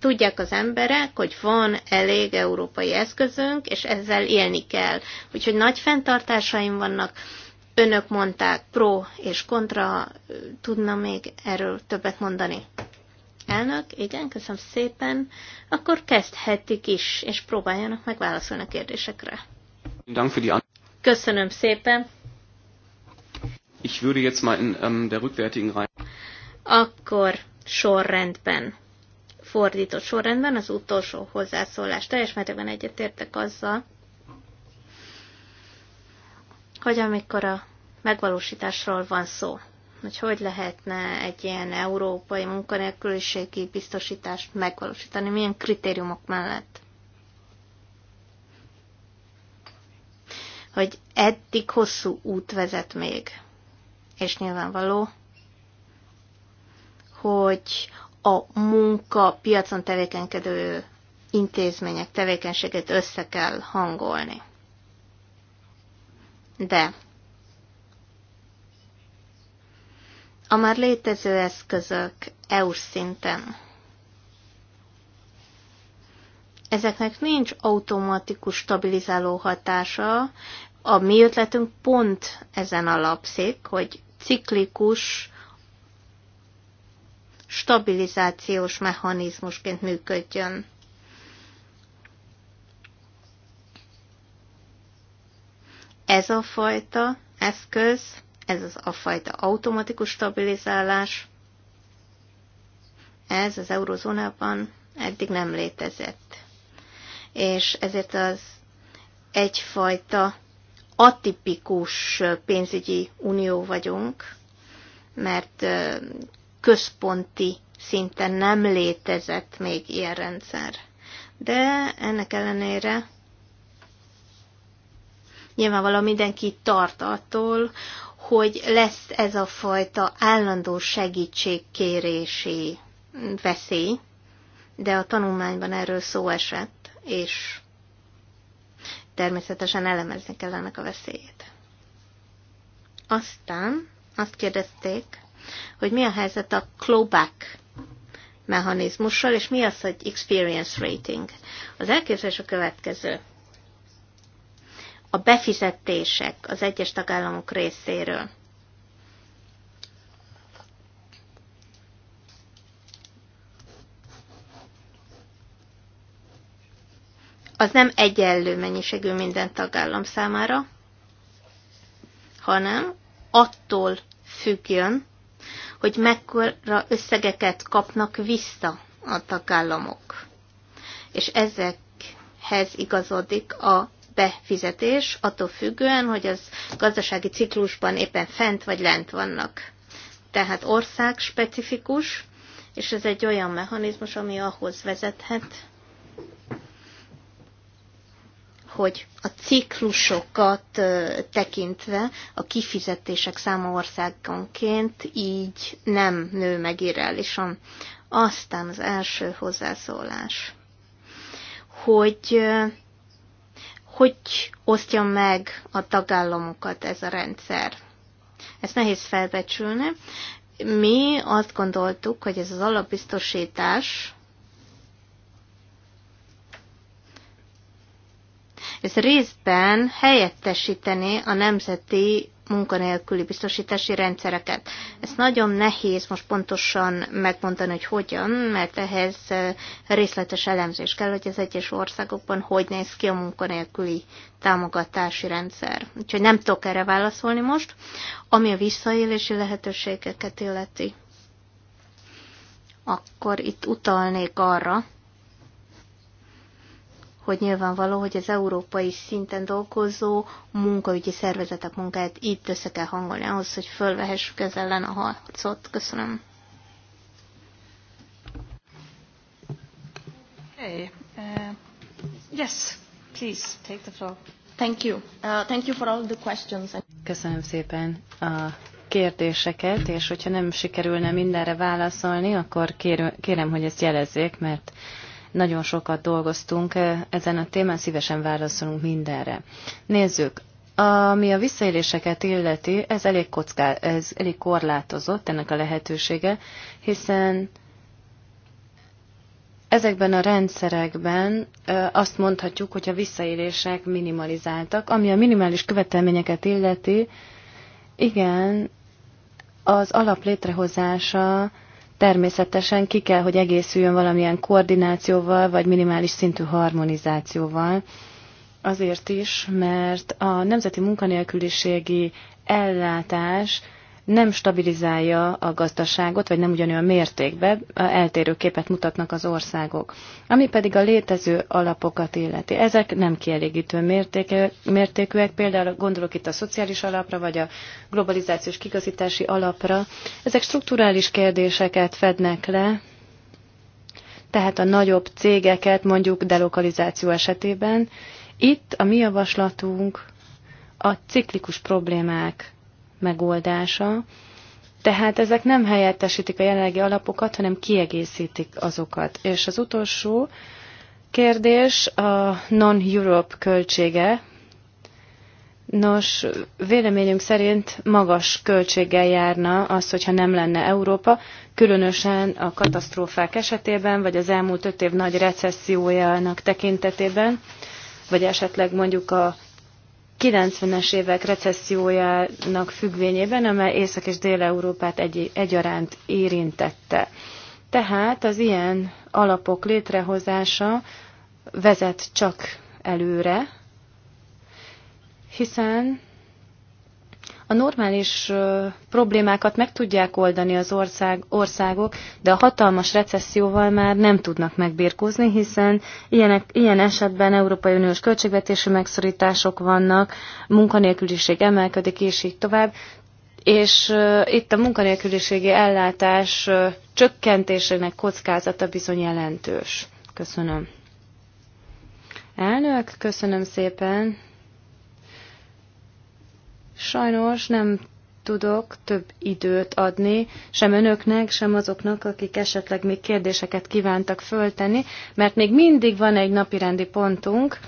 [SPEAKER 2] tudják az emberek, hogy van elég európai eszközünk, és ezzel élni kell. Úgyhogy nagy fenntartásaim vannak, Önök mondták pro és kontra, tudna még erről többet mondani? Elnök, igen, köszönöm szépen. Akkor kezdhetik is, és próbáljanak meg válaszolni a kérdésekre. Köszönöm szépen.
[SPEAKER 3] Ich würde jetzt mal in um, der rückwärtigen Reihe.
[SPEAKER 2] Akkor sorrendben, fordított sorrendben az utolsó hozzászólás. Teljes mértékben egyetértek azzal, vagy amikor a megvalósításról van szó, hogy hogy lehetne egy ilyen európai munkanélküliségi biztosítást megvalósítani, milyen kritériumok mellett. Hogy eddig hosszú út vezet még, és nyilvánvaló, hogy a munka piacon tevékenykedő intézmények tevékenységét össze kell hangolni de a már létező eszközök EU szinten ezeknek nincs automatikus stabilizáló hatása. A mi ötletünk pont ezen alapszik, hogy ciklikus stabilizációs mechanizmusként működjön. Ez a fajta eszköz, ez az a fajta automatikus stabilizálás, ez az eurozónában eddig nem létezett. És ezért az egyfajta atipikus pénzügyi unió vagyunk, mert központi szinten nem létezett még ilyen rendszer. De ennek ellenére Nyilvánvalóan mindenki tart attól, hogy lesz ez a fajta állandó segítségkérési veszély, de a tanulmányban erről szó esett, és természetesen elemezni kell ennek a veszélyét. Aztán azt kérdezték, hogy mi a helyzet a clawback mechanizmussal, és mi az, hogy experience rating. Az elképzelés a következő a befizetések az egyes tagállamok részéről. az nem egyenlő mennyiségű minden tagállam számára, hanem attól függjön, hogy mekkora összegeket kapnak vissza a tagállamok. És ezekhez igazodik a befizetés, attól függően, hogy az gazdasági ciklusban éppen fent vagy lent vannak. Tehát ország specifikus, és ez egy olyan mechanizmus, ami ahhoz vezethet, hogy a ciklusokat tekintve a kifizetések száma országonként így nem nő meg irreálisan. Aztán az első hozzászólás, hogy hogy osztja meg a tagállamokat ez a rendszer. Ezt nehéz felbecsülni. Mi azt gondoltuk, hogy ez az alapbiztosítás, ez részben helyettesíteni a nemzeti munkanélküli biztosítási rendszereket. Ez nagyon nehéz most pontosan megmondani, hogy hogyan, mert ehhez részletes elemzés kell, hogy az egyes országokban hogy néz ki a munkanélküli támogatási rendszer. Úgyhogy nem tudok erre válaszolni most, ami a visszaélési lehetőségeket illeti. Akkor itt utalnék arra, hogy nyilvánvaló, hogy az európai szinten dolgozó munkaügyi szervezetek munkáját itt össze kell hangolni ahhoz, hogy fölvehessük ez ellen a harcot. Köszönöm.
[SPEAKER 1] Hey, uh, yes, please take the floor.
[SPEAKER 3] Thank you. Uh, thank you for all the questions. Köszönöm szépen a kérdéseket, és hogyha nem sikerülne mindenre válaszolni, akkor kérem, kérem hogy ezt jelezzék, mert uh, nagyon sokat dolgoztunk eh, ezen a témán, szívesen válaszolunk mindenre. Nézzük, ami a visszaéléseket illeti, ez elég, kocká, ez elég korlátozott ennek a lehetősége, hiszen ezekben a rendszerekben eh, azt mondhatjuk, hogy a visszaélések minimalizáltak. Ami a minimális követelményeket illeti, igen, az alap létrehozása természetesen ki kell, hogy egészüljön valamilyen koordinációval, vagy minimális szintű harmonizációval. Azért is, mert a nemzeti munkanélküliségi ellátás nem stabilizálja a gazdaságot, vagy nem ugyanolyan mértékben, eltérő képet mutatnak az országok. Ami pedig a létező alapokat illeti. Ezek nem kielégítő mértéke, mértékűek, például gondolok itt a szociális alapra, vagy a globalizációs kigazítási alapra. Ezek strukturális kérdéseket fednek le, tehát a nagyobb cégeket mondjuk delokalizáció esetében. Itt a mi javaslatunk a ciklikus problémák megoldása. Tehát ezek nem helyettesítik a jelenlegi alapokat, hanem kiegészítik azokat. És az utolsó kérdés a non-Europe költsége. Nos, véleményünk szerint magas költséggel járna az, hogyha nem lenne Európa, különösen a katasztrófák esetében, vagy az elmúlt öt év nagy recessziójának tekintetében, vagy esetleg mondjuk a 90-es évek recessziójának függvényében, amely Észak- és Dél-Európát egy, egyaránt érintette. Tehát az ilyen alapok létrehozása vezet csak előre, hiszen a normális problémákat meg tudják oldani az ország, országok, de a hatalmas recesszióval már nem tudnak megbirkózni, hiszen ilyenek, ilyen esetben Európai Uniós költségvetési megszorítások vannak, munkanélküliség emelkedik, és így tovább és itt a munkanélküliségi ellátás csökkentésének kockázata bizony jelentős. Köszönöm. Elnök, köszönöm szépen. Sajnos nem tudok több időt adni, sem önöknek, sem azoknak, akik esetleg még kérdéseket kívántak föltenni, mert még mindig van egy napirendi pontunk,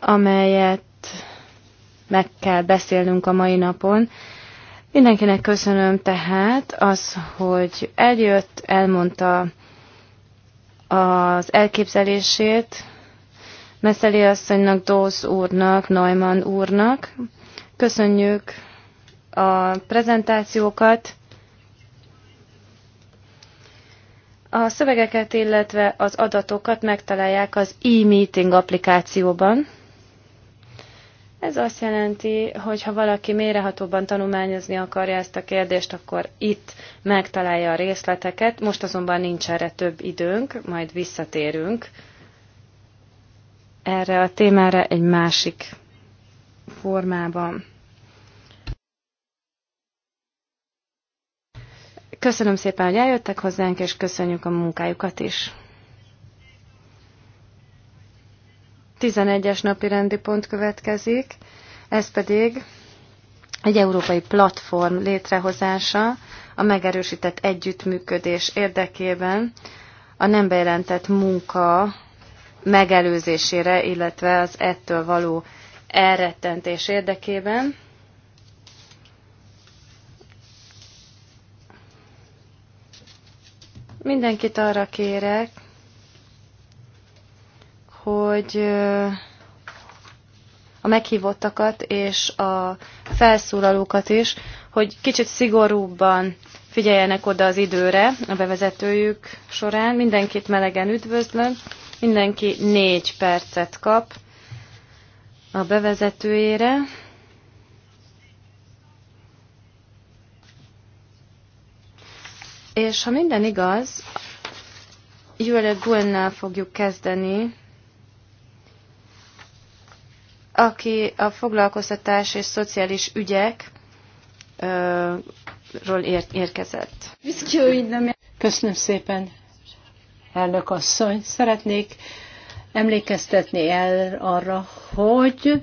[SPEAKER 3] amelyet meg kell beszélnünk a mai napon. Mindenkinek köszönöm tehát az, hogy eljött, elmondta az elképzelését Meszeli asszonynak, Dóz úrnak, Neumann úrnak, Köszönjük a prezentációkat. A szövegeket, illetve az adatokat megtalálják az e-meeting applikációban. Ez azt jelenti, hogy ha valaki mérehatóban tanulmányozni akarja ezt a kérdést, akkor itt megtalálja a részleteket. Most azonban nincs erre több időnk, majd visszatérünk erre a témára egy másik formában. Köszönöm szépen, hogy eljöttek hozzánk, és köszönjük a munkájukat is. 11-es napi rendi pont következik, ez pedig egy európai platform létrehozása a megerősített együttműködés érdekében a nem bejelentett munka megelőzésére, illetve az ettől való elrettentés érdekében. Mindenkit arra kérek, hogy a meghívottakat és a felszólalókat is, hogy kicsit szigorúbban figyeljenek oda az időre a bevezetőjük során. Mindenkit melegen üdvözlöm, mindenki négy percet kap a bevezetőjére. És ha minden igaz, Jure Gunnel fogjuk kezdeni, aki a foglalkoztatás és szociális ügyek ö, ról ér, érkezett.
[SPEAKER 1] Köszönöm szépen, elnök asszony. Szeretnék emlékeztetni el arra, hogy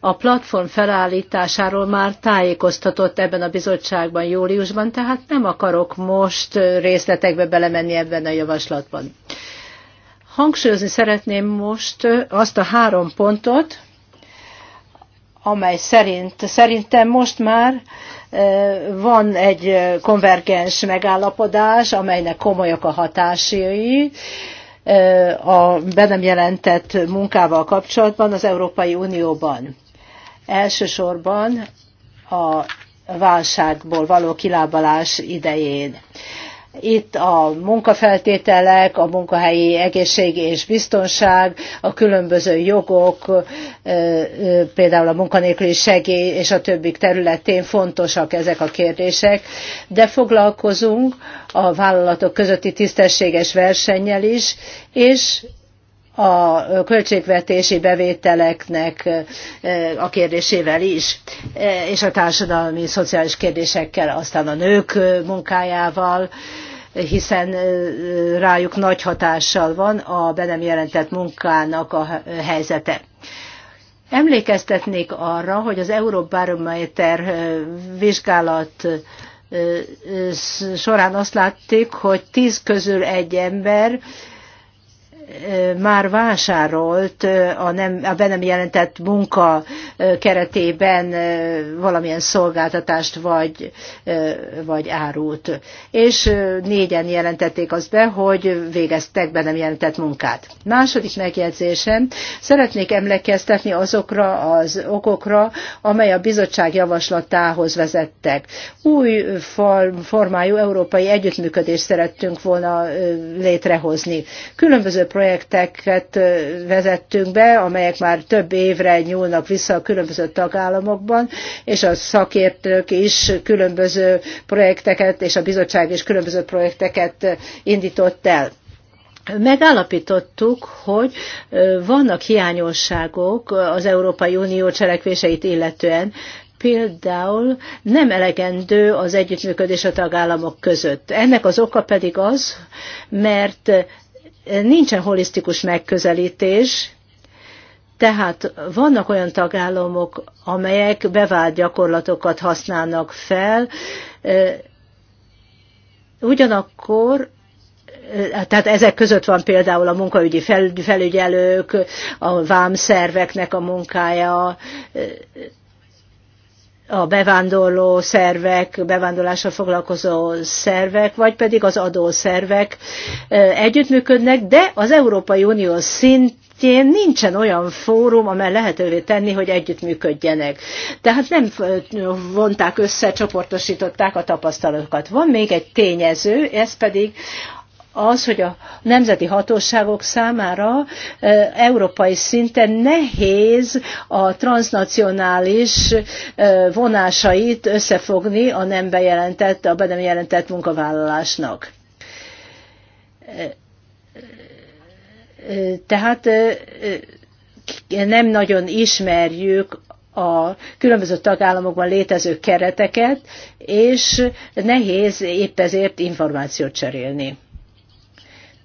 [SPEAKER 1] a platform felállításáról már tájékoztatott ebben a bizottságban júliusban, tehát nem akarok most részletekbe belemenni ebben a javaslatban. Hangsúlyozni szeretném most azt a három pontot, amely szerint szerintem most már e, van egy konvergens megállapodás, amelynek komolyak a hatásai e, a be nem jelentett munkával kapcsolatban az Európai Unióban elsősorban a válságból való kilábalás idején. Itt a munkafeltételek, a munkahelyi egészség és biztonság, a különböző jogok, például a munkanélküli segély és a többi területén fontosak ezek a kérdések, de foglalkozunk a vállalatok közötti tisztességes versennyel is, és a költségvetési bevételeknek a kérdésével is, és a társadalmi szociális kérdésekkel, aztán a nők munkájával, hiszen rájuk nagy hatással van a be nem jelentett munkának a helyzete. Emlékeztetnék arra, hogy az Euróbarométer vizsgálat során azt látték, hogy tíz közül egy ember már vásárolt a, nem, a be nem jelentett munka keretében valamilyen szolgáltatást vagy, vagy árult. És négyen jelentették azt be, hogy végeztek be nem jelentett munkát. Második megjegyzésem, szeretnék emlékeztetni azokra az okokra, amely a bizottság javaslatához vezettek. Új formájú európai együttműködést szerettünk volna létrehozni. Különböző projekteket vezettünk be, amelyek már több évre nyúlnak vissza a különböző tagállamokban, és a szakértők is különböző projekteket, és a bizottság is különböző projekteket indított el. Megállapítottuk, hogy vannak hiányosságok az Európai Unió cselekvéseit illetően, például nem elegendő az együttműködés a tagállamok között. Ennek az oka pedig az, mert Nincsen holisztikus megközelítés, tehát vannak olyan tagállamok, amelyek bevált gyakorlatokat használnak fel, ugyanakkor tehát ezek között van például a munkaügyi felügyelők, a vámszerveknek a munkája, a bevándorló szervek, bevándorlással foglalkozó szervek, vagy pedig az adószervek együttműködnek, de az Európai Unió szintjén nincsen olyan fórum, amely lehetővé tenni, hogy együttműködjenek. Tehát nem vonták össze, csoportosították a tapasztalatokat. Van még egy tényező, ez pedig az, hogy a nemzeti hatóságok számára európai szinten nehéz a transnacionális vonásait összefogni a nem bejelentett, a be nem jelentett munkavállalásnak. Tehát nem nagyon ismerjük a különböző tagállamokban létező kereteket, és nehéz épp ezért információt cserélni.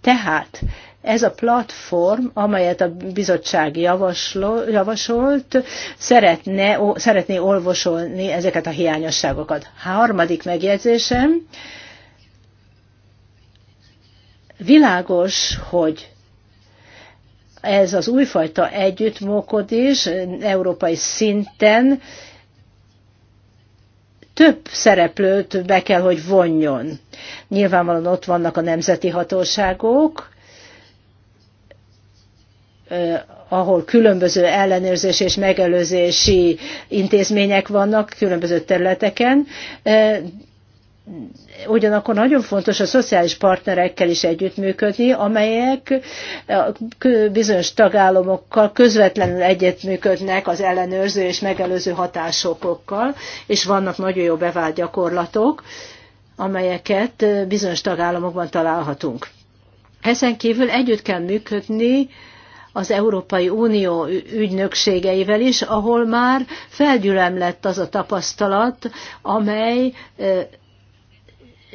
[SPEAKER 1] Tehát ez a platform, amelyet a bizottság javasló, javasolt, szeretne, ó, szeretné olvosolni ezeket a hiányosságokat. Harmadik megjegyzésem, világos, hogy ez az újfajta együttmókodés európai szinten több szereplőt be kell, hogy vonjon. Nyilvánvalóan ott vannak a nemzeti hatóságok, ahol különböző ellenőrzés és megelőzési intézmények vannak különböző területeken, ugyanakkor nagyon fontos a szociális partnerekkel is együttműködni, amelyek bizonyos tagállamokkal közvetlenül együttműködnek az ellenőrző és megelőző hatásokokkal, és vannak nagyon jó bevált gyakorlatok, amelyeket bizonyos tagállamokban találhatunk. Ezen kívül együtt kell működni az Európai Unió ügynökségeivel is, ahol már felgyülem lett az a tapasztalat, amely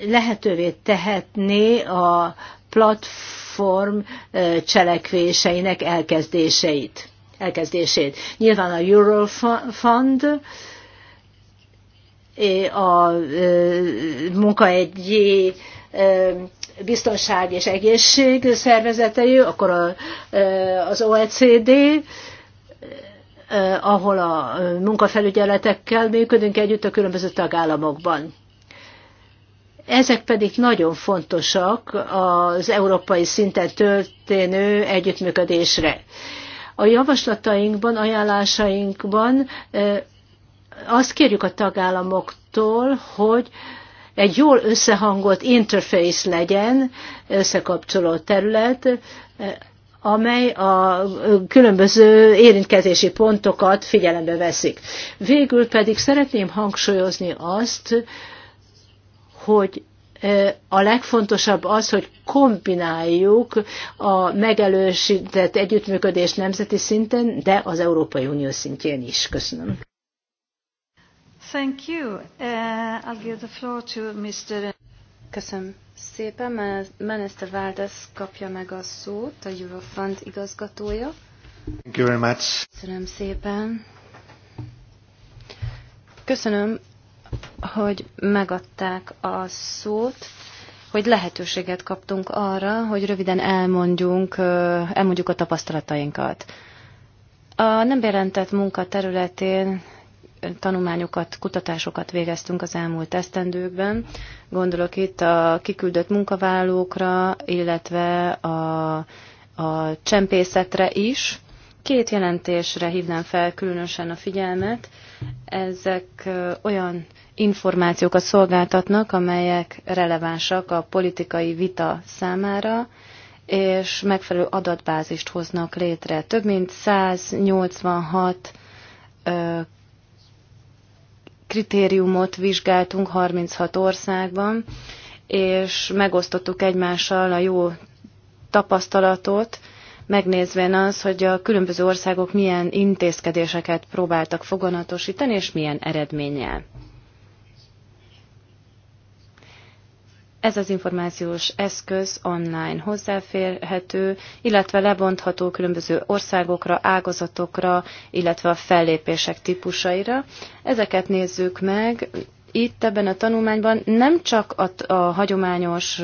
[SPEAKER 1] lehetővé tehetné a platform cselekvéseinek elkezdéseit, elkezdését. Nyilván a Eurofund a munkaegyi biztonság és egészség szervezetei, akkor az OECD, ahol a munkafelügyeletekkel működünk együtt a különböző tagállamokban. Ezek pedig nagyon fontosak az európai szinten történő együttműködésre. A javaslatainkban, ajánlásainkban azt kérjük a tagállamoktól, hogy egy jól összehangolt interface legyen, összekapcsoló terület, amely a különböző érintkezési pontokat figyelembe veszik. Végül pedig szeretném hangsúlyozni azt, hogy a legfontosabb az, hogy kombináljuk a megelősített együttműködést nemzeti szinten, de az Európai Unió szintjén is. Köszönöm.
[SPEAKER 3] Thank you. Uh, I'll give the floor to Mr. Köszönöm szépen. Menester Váldes kapja meg a szót, a Eurofund igazgatója.
[SPEAKER 2] Thank you very much.
[SPEAKER 3] Köszönöm szépen. Köszönöm hogy megadták a szót, hogy lehetőséget kaptunk arra, hogy röviden elmondjunk, elmondjuk a tapasztalatainkat. A nem bejelentett munka területén tanulmányokat, kutatásokat végeztünk az elmúlt esztendőkben. Gondolok itt a kiküldött munkavállalókra, illetve a, a csempészetre is. Két jelentésre hívnám fel különösen a figyelmet. Ezek olyan információkat szolgáltatnak, amelyek relevánsak a politikai vita számára, és megfelelő adatbázist hoznak létre. Több mint 186 kritériumot vizsgáltunk 36 országban, és megosztottuk egymással a jó tapasztalatot, megnézvén az, hogy a különböző országok milyen intézkedéseket próbáltak foganatosítani, és milyen eredménnyel. Ez az információs eszköz online hozzáférhető, illetve lebontható különböző országokra, ágazatokra, illetve a fellépések típusaira. Ezeket nézzük meg. Itt ebben a tanulmányban nem csak a, a hagyományos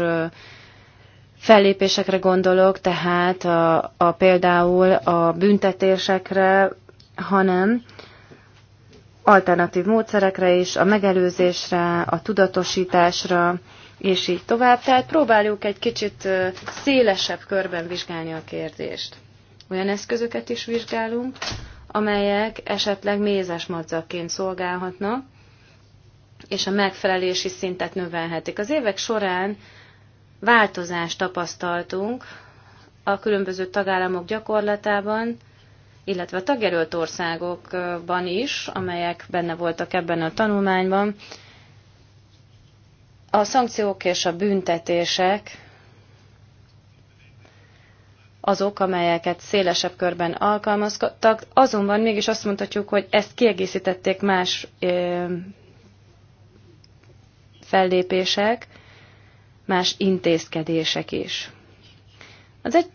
[SPEAKER 3] fellépésekre gondolok, tehát a, a például a büntetésekre, hanem alternatív módszerekre is, a megelőzésre, a tudatosításra, és így tovább. Tehát próbáljuk egy kicsit szélesebb körben vizsgálni a kérdést. Olyan eszközöket is vizsgálunk, amelyek esetleg mézes madzaként szolgálhatnak, és a megfelelési szintet növelhetik. Az évek során változást tapasztaltunk a különböző tagállamok gyakorlatában, illetve a tagjelölt országokban is, amelyek benne voltak ebben a tanulmányban. A szankciók és a büntetések azok, amelyeket szélesebb körben alkalmazkodtak, azonban mégis azt mondhatjuk, hogy ezt kiegészítették más ö, fellépések, más intézkedések is. Az egy,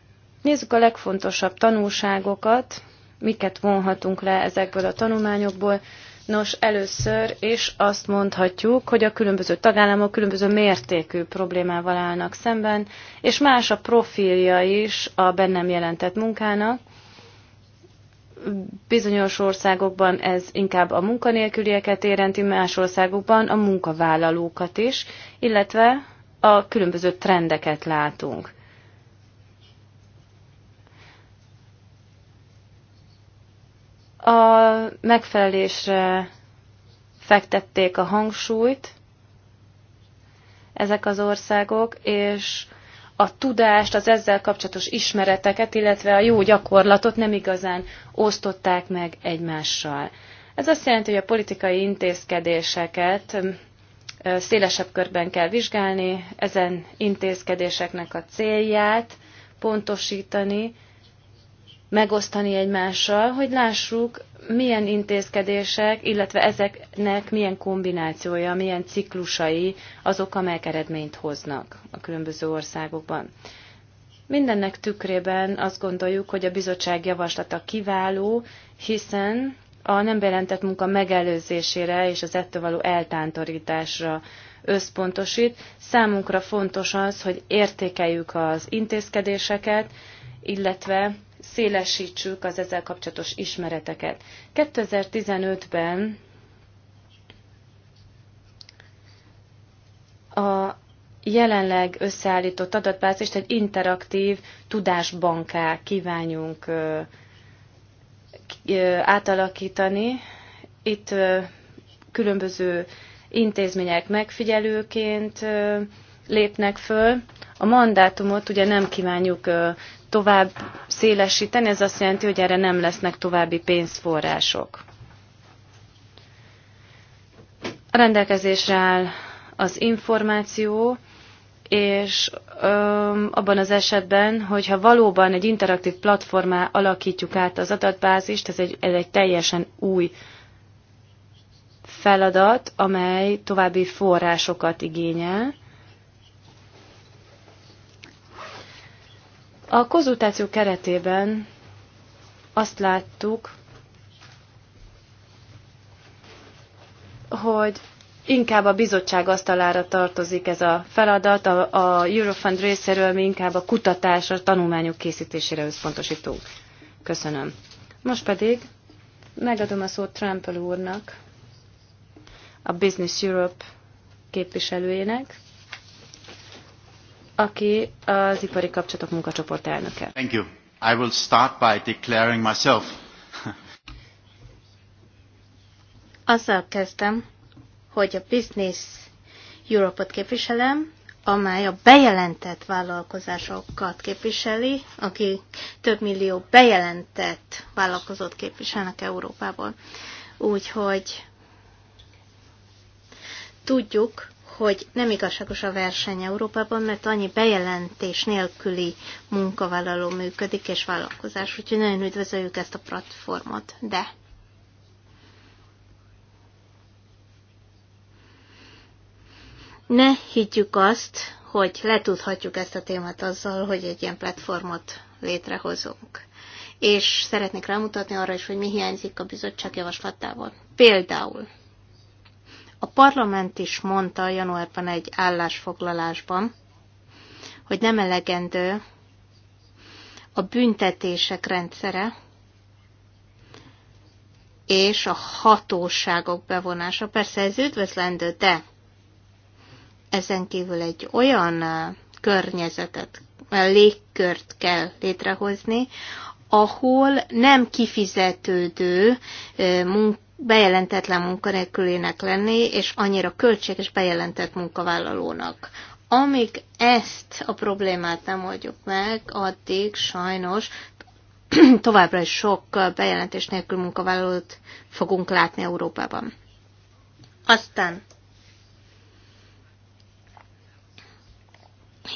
[SPEAKER 3] nézzük a legfontosabb tanulságokat, miket vonhatunk le ezekből a tanulmányokból. Nos, először is azt mondhatjuk, hogy a különböző tagállamok különböző mértékű problémával állnak szemben, és más a profilja is a bennem jelentett munkának. Bizonyos országokban ez inkább a munkanélkülieket érinti, más országokban a munkavállalókat is, illetve a különböző trendeket látunk. A megfelelésre fektették a hangsúlyt ezek az országok, és a tudást, az ezzel kapcsolatos ismereteket, illetve a jó gyakorlatot nem igazán osztották meg egymással. Ez azt jelenti, hogy a politikai intézkedéseket szélesebb körben kell vizsgálni, ezen intézkedéseknek a célját pontosítani, megosztani egymással, hogy lássuk, milyen intézkedések, illetve ezeknek milyen kombinációja, milyen ciklusai azok, amelyek eredményt hoznak a különböző országokban. Mindennek tükrében azt gondoljuk, hogy a bizottság javaslata kiváló, hiszen a nem bejelentett munka megelőzésére és az ettől való eltántorításra összpontosít. Számunkra fontos az, hogy értékeljük az intézkedéseket, illetve szélesítsük az ezzel kapcsolatos ismereteket. 2015-ben a jelenleg összeállított adatbázist egy interaktív tudásbanká kívánjunk átalakítani. Itt különböző intézmények megfigyelőként lépnek föl. A mandátumot ugye nem kívánjuk tovább szélesíteni, ez azt jelenti, hogy erre nem lesznek további pénzforrások. A rendelkezésre áll az információ, és öm, abban az esetben, hogyha valóban egy interaktív platformá alakítjuk át az adatbázist, ez egy, ez egy teljesen új feladat, amely további forrásokat igényel. A konzultáció keretében azt láttuk, hogy inkább a bizottság asztalára tartozik ez a feladat, a, a Eurofund részéről mi inkább a kutatásra, tanulmányok készítésére összpontosítunk. Köszönöm. Most pedig megadom a szót Trampel úrnak, a Business Europe képviselőjének, aki az ipari kapcsolatok munkacsoport elnöke. Thank you. I will start by declaring myself. Azzal
[SPEAKER 2] kezdtem, hogy a Business Europe-ot képviselem, amely a bejelentett vállalkozásokat képviseli, aki több millió bejelentett vállalkozót képviselnek Európában. Úgyhogy tudjuk, hogy nem igazságos a verseny Európában, mert annyi bejelentés nélküli munkavállaló működik és vállalkozás, úgyhogy nagyon üdvözöljük ezt a platformot. De Ne higgyük azt, hogy letudhatjuk ezt a témát azzal, hogy egy ilyen platformot létrehozunk. És szeretnék rámutatni arra is, hogy mi hiányzik a bizottság javaslatával. Például a parlament is mondta januárban egy állásfoglalásban, hogy nem elegendő a büntetések rendszere és a hatóságok bevonása. Persze ez üdvözlendő, de ezen kívül egy olyan eh, környezetet, eh, légkört kell létrehozni, ahol nem kifizetődő eh, bejelentetlen munkanélkülének lenni, és annyira költséges bejelentett munkavállalónak. Amíg ezt a problémát nem oldjuk meg, addig sajnos továbbra is sok bejelentés nélkül munkavállalót fogunk látni Európában. Aztán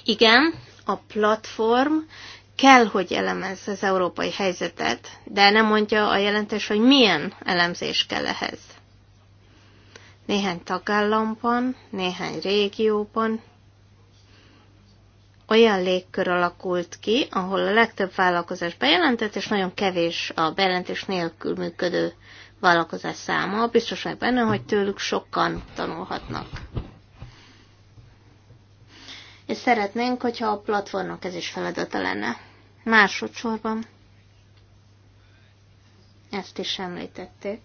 [SPEAKER 2] Igen, a platform kell, hogy elemez az európai helyzetet, de nem mondja a jelentés, hogy milyen elemzés kell ehhez. Néhány tagállamban, néhány régióban olyan légkör alakult ki, ahol a legtöbb vállalkozás bejelentett, és nagyon kevés a bejelentés nélkül működő vállalkozás száma. Biztos vagy benne, hogy tőlük sokan tanulhatnak és szeretnénk, hogyha a platformnak ez is feladata lenne. Másodszorban ezt is említették.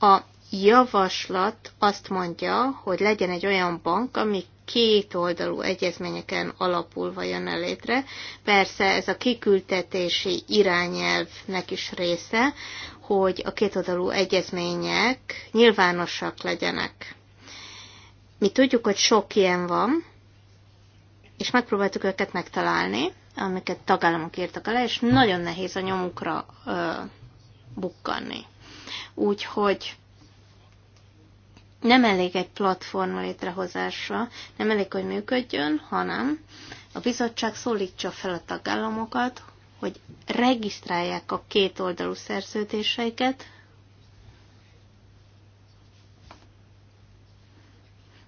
[SPEAKER 2] A javaslat azt mondja, hogy legyen egy olyan bank, ami két oldalú egyezményeken alapulva jön el létre. Persze ez a kiküldetési irányelvnek is része, hogy a kétoldalú egyezmények nyilvánosak legyenek. Mi tudjuk, hogy sok ilyen van, és megpróbáltuk őket megtalálni, amiket tagállamok írtak alá, és nagyon nehéz a nyomukra ö, bukkanni. Úgyhogy nem elég egy platform létrehozása, nem elég, hogy működjön, hanem a bizottság szólítsa fel a tagállamokat, hogy regisztrálják a kétoldalú szerződéseiket,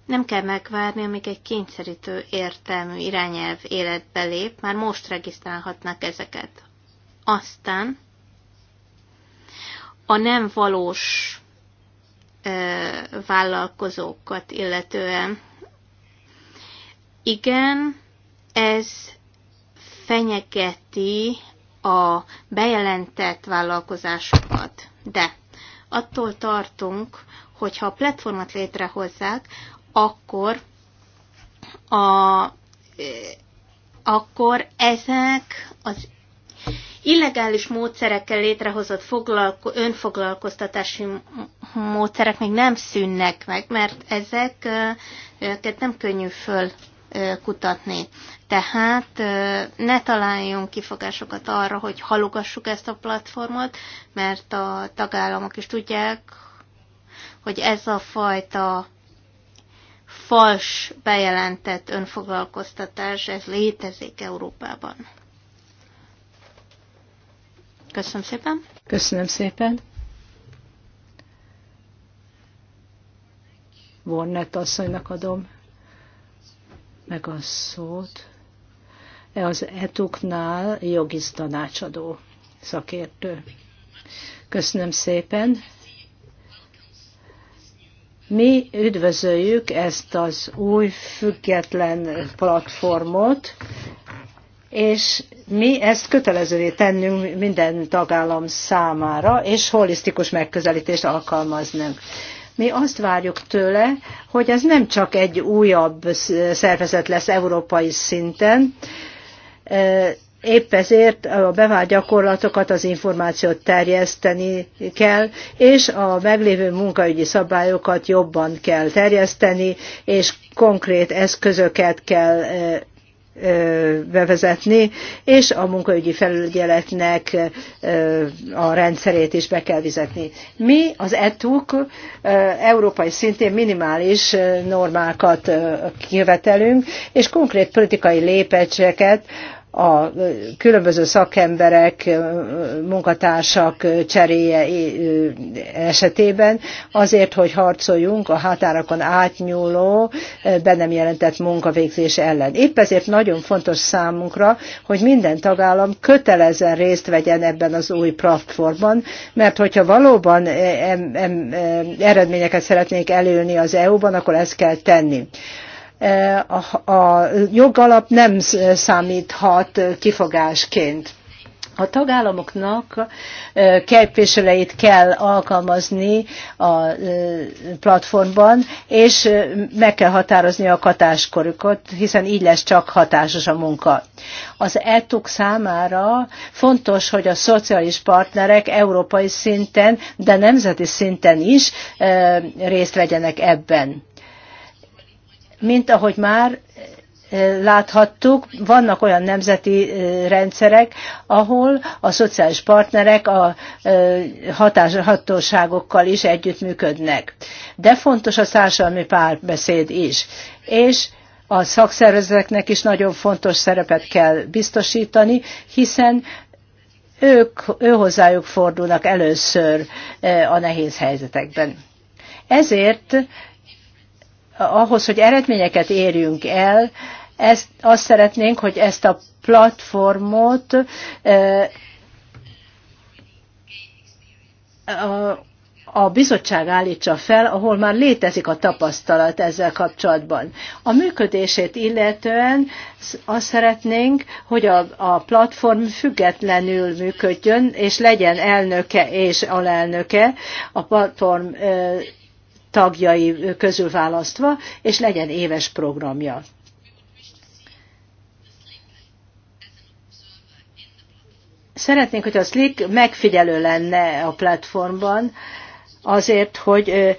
[SPEAKER 2] Nem kell megvárni, amíg egy kényszerítő értelmű irányelv életbe lép, már most regisztrálhatnak ezeket. Aztán a nem valós ö, vállalkozókat illetően. Igen, ez fenyegeti a bejelentett vállalkozásokat, de attól tartunk, hogyha a platformot létrehozzák, akkor a, akkor ezek az illegális módszerekkel létrehozott foglalko, önfoglalkoztatási módszerek még nem szűnnek meg, mert őket nem könnyű föl kutatni. Tehát ne találjunk kifogásokat arra, hogy halogassuk ezt a platformot, mert a tagállamok is tudják, hogy ez a fajta fals bejelentett önfoglalkoztatás, ez létezik Európában.
[SPEAKER 1] Köszönöm szépen. Köszönöm szépen. Vornett asszonynak adom meg a szót. E az etuknál jogi tanácsadó szakértő. Köszönöm szépen. Mi üdvözöljük ezt az új független platformot, és mi ezt kötelezővé tennünk minden tagállam számára, és holisztikus megközelítést alkalmaznunk. Mi azt várjuk tőle, hogy ez nem csak egy újabb szervezet lesz európai szinten, Épp ezért a bevált gyakorlatokat, az információt terjeszteni kell, és a meglévő munkaügyi szabályokat jobban kell terjeszteni, és konkrét eszközöket kell bevezetni, és a munkaügyi felügyeletnek a rendszerét is be kell vizetni. Mi az ETUK európai szintén minimális normákat követelünk, és konkrét politikai lépéseket a különböző szakemberek, munkatársak cseréje esetében, azért, hogy harcoljunk a határokon átnyúló, be nem jelentett munkavégzés ellen. Épp ezért nagyon fontos számunkra, hogy minden tagállam kötelezen részt vegyen ebben az új platformban, mert hogyha valóban em, em, eredményeket szeretnénk előni az EU-ban, akkor ezt kell tenni. Eh, a jogalap nem eh, számíthat eh, kifogásként. A tagállamoknak képviseleit kell alkalmazni a platformban, és meg kell határozni a hatáskorukat, hiszen így lesz csak hatásos a munka. Az ETUK számára fontos, hogy a szociális partnerek európai szinten, de nemzeti szinten is részt vegyenek ebben mint ahogy már eh, láthattuk, vannak olyan nemzeti eh, rendszerek, ahol a szociális partnerek a eh, hatóságokkal is együttműködnek. De fontos a társadalmi párbeszéd is. És a szakszervezeteknek is nagyon fontos szerepet kell biztosítani, hiszen ők, ő hozzájuk fordulnak először a nehéz helyzetekben. Ezért ahhoz, hogy eredményeket érjünk el, ezt, azt szeretnénk, hogy ezt a platformot a bizottság állítsa fel, ahol már létezik a tapasztalat ezzel kapcsolatban. A működését illetően azt szeretnénk, hogy a, a platform függetlenül működjön, és legyen elnöke és alelnöke. A platform tagjai közül választva, és legyen éves programja. Szeretnénk, hogy a SLIC megfigyelő lenne a platformban, azért, hogy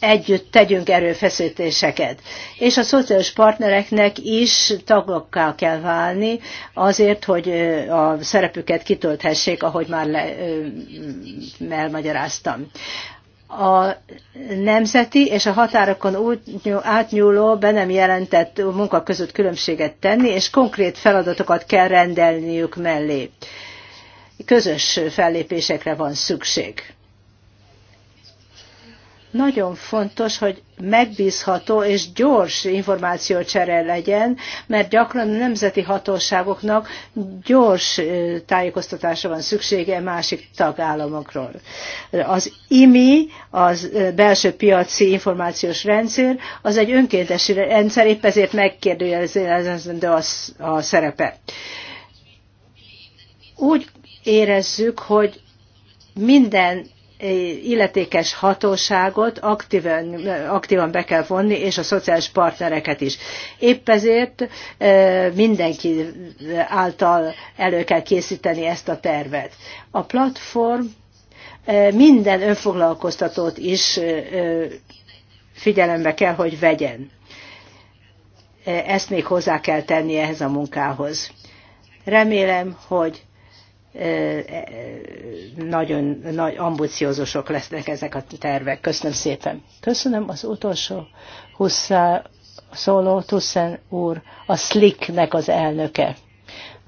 [SPEAKER 1] együtt tegyünk erőfeszítéseket. És a szociális partnereknek is tagokká kell válni azért, hogy a szerepüket kitölthessék, ahogy már le, elmagyaráztam a nemzeti és a határokon átnyúló be nem jelentett munka között különbséget tenni, és konkrét feladatokat kell rendelniük mellé. Közös fellépésekre van szükség. Nagyon fontos, hogy megbízható és gyors információcsere legyen, mert gyakran a nemzeti hatóságoknak gyors tájékoztatásra van szüksége másik tagállamokról. Az IMI, az belső piaci információs rendszer, az egy önkéntes rendszer, épp ezért megkérdőjelezendő a, a szerepe. Úgy érezzük, hogy minden illetékes hatóságot aktíven, aktívan be kell vonni, és a szociális partnereket is. Épp ezért e, mindenki által elő kell készíteni ezt a tervet. A platform e, minden önfoglalkoztatót is e, figyelembe kell, hogy vegyen. Ezt még hozzá kell tenni ehhez a munkához. Remélem, hogy nagyon nagy ambiciózusok lesznek ezek a tervek. Köszönöm szépen. Köszönöm az utolsó huszá, szóló Tussen úr, a Slicknek az elnöke.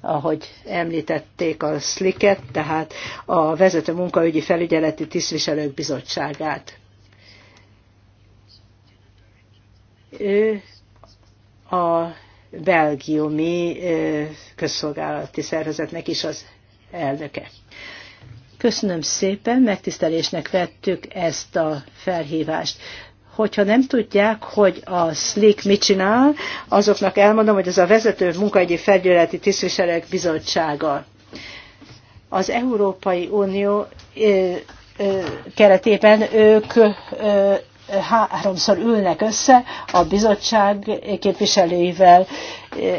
[SPEAKER 1] Ahogy említették a Sliket, tehát a Vezető Munkaügyi Felügyeleti Tisztviselők Bizottságát. Ő a belgiumi közszolgálati szervezetnek is az elnöke. Köszönöm szépen, megtisztelésnek vettük ezt a felhívást. Hogyha nem tudják, hogy a SLIK mit csinál, azoknak elmondom, hogy ez a vezető munkaegyi felgyőleti tisztviselők bizottsága. Az Európai Unió keretében ők háromszor ülnek össze a bizottság képviselőivel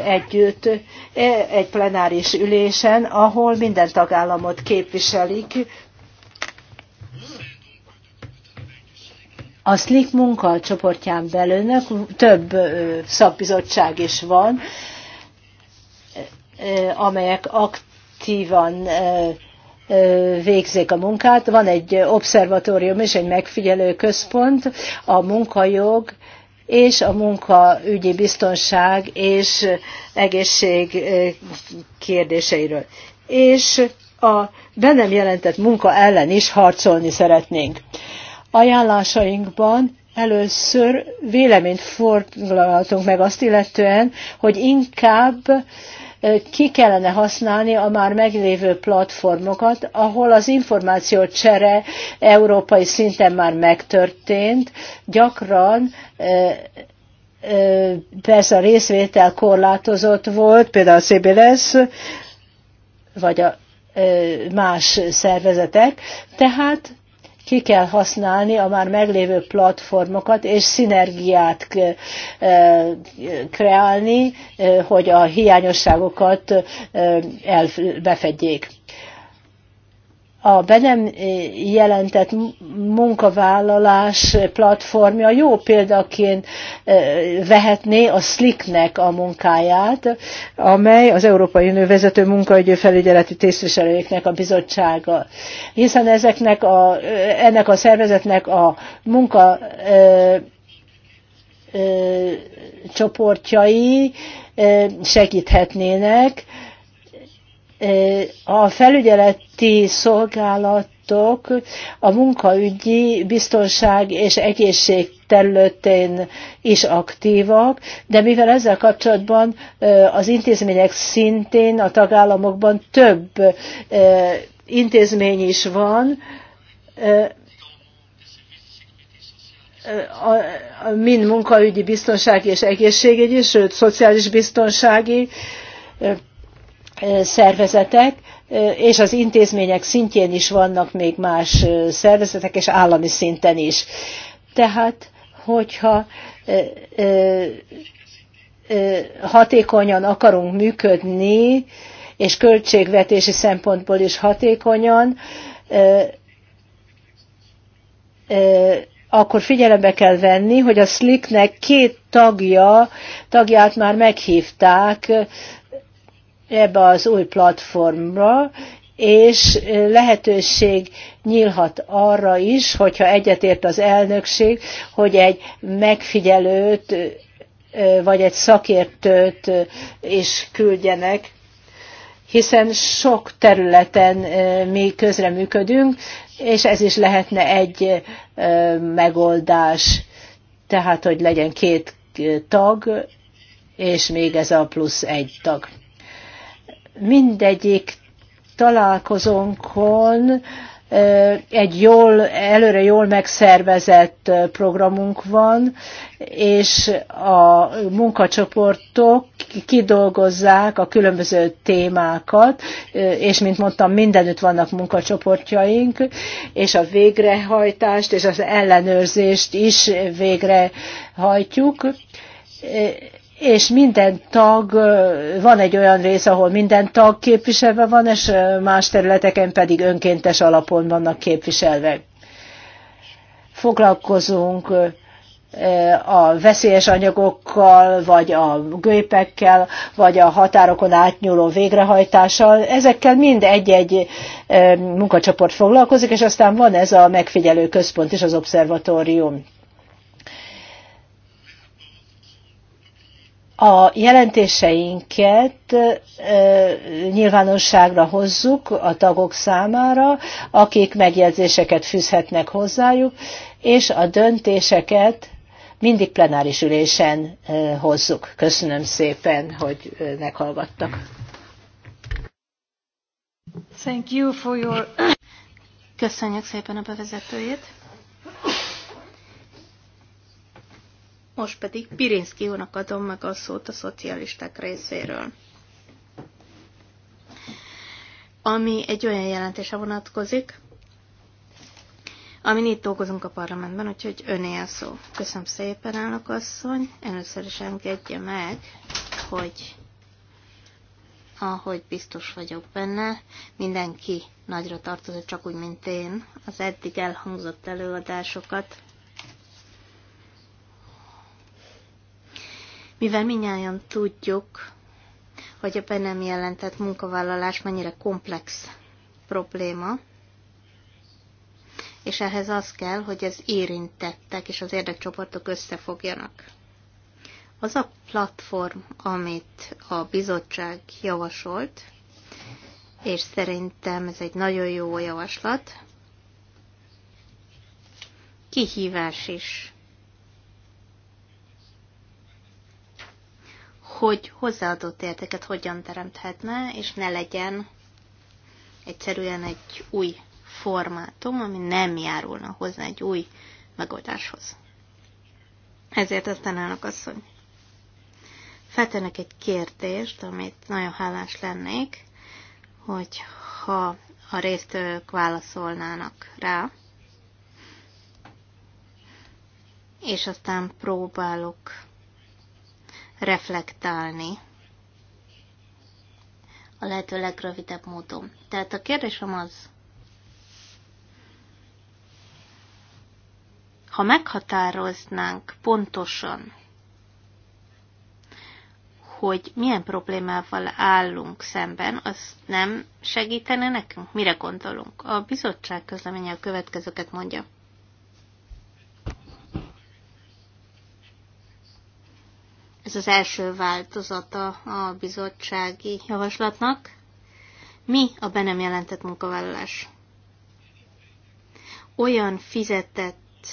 [SPEAKER 1] együtt e, egy plenáris ülésen, ahol minden tagállamot képviselik. A SLIK csoportján belőnek több szakbizottság is van, amelyek aktívan végzik a munkát. Van egy obszervatórium és egy megfigyelő központ a munkajog és a munkaügyi biztonság és egészség kérdéseiről. És a bennem jelentett munka ellen is harcolni szeretnénk. Ajánlásainkban először véleményt fordulhatunk meg azt illetően, hogy inkább ki kellene használni a már meglévő platformokat, ahol az információcsere európai szinten már megtörtént, gyakran persze a részvétel korlátozott volt, például a CBLS, vagy a más szervezetek, tehát ki kell használni a már meglévő platformokat, és szinergiát kreálni, hogy a hiányosságokat befedjék a be nem eh, jelentett munkavállalás platformja jó példaként eh, vehetné a Slicknek a munkáját, amely az Európai Unió vezető munkaügyi felügyeleti tisztviselőknek a bizottsága. Hiszen ezeknek a, eh, ennek a szervezetnek a munka ö, ö, csoportjai segíthetnének, a felügyeleti szolgálatok a munkaügyi biztonság és egészség területén is aktívak, de mivel ezzel kapcsolatban az intézmények szintén a tagállamokban több intézmény is van, mind munkaügyi biztonsági és egészségügyi, sőt, szociális biztonsági szervezetek, és az intézmények szintjén is vannak még más szervezetek, és állami szinten is. Tehát, hogyha hatékonyan akarunk működni, és költségvetési szempontból is hatékonyan, akkor figyelembe kell venni, hogy a SLIC-nek két tagja, tagját már meghívták ebbe az új platformra, és lehetőség nyílhat arra is, hogyha egyetért az elnökség, hogy egy megfigyelőt vagy egy szakértőt is küldjenek, hiszen sok területen mi közreműködünk, és ez is lehetne egy megoldás, tehát hogy legyen két tag, és még ez a plusz egy tag mindegyik találkozónkon egy jól, előre jól megszervezett programunk van, és a munkacsoportok kidolgozzák a különböző témákat, és mint mondtam, mindenütt vannak munkacsoportjaink, és a végrehajtást és az ellenőrzést is végrehajtjuk és minden tag, van egy olyan rész, ahol minden tag képviselve van, és más területeken pedig önkéntes alapon vannak képviselve. Foglalkozunk a veszélyes anyagokkal, vagy a gépekkel, vagy a határokon átnyúló végrehajtással. Ezekkel mind egy-egy munkacsoport foglalkozik, és aztán van ez a megfigyelő központ is, az obszervatórium. a jelentéseinket nyilvánosságra hozzuk a tagok számára, akik megjegyzéseket fűzhetnek hozzájuk, és a döntéseket mindig plenáris ülésen hozzuk. Köszönöm szépen, hogy meghallgattak.
[SPEAKER 3] Thank you for your... Köszönjük szépen a bevezetőjét.
[SPEAKER 2] Most pedig Pirinszki úrnak adom meg a szót a szocialisták részéről. Ami egy olyan jelentése vonatkozik, amin itt dolgozunk a parlamentben, úgyhogy öné a szó. Köszönöm szépen, elnök asszony. Először is engedje meg, hogy ahogy biztos vagyok benne, mindenki nagyra tartozott, csak úgy, mint én, az eddig elhangzott előadásokat Mivel minnyáján tudjuk, hogy a be nem jelentett munkavállalás mennyire komplex probléma, és ehhez az kell, hogy az érintettek és az érdekcsoportok összefogjanak. Az a platform, amit a bizottság javasolt, és szerintem ez egy nagyon jó javaslat, kihívás is hogy hozzáadott értéket hogyan teremthetne, és ne legyen egyszerűen egy új formátum, ami nem járulna hozzá egy új megoldáshoz. Ezért aztán azt, asszony. Feltenek egy kérdést, amit nagyon hálás lennék, hogy ha a résztvevők válaszolnának rá, és aztán próbálok reflektálni a lehető legrövidebb módon. Tehát a kérdésem az, ha meghatároznánk pontosan, hogy milyen problémával állunk szemben, az nem segítene nekünk? Mire gondolunk? A bizottság közleménye a következőket mondja. Ez az első változata a bizottsági javaslatnak. Mi a be nem jelentett munkavállalás? Olyan fizetett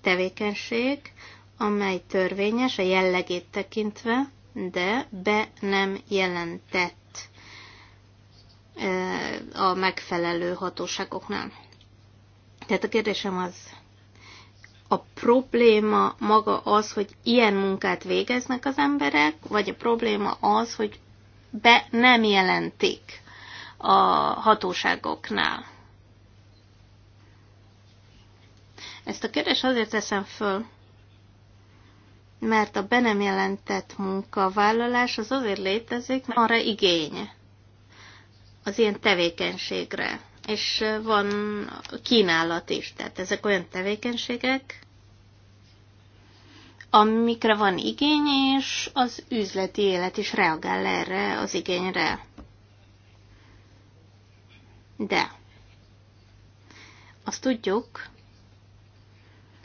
[SPEAKER 2] tevékenység, amely törvényes a jellegét tekintve, de be nem jelentett a megfelelő hatóságoknál. Tehát a kérdésem az, a probléma maga az, hogy ilyen munkát végeznek az emberek, vagy a probléma az, hogy be nem jelentik a hatóságoknál? Ezt a kérdést azért teszem föl, mert a be nem jelentett munkavállalás az azért létezik, mert arra igény az ilyen tevékenységre és van kínálat is. Tehát ezek olyan tevékenységek, amikre van igény, és az üzleti élet is reagál erre az igényre. De azt tudjuk,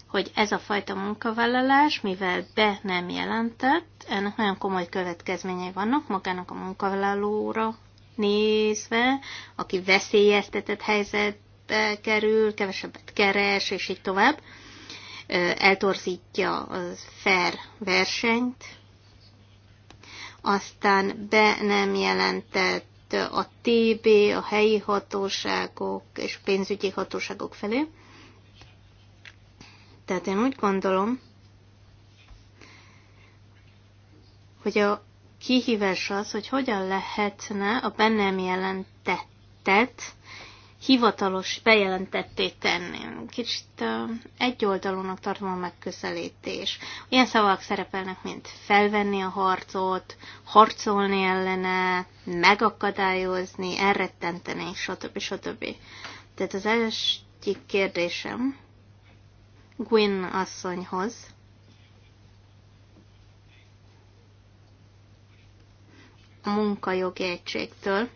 [SPEAKER 2] hogy ez a fajta munkavállalás, mivel be nem jelentett, ennek nagyon komoly következményei vannak magának a munkavállalóra nézve, aki veszélyeztetett helyzetbe kerül, kevesebbet keres, és így tovább, eltorzítja a fair versenyt, aztán be nem jelentett a TB, a helyi hatóságok és pénzügyi hatóságok felé. Tehát én úgy gondolom, hogy a kihívás az, hogy hogyan lehetne a bennem jelentettet hivatalos bejelentetté tenni. Kicsit uh, egyoldalúnak tartom a megközelítés. Ilyen szavak szerepelnek, mint felvenni a harcot, harcolni ellene, megakadályozni, elrettenteni, stb. stb. Tehát az egyik kérdésem Gwyn asszonyhoz, a munkajogi egységtől.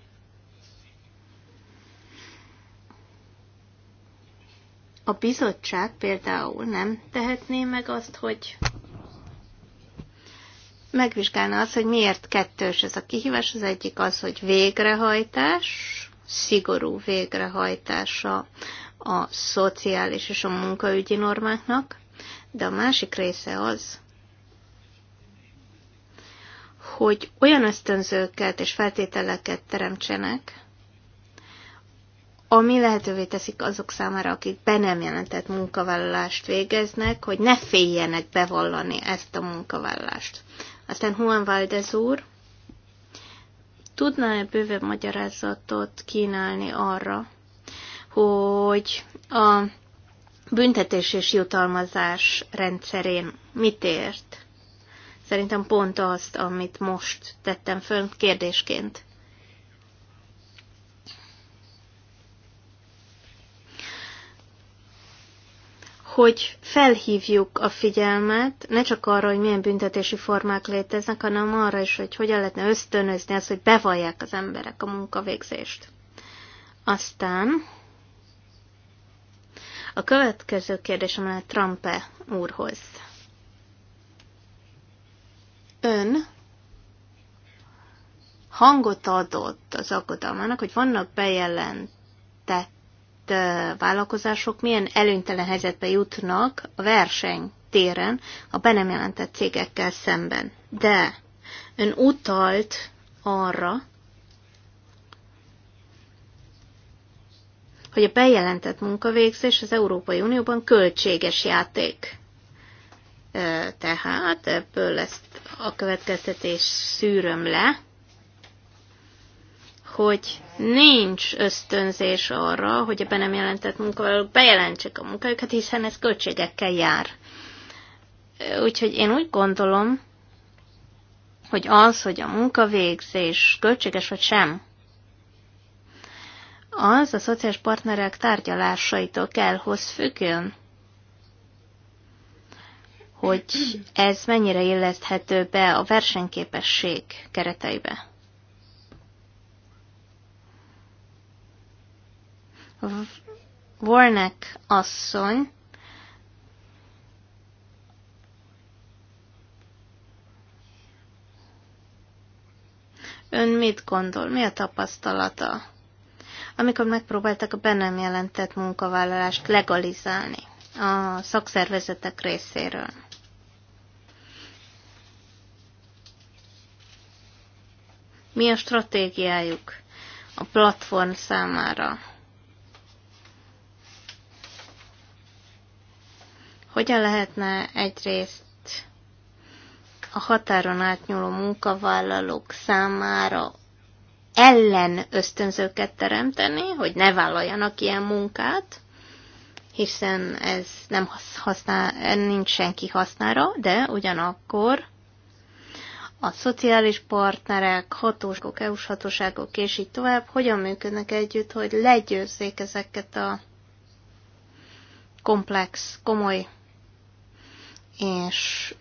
[SPEAKER 2] A bizottság például nem tehetné meg azt, hogy megvizsgálna azt, hogy miért kettős ez a kihívás. Az egyik az, hogy végrehajtás, szigorú végrehajtása a szociális és a munkaügyi normáknak, de a másik része az, hogy olyan ösztönzőket és feltételeket teremtsenek, ami lehetővé teszik azok számára, akik be nem jelentett munkavállalást végeznek, hogy ne féljenek bevallani ezt a munkavállalást. Aztán Juan Valdez úr tudna-e bővebb magyarázatot kínálni arra, hogy a büntetés és jutalmazás rendszerén mit ért? Szerintem pont azt, amit most tettem föl kérdésként. hogy felhívjuk a figyelmet ne csak arra, hogy milyen büntetési formák léteznek, hanem arra is, hogy hogyan lehetne ösztönözni azt, hogy bevallják az emberek a munkavégzést. Aztán a következő kérdésem lenne Trump-e úrhoz ön hangot adott az aggodalmának, hogy vannak bejelentett vállalkozások, milyen előnytelen helyzetbe jutnak a verseny téren a be nem jelentett cégekkel szemben. De ön utalt arra, hogy a bejelentett munkavégzés az Európai Unióban költséges játék. Tehát ebből ezt a következtetés szűröm le, hogy nincs ösztönzés arra, hogy a be nem jelentett munkavállalók bejelentsék a munkájukat, hiszen ez költségekkel jár. Úgyhogy én úgy gondolom, hogy az, hogy a munkavégzés költséges vagy sem, az a szociális partnerek tárgyalásaitól kell, hoz függjön hogy ez mennyire illeszthető be a versenyképesség kereteibe. Warnek asszony Ön mit gondol? Mi a tapasztalata? Amikor megpróbáltak a bennem jelentett munkavállalást legalizálni a szakszervezetek részéről. mi a stratégiájuk a platform számára. Hogyan lehetne egyrészt a határon átnyúló munkavállalók számára ellen ösztönzőket teremteni, hogy ne vállaljanak ilyen munkát, hiszen ez nem használ, nincs senki hasznára, de ugyanakkor a szociális partnerek, hatóságok, EU-s hatóságok, és így tovább, hogyan működnek együtt, hogy legyőzzék ezeket a komplex, komoly és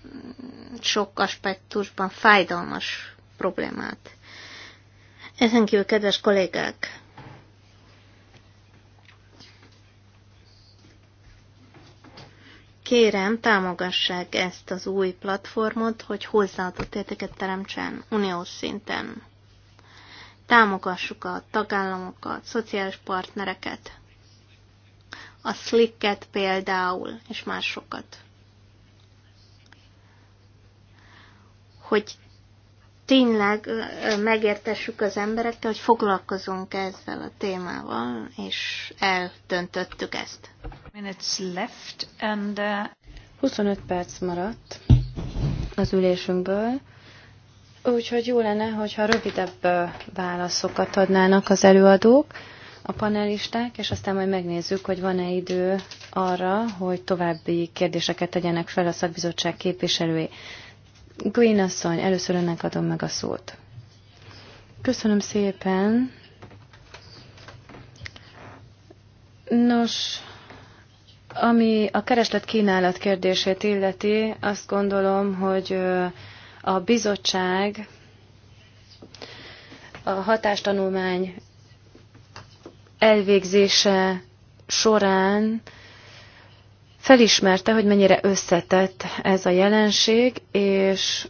[SPEAKER 2] sok aspektusban fájdalmas problémát. Ezen kívül, kedves kollégák, Kérem, támogassák ezt az új platformot, hogy hozzáadott értéket teremtsen uniós szinten. Támogassuk a tagállamokat, szociális partnereket, a Slicket például, és másokat. Hogy tényleg megértessük az emberekkel, hogy foglalkozunk ezzel a témával, és eltöntöttük ezt.
[SPEAKER 3] 25 uh, perc maradt az ülésünkből, úgyhogy jó lenne, hogyha rövidebb válaszokat adnának az előadók, a panelisták, és aztán majd megnézzük, hogy van-e idő arra, hogy további kérdéseket tegyenek fel a szakbizottság képviselői. Green asszony, először önnek adom meg a szót. Köszönöm szépen. Nos, ami a kereslet-kínálat kérdését illeti, azt gondolom, hogy a bizottság a hatástanulmány elvégzése során felismerte, hogy mennyire összetett ez a jelenség, és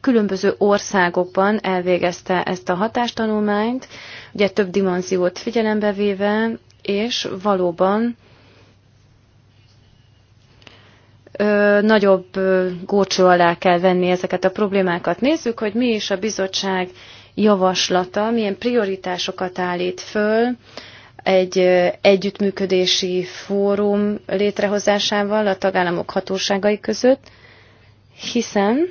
[SPEAKER 3] különböző országokban elvégezte ezt a hatástanulmányt, ugye több dimenziót figyelembe véve, és valóban ö, nagyobb ö, górcső alá kell venni ezeket a problémákat. Nézzük, hogy mi is a bizottság javaslata, milyen prioritásokat állít föl egy ö, együttműködési fórum létrehozásával a tagállamok hatóságai között, hiszen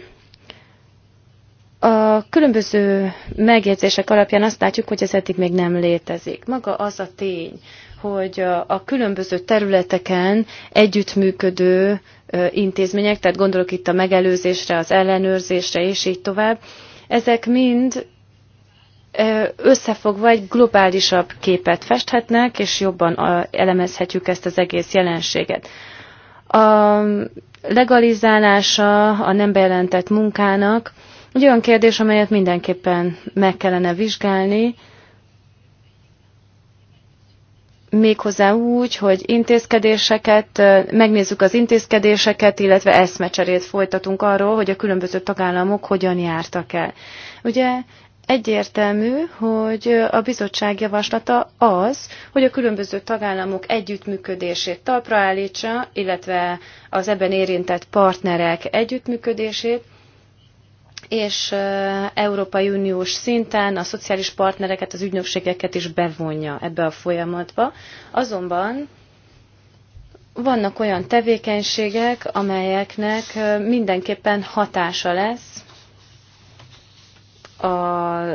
[SPEAKER 3] a különböző megjegyzések alapján azt látjuk, hogy ez eddig még nem létezik. Maga az a tény, hogy a különböző területeken együttműködő intézmények, tehát gondolok itt a megelőzésre, az ellenőrzésre, és így tovább. Ezek mind összefogva egy globálisabb képet festhetnek, és jobban elemezhetjük ezt az egész jelenséget. A legalizálása a nem bejelentett munkának egy olyan kérdés, amelyet mindenképpen meg kellene vizsgálni, méghozzá úgy, hogy intézkedéseket, megnézzük az intézkedéseket, illetve eszmecserét folytatunk arról, hogy a különböző tagállamok hogyan jártak el. Ugye egyértelmű, hogy a bizottság javaslata az, hogy a különböző tagállamok együttműködését talpra állítsa, illetve az ebben érintett partnerek együttműködését, és Európai Uniós szinten a szociális partnereket, az ügynökségeket is bevonja ebbe a folyamatba. Azonban vannak olyan tevékenységek, amelyeknek mindenképpen hatása lesz a,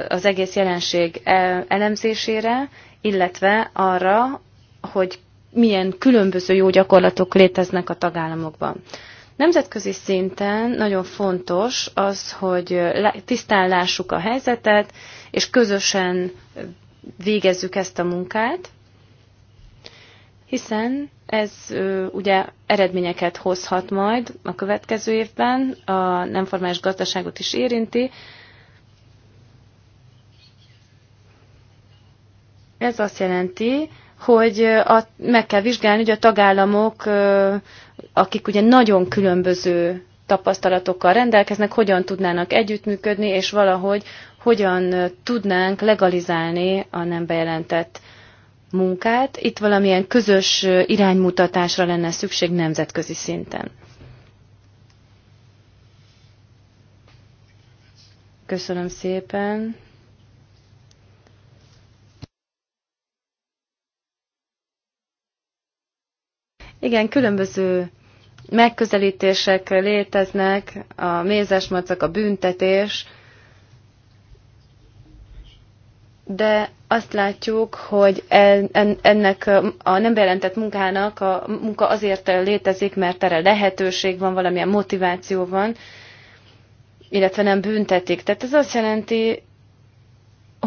[SPEAKER 3] az egész jelenség e, elemzésére, illetve arra, hogy milyen különböző jó gyakorlatok léteznek a tagállamokban. Nemzetközi szinten nagyon fontos az, hogy tisztán lássuk a helyzetet, és közösen végezzük ezt a munkát, hiszen ez ugye eredményeket hozhat majd a következő évben, a nemformális gazdaságot is érinti. Ez azt jelenti, hogy a, meg kell vizsgálni, hogy a tagállamok akik ugye nagyon különböző tapasztalatokkal rendelkeznek, hogyan tudnának együttműködni, és valahogy hogyan tudnánk legalizálni a nem bejelentett munkát. Itt valamilyen közös iránymutatásra lenne szükség nemzetközi szinten. Köszönöm szépen. Igen, különböző megközelítések léteznek, a mézes macak, a büntetés, de azt látjuk, hogy ennek a nem bejelentett munkának a munka azért létezik, mert erre lehetőség van, valamilyen motiváció van, illetve nem büntetik. Tehát ez azt jelenti,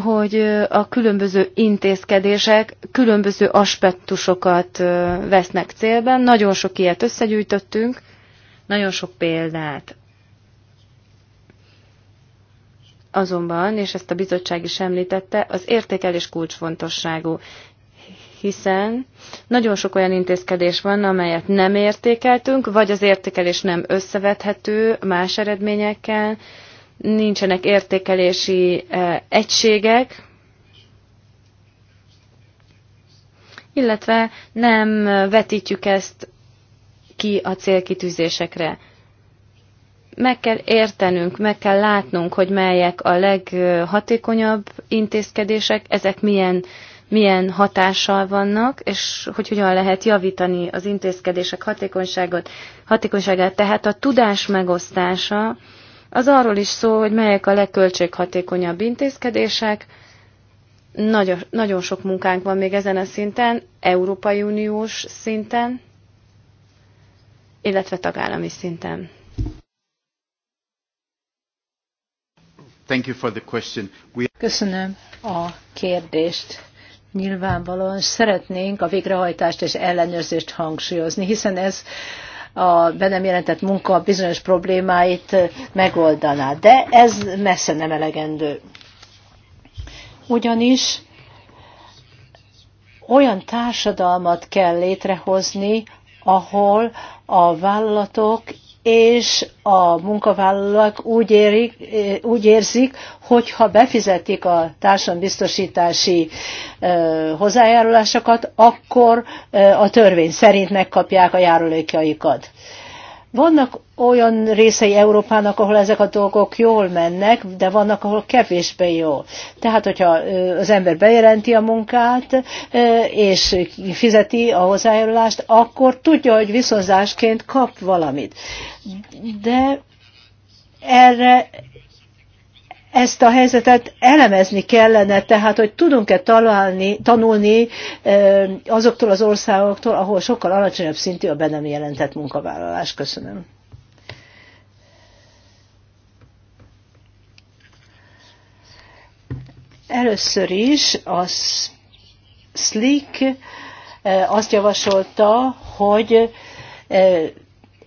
[SPEAKER 3] hogy a különböző intézkedések különböző aspektusokat vesznek célben. Nagyon sok ilyet összegyűjtöttünk, nagyon sok példát. Azonban, és ezt a bizottság is említette, az értékelés kulcsfontosságú, hiszen nagyon sok olyan intézkedés van, amelyet nem értékeltünk, vagy az értékelés nem összevethető más eredményekkel, nincsenek értékelési e, egységek, illetve nem vetítjük ezt ki a célkitűzésekre. Meg kell értenünk, meg kell látnunk, hogy melyek a leghatékonyabb intézkedések, ezek milyen, milyen hatással vannak, és hogy hogyan lehet javítani az intézkedések hatékonyságot, hatékonyságát. Tehát a tudás megosztása, az arról is szó, hogy melyek a legköltséghatékonyabb intézkedések. Nagyon, nagyon sok munkánk van még ezen a szinten, Európai Uniós szinten, illetve tagállami szinten. Köszönöm
[SPEAKER 1] a kérdést. Nyilvánvalóan szeretnénk a végrehajtást és ellenőrzést hangsúlyozni, hiszen ez a be nem jelentett munka bizonyos problémáit megoldaná. De ez messze nem elegendő. Ugyanis olyan társadalmat kell létrehozni, ahol a vállalatok és a munkavállalók úgy, érik, eh, úgy érzik, hogy ha befizetik a társadalombiztosítási eh, hozzájárulásokat, akkor eh, a törvény szerint megkapják a járulékaikat. Vannak olyan részei Európának, ahol ezek a dolgok jól mennek, de vannak, ahol kevésbé jól. Tehát, hogyha az ember bejelenti a munkát, és fizeti a hozzájárulást, akkor tudja, hogy viszonzásként kap valamit. De erre ezt a helyzetet elemezni kellene, tehát hogy tudunk-e találni, tanulni azoktól az országoktól, ahol sokkal alacsonyabb szintű a be nem jelentett munkavállalás. Köszönöm. Először is a Slick eh, azt javasolta, hogy eh,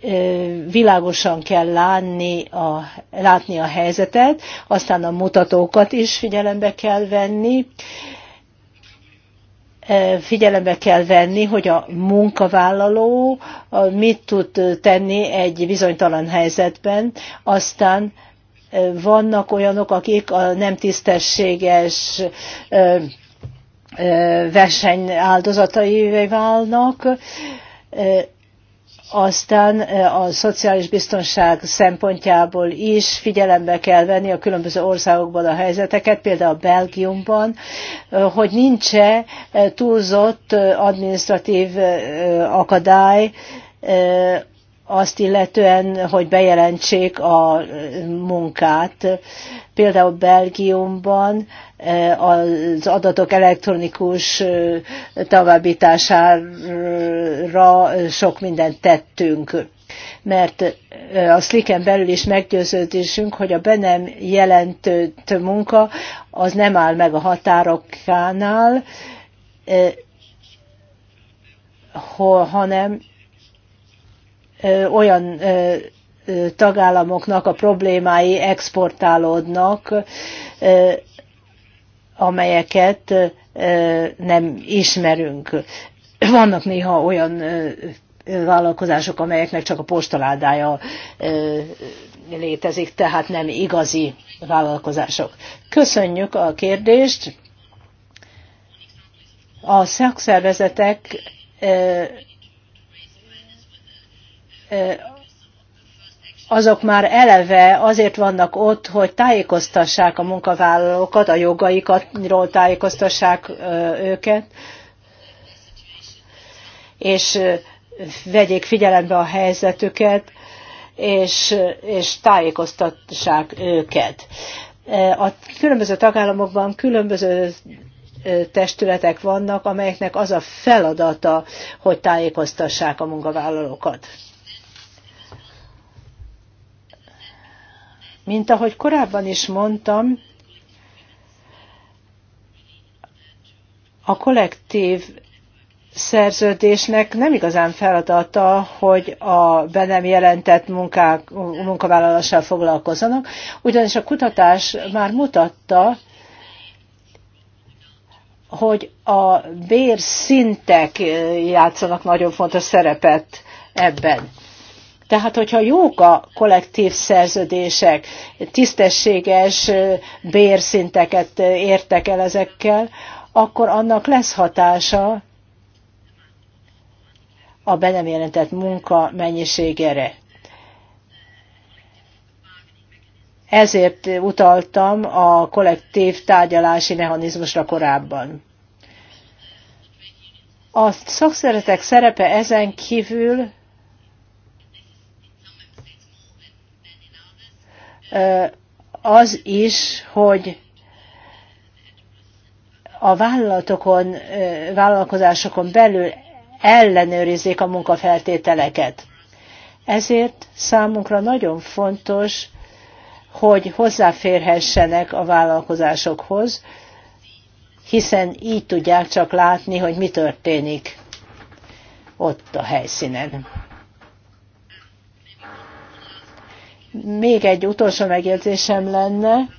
[SPEAKER 1] eh, világosan kell látni a, látni a helyzetet, aztán a mutatókat is figyelembe kell venni, figyelembe kell venni, hogy a munkavállaló mit tud tenni egy bizonytalan helyzetben, aztán vannak olyanok, akik a nem tisztességes verseny áldozatai válnak, aztán a szociális biztonság szempontjából is figyelembe kell venni a különböző országokban a helyzeteket, például a Belgiumban, hogy nincs-e túlzott administratív akadály azt illetően, hogy bejelentsék a munkát. Például Belgiumban az adatok elektronikus továbbítására sok mindent tettünk mert a sliken belül is meggyőződésünk, hogy a be nem jelentőt munka az nem áll meg a határoknál, hanem olyan tagállamoknak a problémái exportálódnak, amelyeket nem ismerünk. Vannak néha olyan vállalkozások, amelyeknek csak a postaládája létezik, tehát nem igazi vállalkozások. Köszönjük a kérdést. A szakszervezetek azok már eleve azért vannak ott, hogy tájékoztassák a munkavállalókat, a jogaikatról tájékoztassák őket, és vegyék figyelembe a helyzetüket, és, és tájékoztassák őket. A különböző tagállamokban különböző testületek vannak, amelyeknek az a feladata, hogy tájékoztassák a munkavállalókat. Mint ahogy korábban is mondtam, a kollektív szerződésnek nem igazán feladata, hogy a be nem jelentett munkák, munkavállalással foglalkozzanak, ugyanis a kutatás már mutatta, hogy a bérszintek játszanak nagyon fontos szerepet ebben. Tehát, hogyha jók a kollektív szerződések, tisztességes bérszinteket értek el ezekkel, akkor annak lesz hatása a be nem jelentett munka mennyiségére. Ezért utaltam a kollektív tárgyalási mechanizmusra korábban. A szakszeretek szerepe ezen kívül az is, hogy a vállalatokon, vállalkozásokon belül ellenőrizzék a munkafeltételeket. Ezért számunkra nagyon fontos, hogy hozzáférhessenek a vállalkozásokhoz, hiszen így tudják csak látni, hogy mi történik ott a helyszínen. Még egy utolsó megjegyzésem lenne,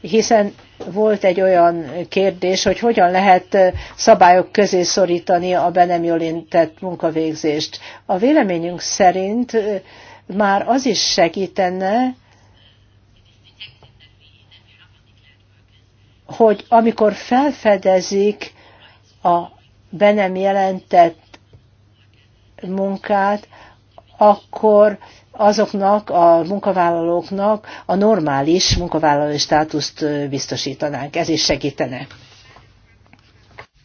[SPEAKER 1] hiszen volt egy olyan kérdés, hogy hogyan lehet szabályok közé szorítani a be nem jól intett munkavégzést. A véleményünk szerint már az is segítene, hogy amikor felfedezik a be nem jelentett munkát, akkor azoknak a munkavállalóknak a normális munkavállalói státuszt biztosítanánk. Ez is segítene.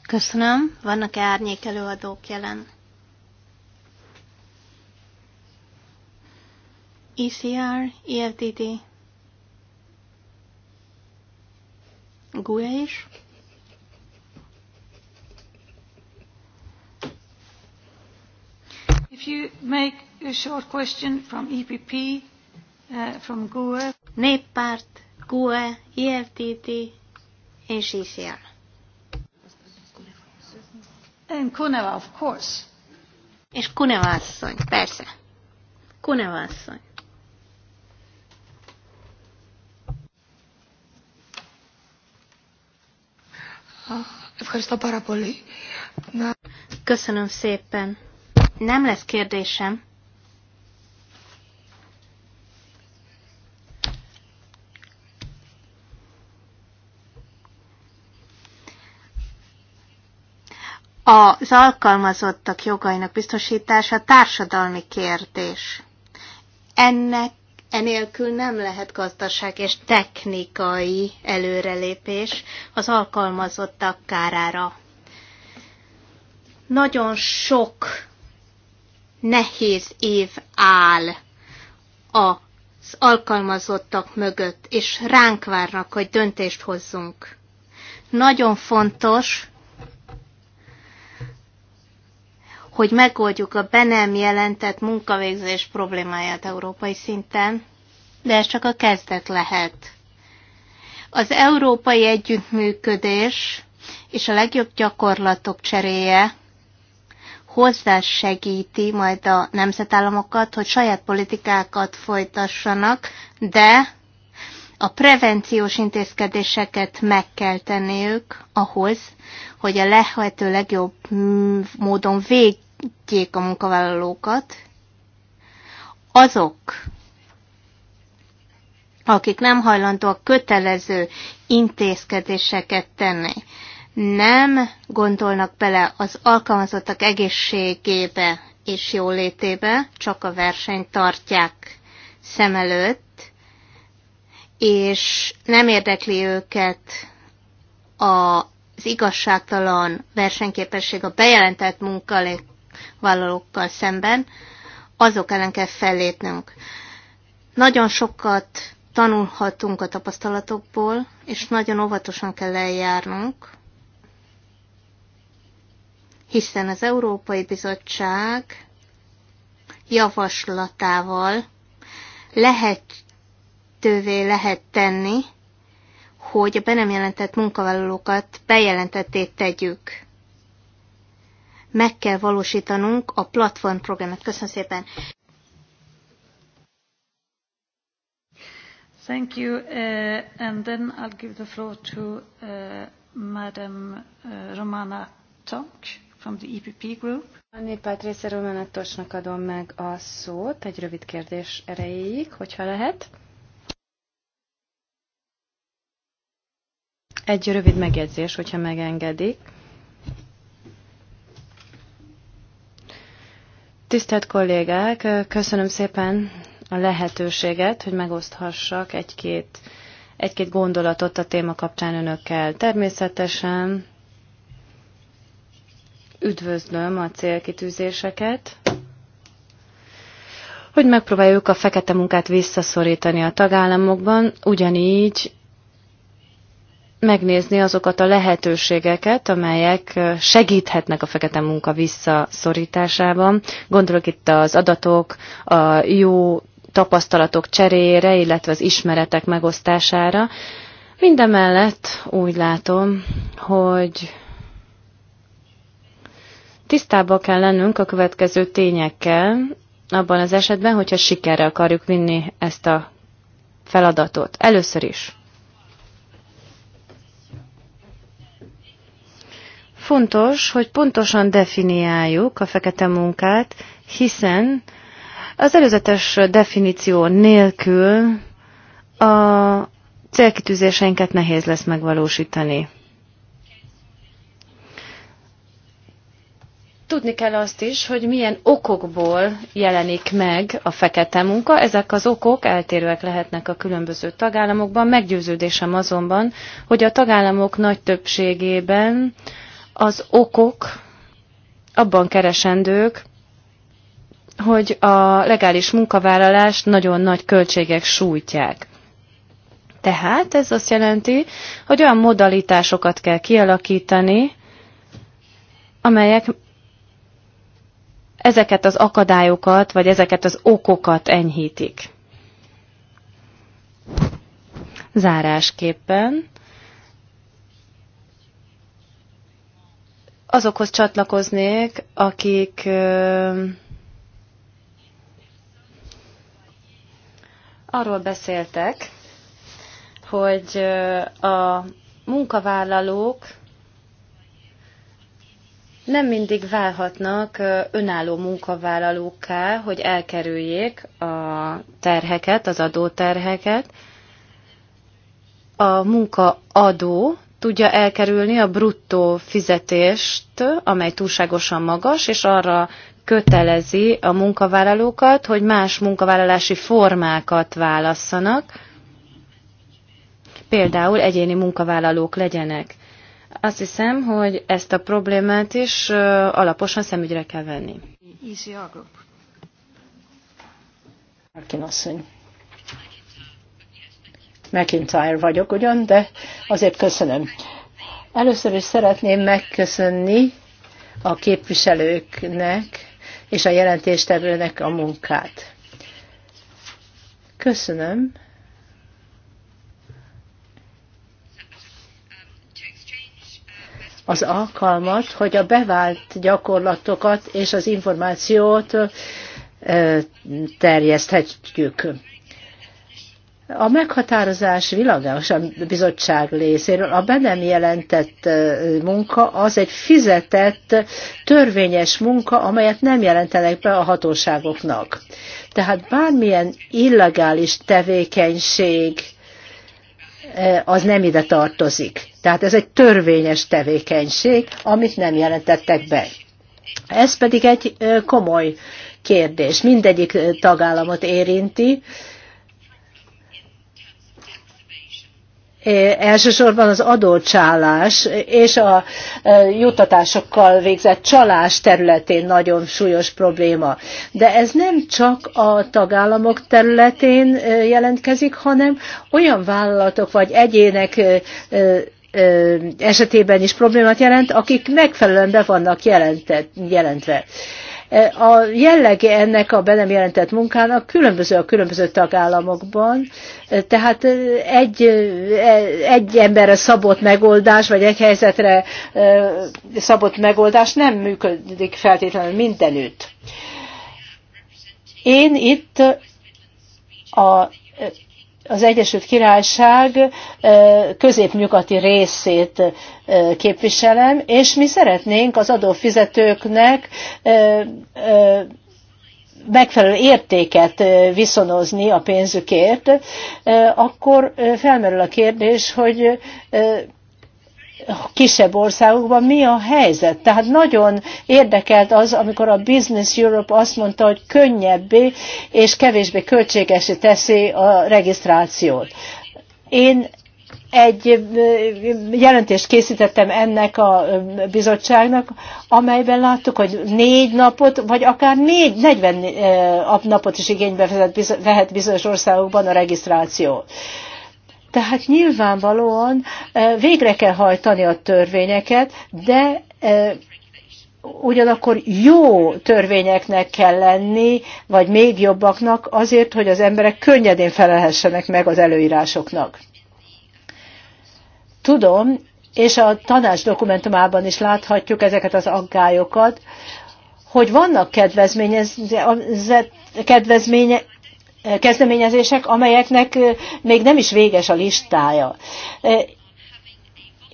[SPEAKER 2] Köszönöm. Vannak-e árnyék előadók jelen? ECR, EFDD. Gúja is. If you make a short question from EPP, uh, from GUE. Néppárt, GUE, IFTT és ICR. And Kuneva, of course. És Kuneva asszony, persze. Kuneva asszony. Köszönöm szépen. Nem lesz kérdésem, Az alkalmazottak jogainak biztosítása társadalmi kérdés. Ennek enélkül nem lehet gazdaság és technikai előrelépés az alkalmazottak kárára. Nagyon sok nehéz év áll az alkalmazottak mögött, és ránk várnak, hogy döntést hozzunk. Nagyon fontos, hogy megoldjuk a be nem jelentett munkavégzés problémáját európai szinten, de ez csak a kezdet lehet. Az európai együttműködés és a legjobb gyakorlatok cseréje hozzásegíti majd a nemzetállamokat, hogy saját politikákat folytassanak, de a prevenciós intézkedéseket meg kell tenniük ahhoz, hogy a lehető legjobb módon vég, védjék a munkavállalókat, azok, akik nem hajlandóak kötelező intézkedéseket tenni, nem gondolnak bele az alkalmazottak egészségébe és jólétébe, csak a versenyt tartják szem előtt, és nem érdekli őket az igazságtalan versenyképesség a bejelentett munkalé vállalókkal szemben, azok ellen kell fellépnünk. Nagyon sokat tanulhatunk a tapasztalatokból, és nagyon óvatosan kell eljárnunk, hiszen az Európai Bizottság javaslatával lehetővé lehet tenni, hogy a be nem jelentett munkavállalókat bejelentetté tegyük meg kell valósítanunk a platform programot. Köszönöm szépen!
[SPEAKER 1] Thank you. Uh, and then I'll give the floor to
[SPEAKER 3] uh, Madam uh, Romana Tomk from the EPP Group. A Patrice Romana Tosnak adom meg a szót egy rövid kérdés erejéig, hogyha lehet. Egy rövid megjegyzés, hogyha megengedik. Tisztelt kollégák, köszönöm szépen a lehetőséget, hogy megoszthassak egy-két egy gondolatot a téma kapcsán önökkel. Természetesen üdvözlöm a célkitűzéseket, hogy megpróbáljuk a fekete munkát visszaszorítani a tagállamokban, ugyanígy megnézni azokat a lehetőségeket, amelyek segíthetnek a fekete munka visszaszorításában. Gondolok itt az adatok, a jó tapasztalatok cseréjére, illetve az ismeretek megosztására. Mindemellett úgy látom, hogy tisztába kell lennünk a következő tényekkel, abban az esetben, hogyha sikerre akarjuk vinni ezt a feladatot. Először is Fontos, hogy pontosan definiáljuk a fekete munkát, hiszen az előzetes definíció nélkül a célkitűzéseinket nehéz lesz megvalósítani. Tudni kell azt is, hogy milyen okokból jelenik meg a fekete munka. Ezek az okok eltérőek lehetnek a különböző tagállamokban. Meggyőződésem azonban, hogy a tagállamok nagy többségében az okok abban keresendők, hogy a legális munkavállalást nagyon nagy költségek sújtják. Tehát ez azt jelenti, hogy olyan modalitásokat kell kialakítani, amelyek ezeket az akadályokat, vagy ezeket az okokat enyhítik. Zárásképpen azokhoz csatlakoznék, akik arról beszéltek, hogy a munkavállalók nem mindig válhatnak önálló munkavállalókká, hogy elkerüljék a terheket, az adóterheket. A munkaadó tudja elkerülni a bruttó fizetést, amely túlságosan magas, és arra kötelezi a munkavállalókat, hogy más munkavállalási formákat válasszanak, például egyéni munkavállalók legyenek. Azt hiszem, hogy ezt a problémát is alaposan szemügyre kell venni. Markin asszony.
[SPEAKER 1] McIntyre vagyok ugyan, de azért köszönöm. Először is szeretném megköszönni a képviselőknek és a jelentéstevőnek a munkát. Köszönöm. az alkalmat, hogy a bevált gyakorlatokat és az információt terjeszthetjük. A meghatározás világos a bizottság részéről. A be nem jelentett munka az egy fizetett, törvényes munka, amelyet nem jelentenek be a hatóságoknak. Tehát bármilyen illegális tevékenység az nem ide tartozik. Tehát ez egy törvényes tevékenység, amit nem jelentettek be. Ez pedig egy komoly kérdés. Mindegyik tagállamot érinti, elsősorban az adócsálás és a juttatásokkal végzett csalás területén nagyon súlyos probléma. De ez nem csak a tagállamok területén jelentkezik, hanem olyan vállalatok vagy egyének esetében is problémát jelent, akik megfelelően be vannak jelentve. A jellege ennek a be nem jelentett munkának különböző a különböző tagállamokban, tehát egy, egy emberre szabott megoldás, vagy egy helyzetre szabott megoldás nem működik feltétlenül mindenütt. Én itt a az Egyesült Királyság középnyugati részét képviselem, és mi szeretnénk az adófizetőknek megfelelő értéket viszonozni a pénzükért, akkor felmerül a kérdés, hogy kisebb országokban mi a helyzet. Tehát nagyon érdekelt az, amikor a Business Europe azt mondta, hogy könnyebbé és kevésbé költségesé teszi a regisztrációt. Én egy jelentést készítettem ennek a bizottságnak, amelyben láttuk, hogy négy napot, vagy akár négy, 40 napot is igénybe vehet bizonyos országokban a regisztráció. Tehát nyilvánvalóan e, végre kell hajtani a törvényeket, de e, ugyanakkor jó törvényeknek kell lenni, vagy még jobbaknak azért, hogy az emberek könnyedén felelhessenek meg az előírásoknak. Tudom, és a tanács dokumentumában is láthatjuk ezeket az aggályokat, hogy vannak kedvezményezett kedvezménye, kezdeményezések, amelyeknek még nem is véges a listája.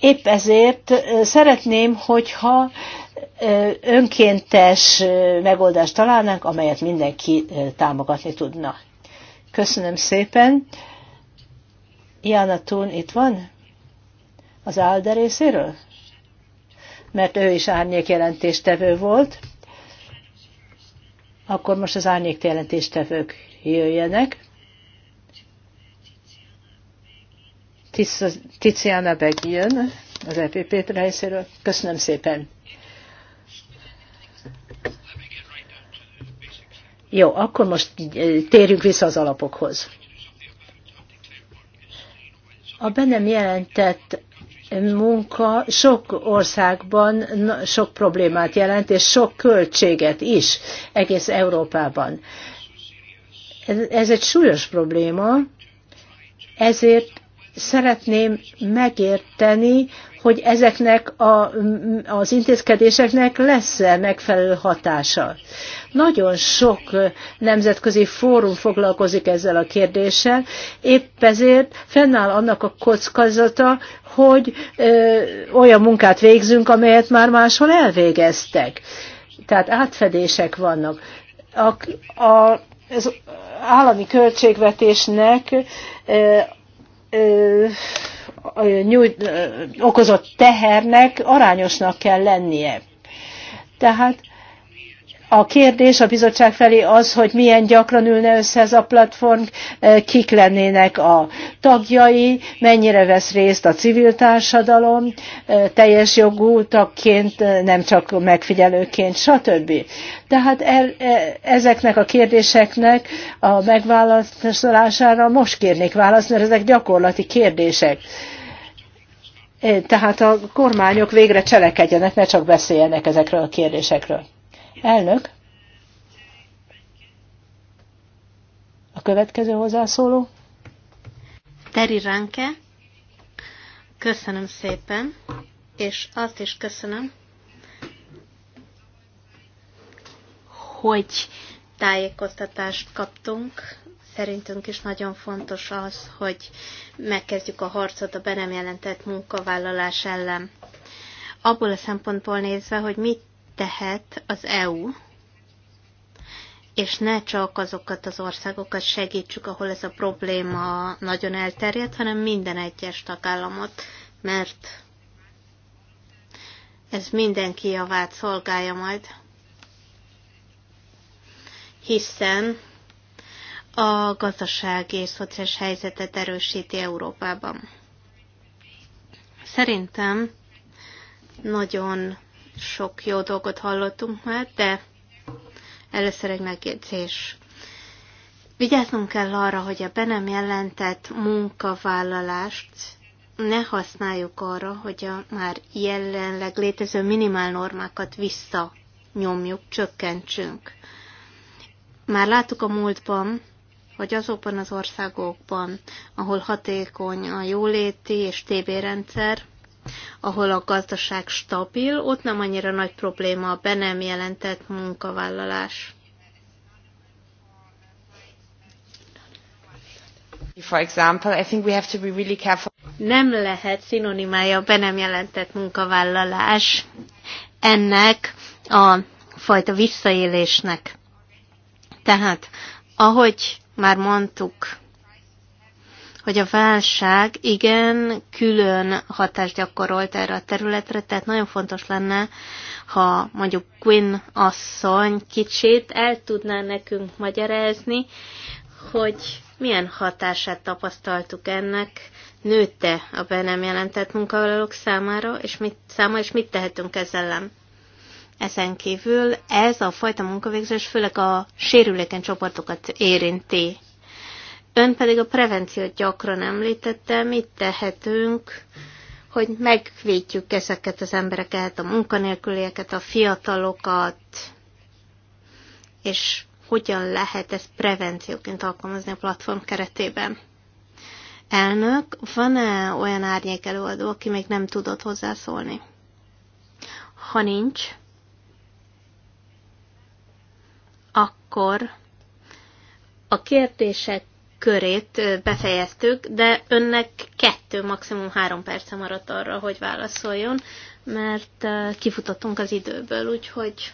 [SPEAKER 1] Épp ezért szeretném, hogyha önkéntes megoldást találnánk, amelyet mindenki támogatni tudna. Köszönöm szépen. Jana Thun itt van? Az Álder részéről? Mert ő is árnyékjelentéstevő volt. Akkor most az árnyékjelentéstevők jöjjenek. Tiziana megjön az EPP részéről. Köszönöm szépen. Jó, akkor most eh, térjünk vissza az alapokhoz. A bennem jelentett munka sok országban sok problémát jelent, és sok költséget is egész Európában. Ez egy súlyos probléma, ezért szeretném megérteni, hogy ezeknek a, az intézkedéseknek lesz-e megfelelő hatása. Nagyon sok nemzetközi fórum foglalkozik ezzel a kérdéssel, épp ezért fennáll annak a kockázata, hogy ö, olyan munkát végzünk, amelyet már máshol elvégeztek. Tehát átfedések vannak. A, a, ez, állami költségvetésnek nyújt, okozott tehernek arányosnak kell lennie. Tehát a kérdés a bizottság felé az, hogy milyen gyakran ülne össze ez a platform, e, kik lennének a tagjai, mennyire vesz részt a civil társadalom, e, teljes jogú tagként, e, nem csak megfigyelőként, stb. Tehát ezeknek a kérdéseknek a megválaszolására most kérnék választ, mert ezek gyakorlati kérdések. Tehát a kormányok végre cselekedjenek, ne csak beszéljenek ezekről a kérdésekről. Elnök, a következő
[SPEAKER 2] hozzászóló. Teri Ranke, köszönöm szépen, és azt is köszönöm, hogy tájékoztatást kaptunk. Szerintünk is nagyon fontos az, hogy megkezdjük a harcot a be nem jelentett munkavállalás ellen. Abból a szempontból nézve, hogy mit tehet az EU, és ne csak azokat az országokat segítsük, ahol ez a probléma nagyon elterjedt, hanem minden egyes tagállamot, mert ez mindenki javát szolgálja majd, hiszen a gazdasági és szociális helyzetet erősíti Európában. Szerintem nagyon sok jó dolgot hallottunk már, de először egy megjegyzés. Vigyáznunk kell arra, hogy a be nem jelentett munkavállalást ne használjuk arra, hogy a már jelenleg létező minimál normákat visszanyomjuk, csökkentsünk. Már láttuk a múltban, hogy azokban az országokban, ahol hatékony a jóléti és TB rendszer, ahol a gazdaság stabil, ott nem annyira nagy probléma a be nem jelentett munkavállalás. For example, I think we have to be really careful. Nem lehet szinonimája a be nem jelentett munkavállalás ennek a fajta visszaélésnek. Tehát, ahogy már mondtuk, hogy a válság igen külön hatást gyakorolt erre a területre, tehát nagyon fontos lenne, ha mondjuk Quinn asszony kicsit el tudná nekünk magyarázni, hogy milyen hatását tapasztaltuk ennek, nőtte a be nem jelentett munkavállalók számára, és mit, száma, és mit tehetünk ezzel ellen. Ezen kívül ez a fajta munkavégzés főleg a sérülékeny csoportokat érinti Ön pedig a prevenciót gyakran említette, mit tehetünk, hogy megvédjük ezeket az embereket, a munkanélkülieket, a fiatalokat, és hogyan lehet ezt prevencióként alkalmazni a platform keretében. Elnök, van-e olyan árnyék előadó, aki még nem tudott hozzászólni? Ha nincs, akkor a kérdések körét befejeztük, de önnek kettő, maximum három perce maradt arra, hogy válaszoljon, mert kifutottunk az időből, úgyhogy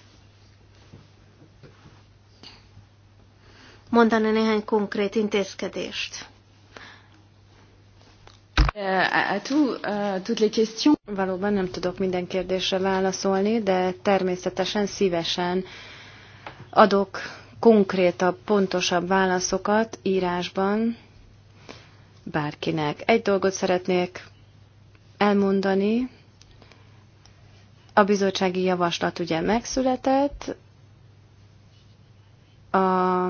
[SPEAKER 2] mondani néhány konkrét intézkedést.
[SPEAKER 3] À tout, toutes les questions. Valóban nem tudok minden kérdésre válaszolni, de természetesen szívesen adok konkrétabb, pontosabb válaszokat írásban bárkinek. Egy dolgot szeretnék elmondani. A bizottsági javaslat ugye megszületett, a,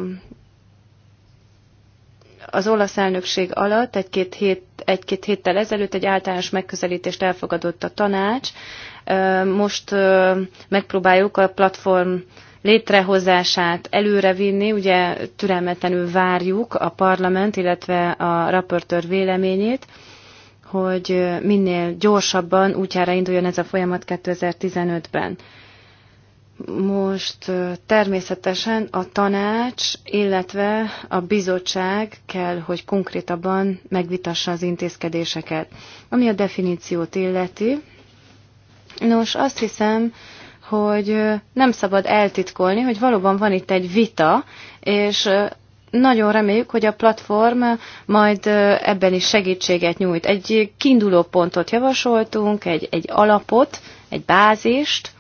[SPEAKER 3] az olasz elnökség alatt egy-két, hét, egy-két héttel ezelőtt egy általános megközelítést elfogadott a tanács. Most megpróbáljuk a platform létrehozását előrevinni, ugye türelmetlenül várjuk a parlament, illetve a raportőr véleményét, hogy minél gyorsabban útjára induljon ez a folyamat 2015-ben. Most természetesen a tanács, illetve a bizottság kell, hogy konkrétabban megvitassa az intézkedéseket. Ami a definíciót illeti, nos, azt hiszem, hogy nem szabad eltitkolni, hogy valóban van itt egy vita, és nagyon reméljük, hogy a platform majd ebben is segítséget nyújt. Egy kiinduló pontot javasoltunk, egy, egy alapot, egy bázist,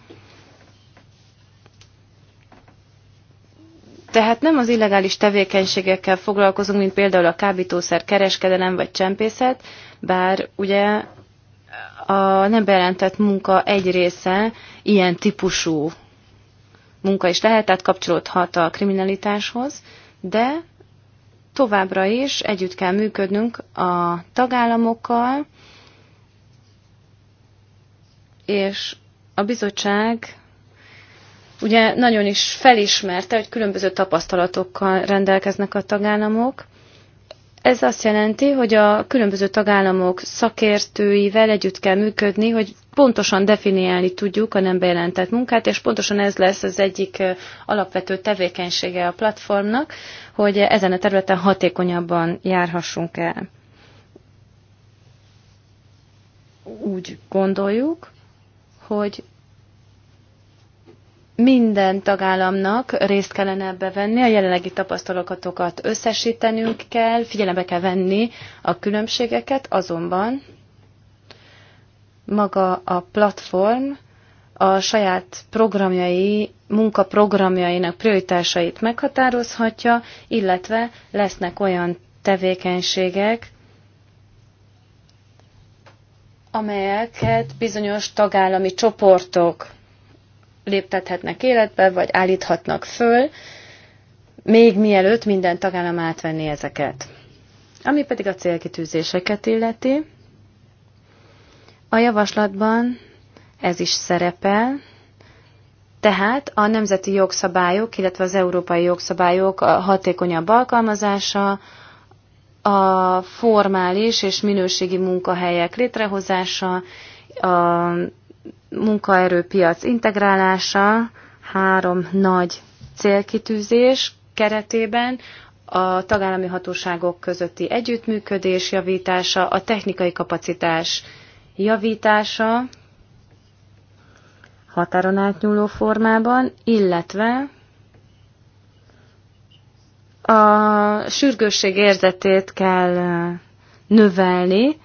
[SPEAKER 3] Tehát nem az illegális tevékenységekkel foglalkozunk, mint például a kábítószer kereskedelem vagy csempészet, bár ugye a nem bejelentett munka egy része ilyen típusú munka is lehet, tehát kapcsolódhat a kriminalitáshoz, de továbbra is együtt kell működnünk a tagállamokkal, és a bizottság ugye nagyon is felismerte, hogy különböző tapasztalatokkal rendelkeznek a tagállamok, ez azt jelenti, hogy a különböző tagállamok szakértőivel együtt kell működni, hogy pontosan definiálni tudjuk a nem bejelentett munkát, és pontosan ez lesz az egyik alapvető tevékenysége a platformnak, hogy ezen a területen hatékonyabban járhassunk el. Úgy gondoljuk, hogy minden tagállamnak részt kellene ebbe venni, a jelenlegi tapasztalatokat összesítenünk kell, figyelembe kell venni a különbségeket, azonban maga a platform a saját programjai, munkaprogramjainak prioritásait meghatározhatja, illetve lesznek olyan tevékenységek, amelyeket bizonyos tagállami csoportok léptethetnek életbe, vagy állíthatnak föl, még mielőtt minden tagállam átvenni ezeket. Ami pedig a célkitűzéseket illeti, a javaslatban ez is szerepel, tehát a nemzeti jogszabályok, illetve az európai jogszabályok hatékonyabb alkalmazása, a formális és minőségi munkahelyek létrehozása, a munkaerőpiac integrálása három nagy célkitűzés keretében a tagállami hatóságok közötti együttműködés javítása, a technikai kapacitás javítása határon átnyúló formában, illetve a sürgősség érzetét kell növelni,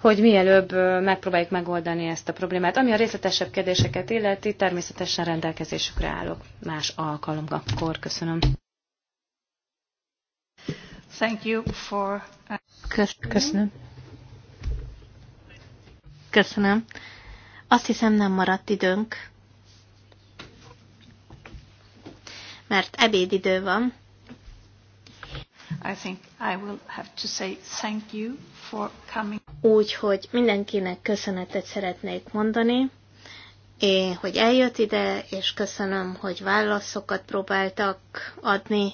[SPEAKER 3] hogy mielőbb megpróbáljuk megoldani ezt a problémát. Ami a részletesebb kérdéseket illeti, természetesen rendelkezésükre állok más alkalomkor. Köszönöm.
[SPEAKER 1] Thank you
[SPEAKER 2] for... Köszönöm. Köszönöm. Azt hiszem nem maradt időnk, mert ebédidő van. I
[SPEAKER 3] think I will
[SPEAKER 2] have to say thank you Úgyhogy mindenkinek köszönetet szeretnék mondani, én, hogy eljött ide, és köszönöm, hogy válaszokat próbáltak adni,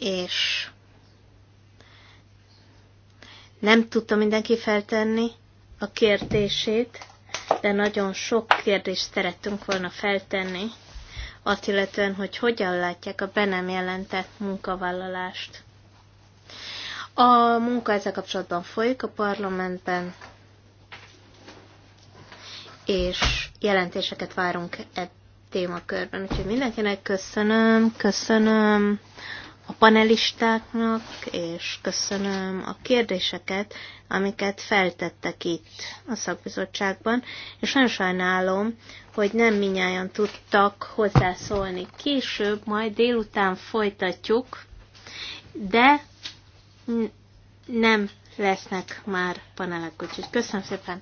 [SPEAKER 2] és nem tudta mindenki feltenni a kérdését, de nagyon sok kérdést szerettünk volna feltenni, azt illetően, hogy hogyan látják a be nem jelentett munkavállalást. A munka ezzel kapcsolatban folyik a parlamentben, és jelentéseket várunk e témakörben. Úgyhogy mindenkinek köszönöm, köszönöm a panelistáknak, és köszönöm a kérdéseket, amiket feltettek itt a szakbizottságban, és nagyon sajnálom, hogy nem minnyáján tudtak hozzászólni. Később, majd délután folytatjuk, de nem lesznek már panelek, úgyhogy köszönöm szépen.